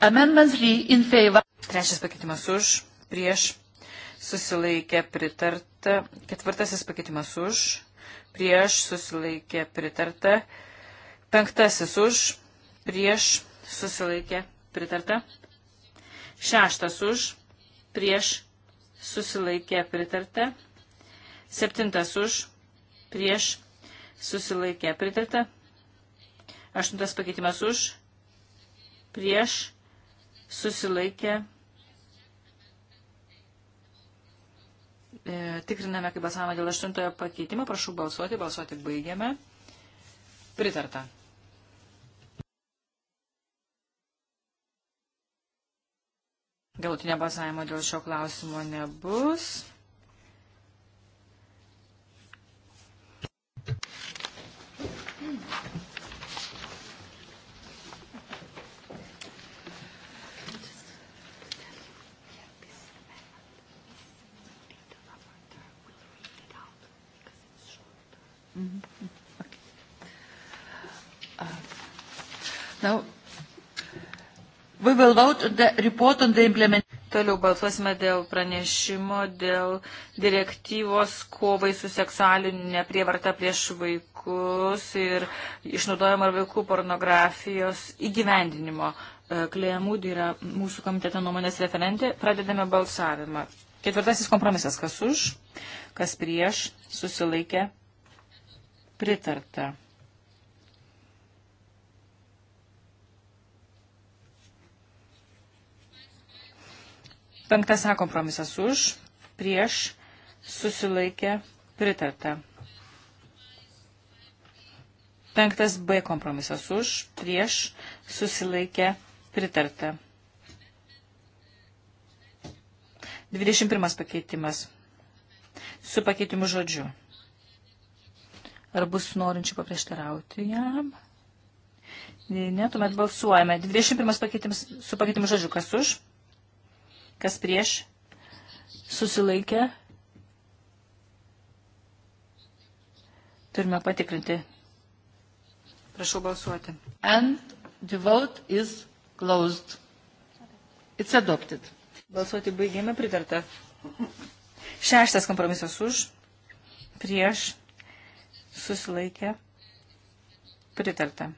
Amendment 3 in favor. Trečias pakeitimas už, prieš, susilaikė, pritarta. Ketvirtasis pakeitimas už, prieš susilaikė pritarta. Penktasis už, prieš susilaikė pritarta. Šeštas už, prieš susilaikė pritarta. Septintas už, prieš susilaikė pritarta. Aštuntas pakeitimas už, prieš susilaikė pritarta E, tikriname, kaip balsavome dėl aštuntojo pakeitimo. Prašau balsuoti. Balsuoti baigiame. Pritarta. Galutinio balsavimo dėl šio klausimo nebus. Mm-hmm. Okay. Uh, now, we will vote on the report on the implementation. Toliau balsuosime dėl pranešimo, dėl direktyvos kovai su seksualinė prievarta prieš vaikus ir išnaudojimo vaikų pornografijos įgyvendinimo. E, Klėjamud yra mūsų komiteto nuomonės referentė. Pradedame balsavimą. Ketvirtasis kompromisas. Kas už, kas prieš, susilaikė, Pritarta. Penktas A kompromisas už, prieš, susilaikė, pritarta. Penktas B kompromisas už, prieš, susilaikė, pritarta. 21 pakeitimas. Su pakeitimu žodžiu. Ar bus norinčių paprieštarauti jam? Ne, tuomet balsuojame. 21 pakeitimas, su pakeitimu žodžiu. Kas už? Kas prieš? Susilaikė? Turime patikrinti. Prašau balsuoti. And the vote is closed. It's adopted. Balsuoti baigėme pritarta. Šeštas kompromisas už, prieš, susilaikė, pritarta.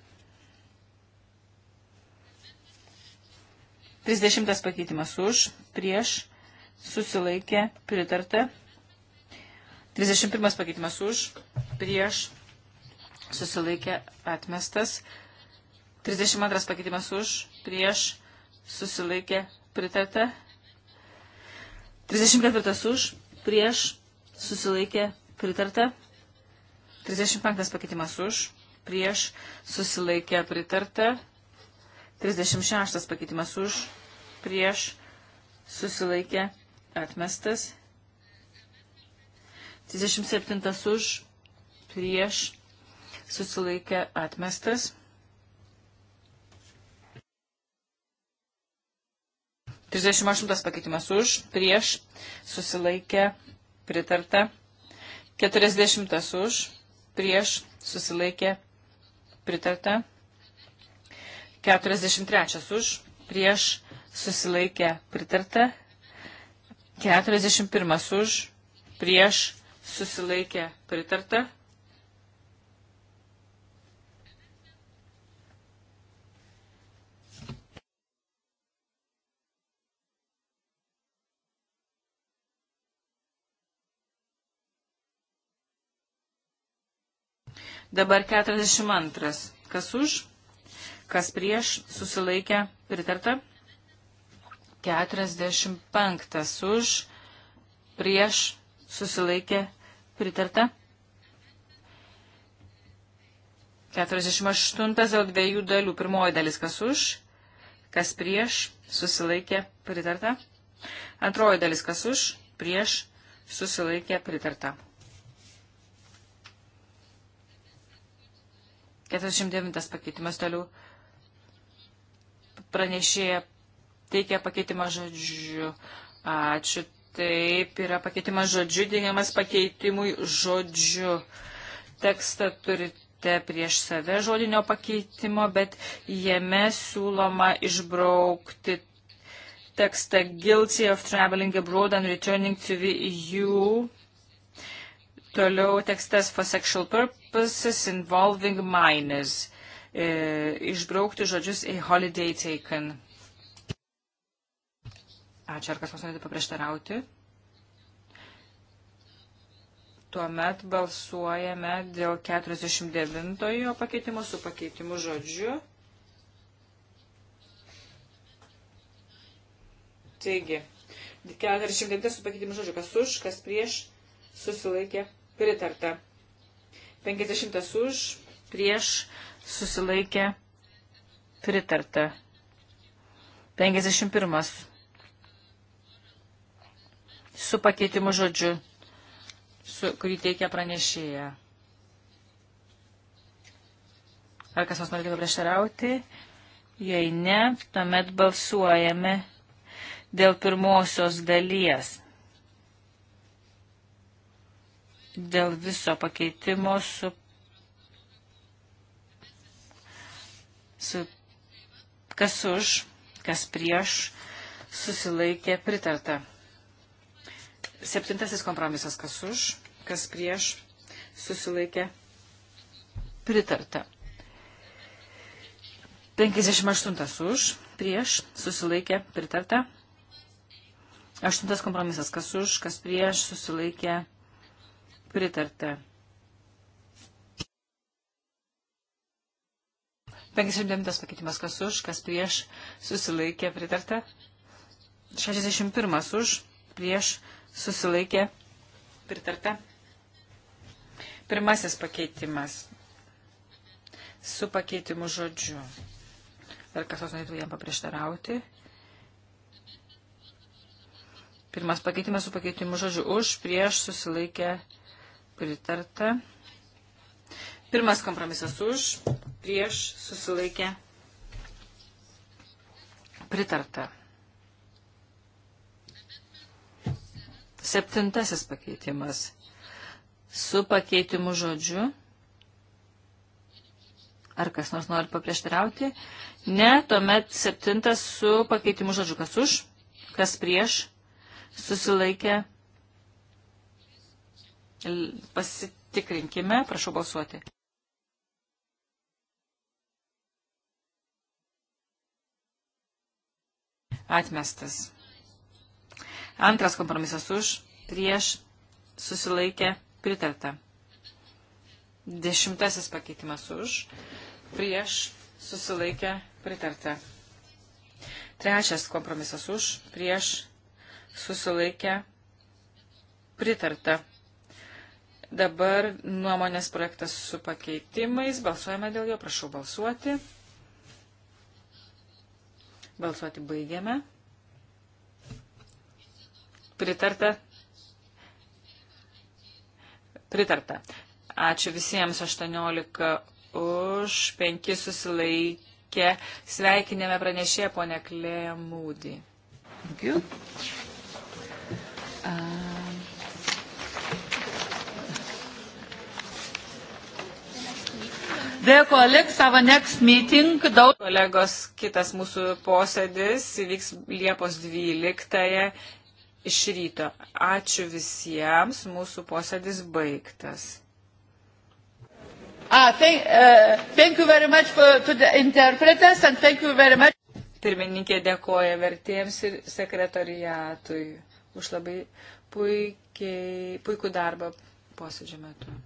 30 pakeitimas už, prieš, susilaikė, pritarta. 31 pakeitimas už, prieš, susilaikė, atmestas. 32 pakeitimas už, prieš, susilaikė, pritarta. 34 už, prieš, susilaikė, pritarta. 35 pakeitimas už, prieš, susilaikė pritarta. 36 pakeitimas už, prieš, susilaikė atmestas. 37 už, prieš, susilaikė atmestas. 38 pakeitimas už, prieš, susilaikė, pritarta. 40 už, prieš susilaikė pritarta. 43 už prieš susilaikė pritarta. 41 už prieš susilaikė pritarta. Dabar 42. Kas už, kas prieš, susilaikė, pritarta. 45. Už, prieš, susilaikė, pritarta. 48 dėl dviejų dalių. Pirmoji dalis kas už, kas prieš, susilaikė, pritarta. Antroji dalis kas už, prieš, susilaikė, pritarta. 49 pakeitimas toliau pranešėja teikia pakeitimą žodžiu. Ačiū. Taip, yra pakeitimas žodžiu, dėgiamas pakeitimui žodžiu. Tekstą turite prieš save žodinio pakeitimo, bet jame siūloma išbraukti tekstą guilty of traveling abroad and returning to the EU Toliau tekstas for sexual purposes involving minors. E, išbraukti žodžius a holiday taken. Ačiū, ar kas nors norėtų paprieštarauti? Tuomet balsuojame dėl 49 pakeitimo su pakeitimu žodžiu. Taigi, 49 su pakeitimu žodžiu, kas už, kas prieš, susilaikė Pritarta. 50 už, prieš, susilaikė, pritarta. 51. Su pakeitimu žodžiu, su, kurį teikia pranešėja. Ar kas nors norėtų prieštarauti? Jei ne, tuomet balsuojame dėl pirmosios dalies. dėl viso pakeitimo su, su kas už, kas prieš, susilaikė pritarta. Septintasis kompromisas, kas už, kas prieš, susilaikė pritarta. 58 už, prieš, susilaikė pritarta. Aštuntas kompromisas, kas už, kas prieš, susilaikė pritarta. Pritarta. 59 pakeitimas kas už, kas prieš, susilaikė, pritarta. 61 už, prieš, susilaikė, pritarta. Pirmasis pakeitimas su pakeitimu žodžiu. Ar kas nors norėtų jam paprieštarauti? Pirmas pakeitimas su pakeitimu žodžiu už, prieš, susilaikė, pritarta. Pritarta. Pirmas kompromisas už, prieš, susilaikė. Pritarta. Septintasis pakeitimas. Su pakeitimu žodžiu. Ar kas nors nori paprieštarauti? Ne, tuomet septintas su pakeitimu žodžiu. Kas už, kas prieš, susilaikė. Pasitikrinkime, prašau balsuoti. Atmestas. Antras kompromisas už, prieš, susilaikė, pritarta. Dešimtasis pakeitimas už, prieš, susilaikė, pritarta. Trečias kompromisas už, prieš, susilaikė, pritarta. Dabar nuomonės projektas su pakeitimais. Balsuojame dėl jo. Prašau balsuoti. Balsuoti baigiame. Pritarta. Pritarta. Ačiū visiems 18 už 5 susilaikę. Sveikinėme pranešėją ponę Klėmūdį. Thank you. The colleagues, our next meeting. Daug... Kolegos, kitas mūsų posėdis įvyks Liepos 12 iš ryto. Ačiū visiems, mūsų posėdis baigtas. Ah, thank, uh, thank you very much for, to the interpreters and thank you very much. Pirmininkė dėkoja vertėjams ir sekretariatui už labai puikiai, puikų darbą posėdžio metu.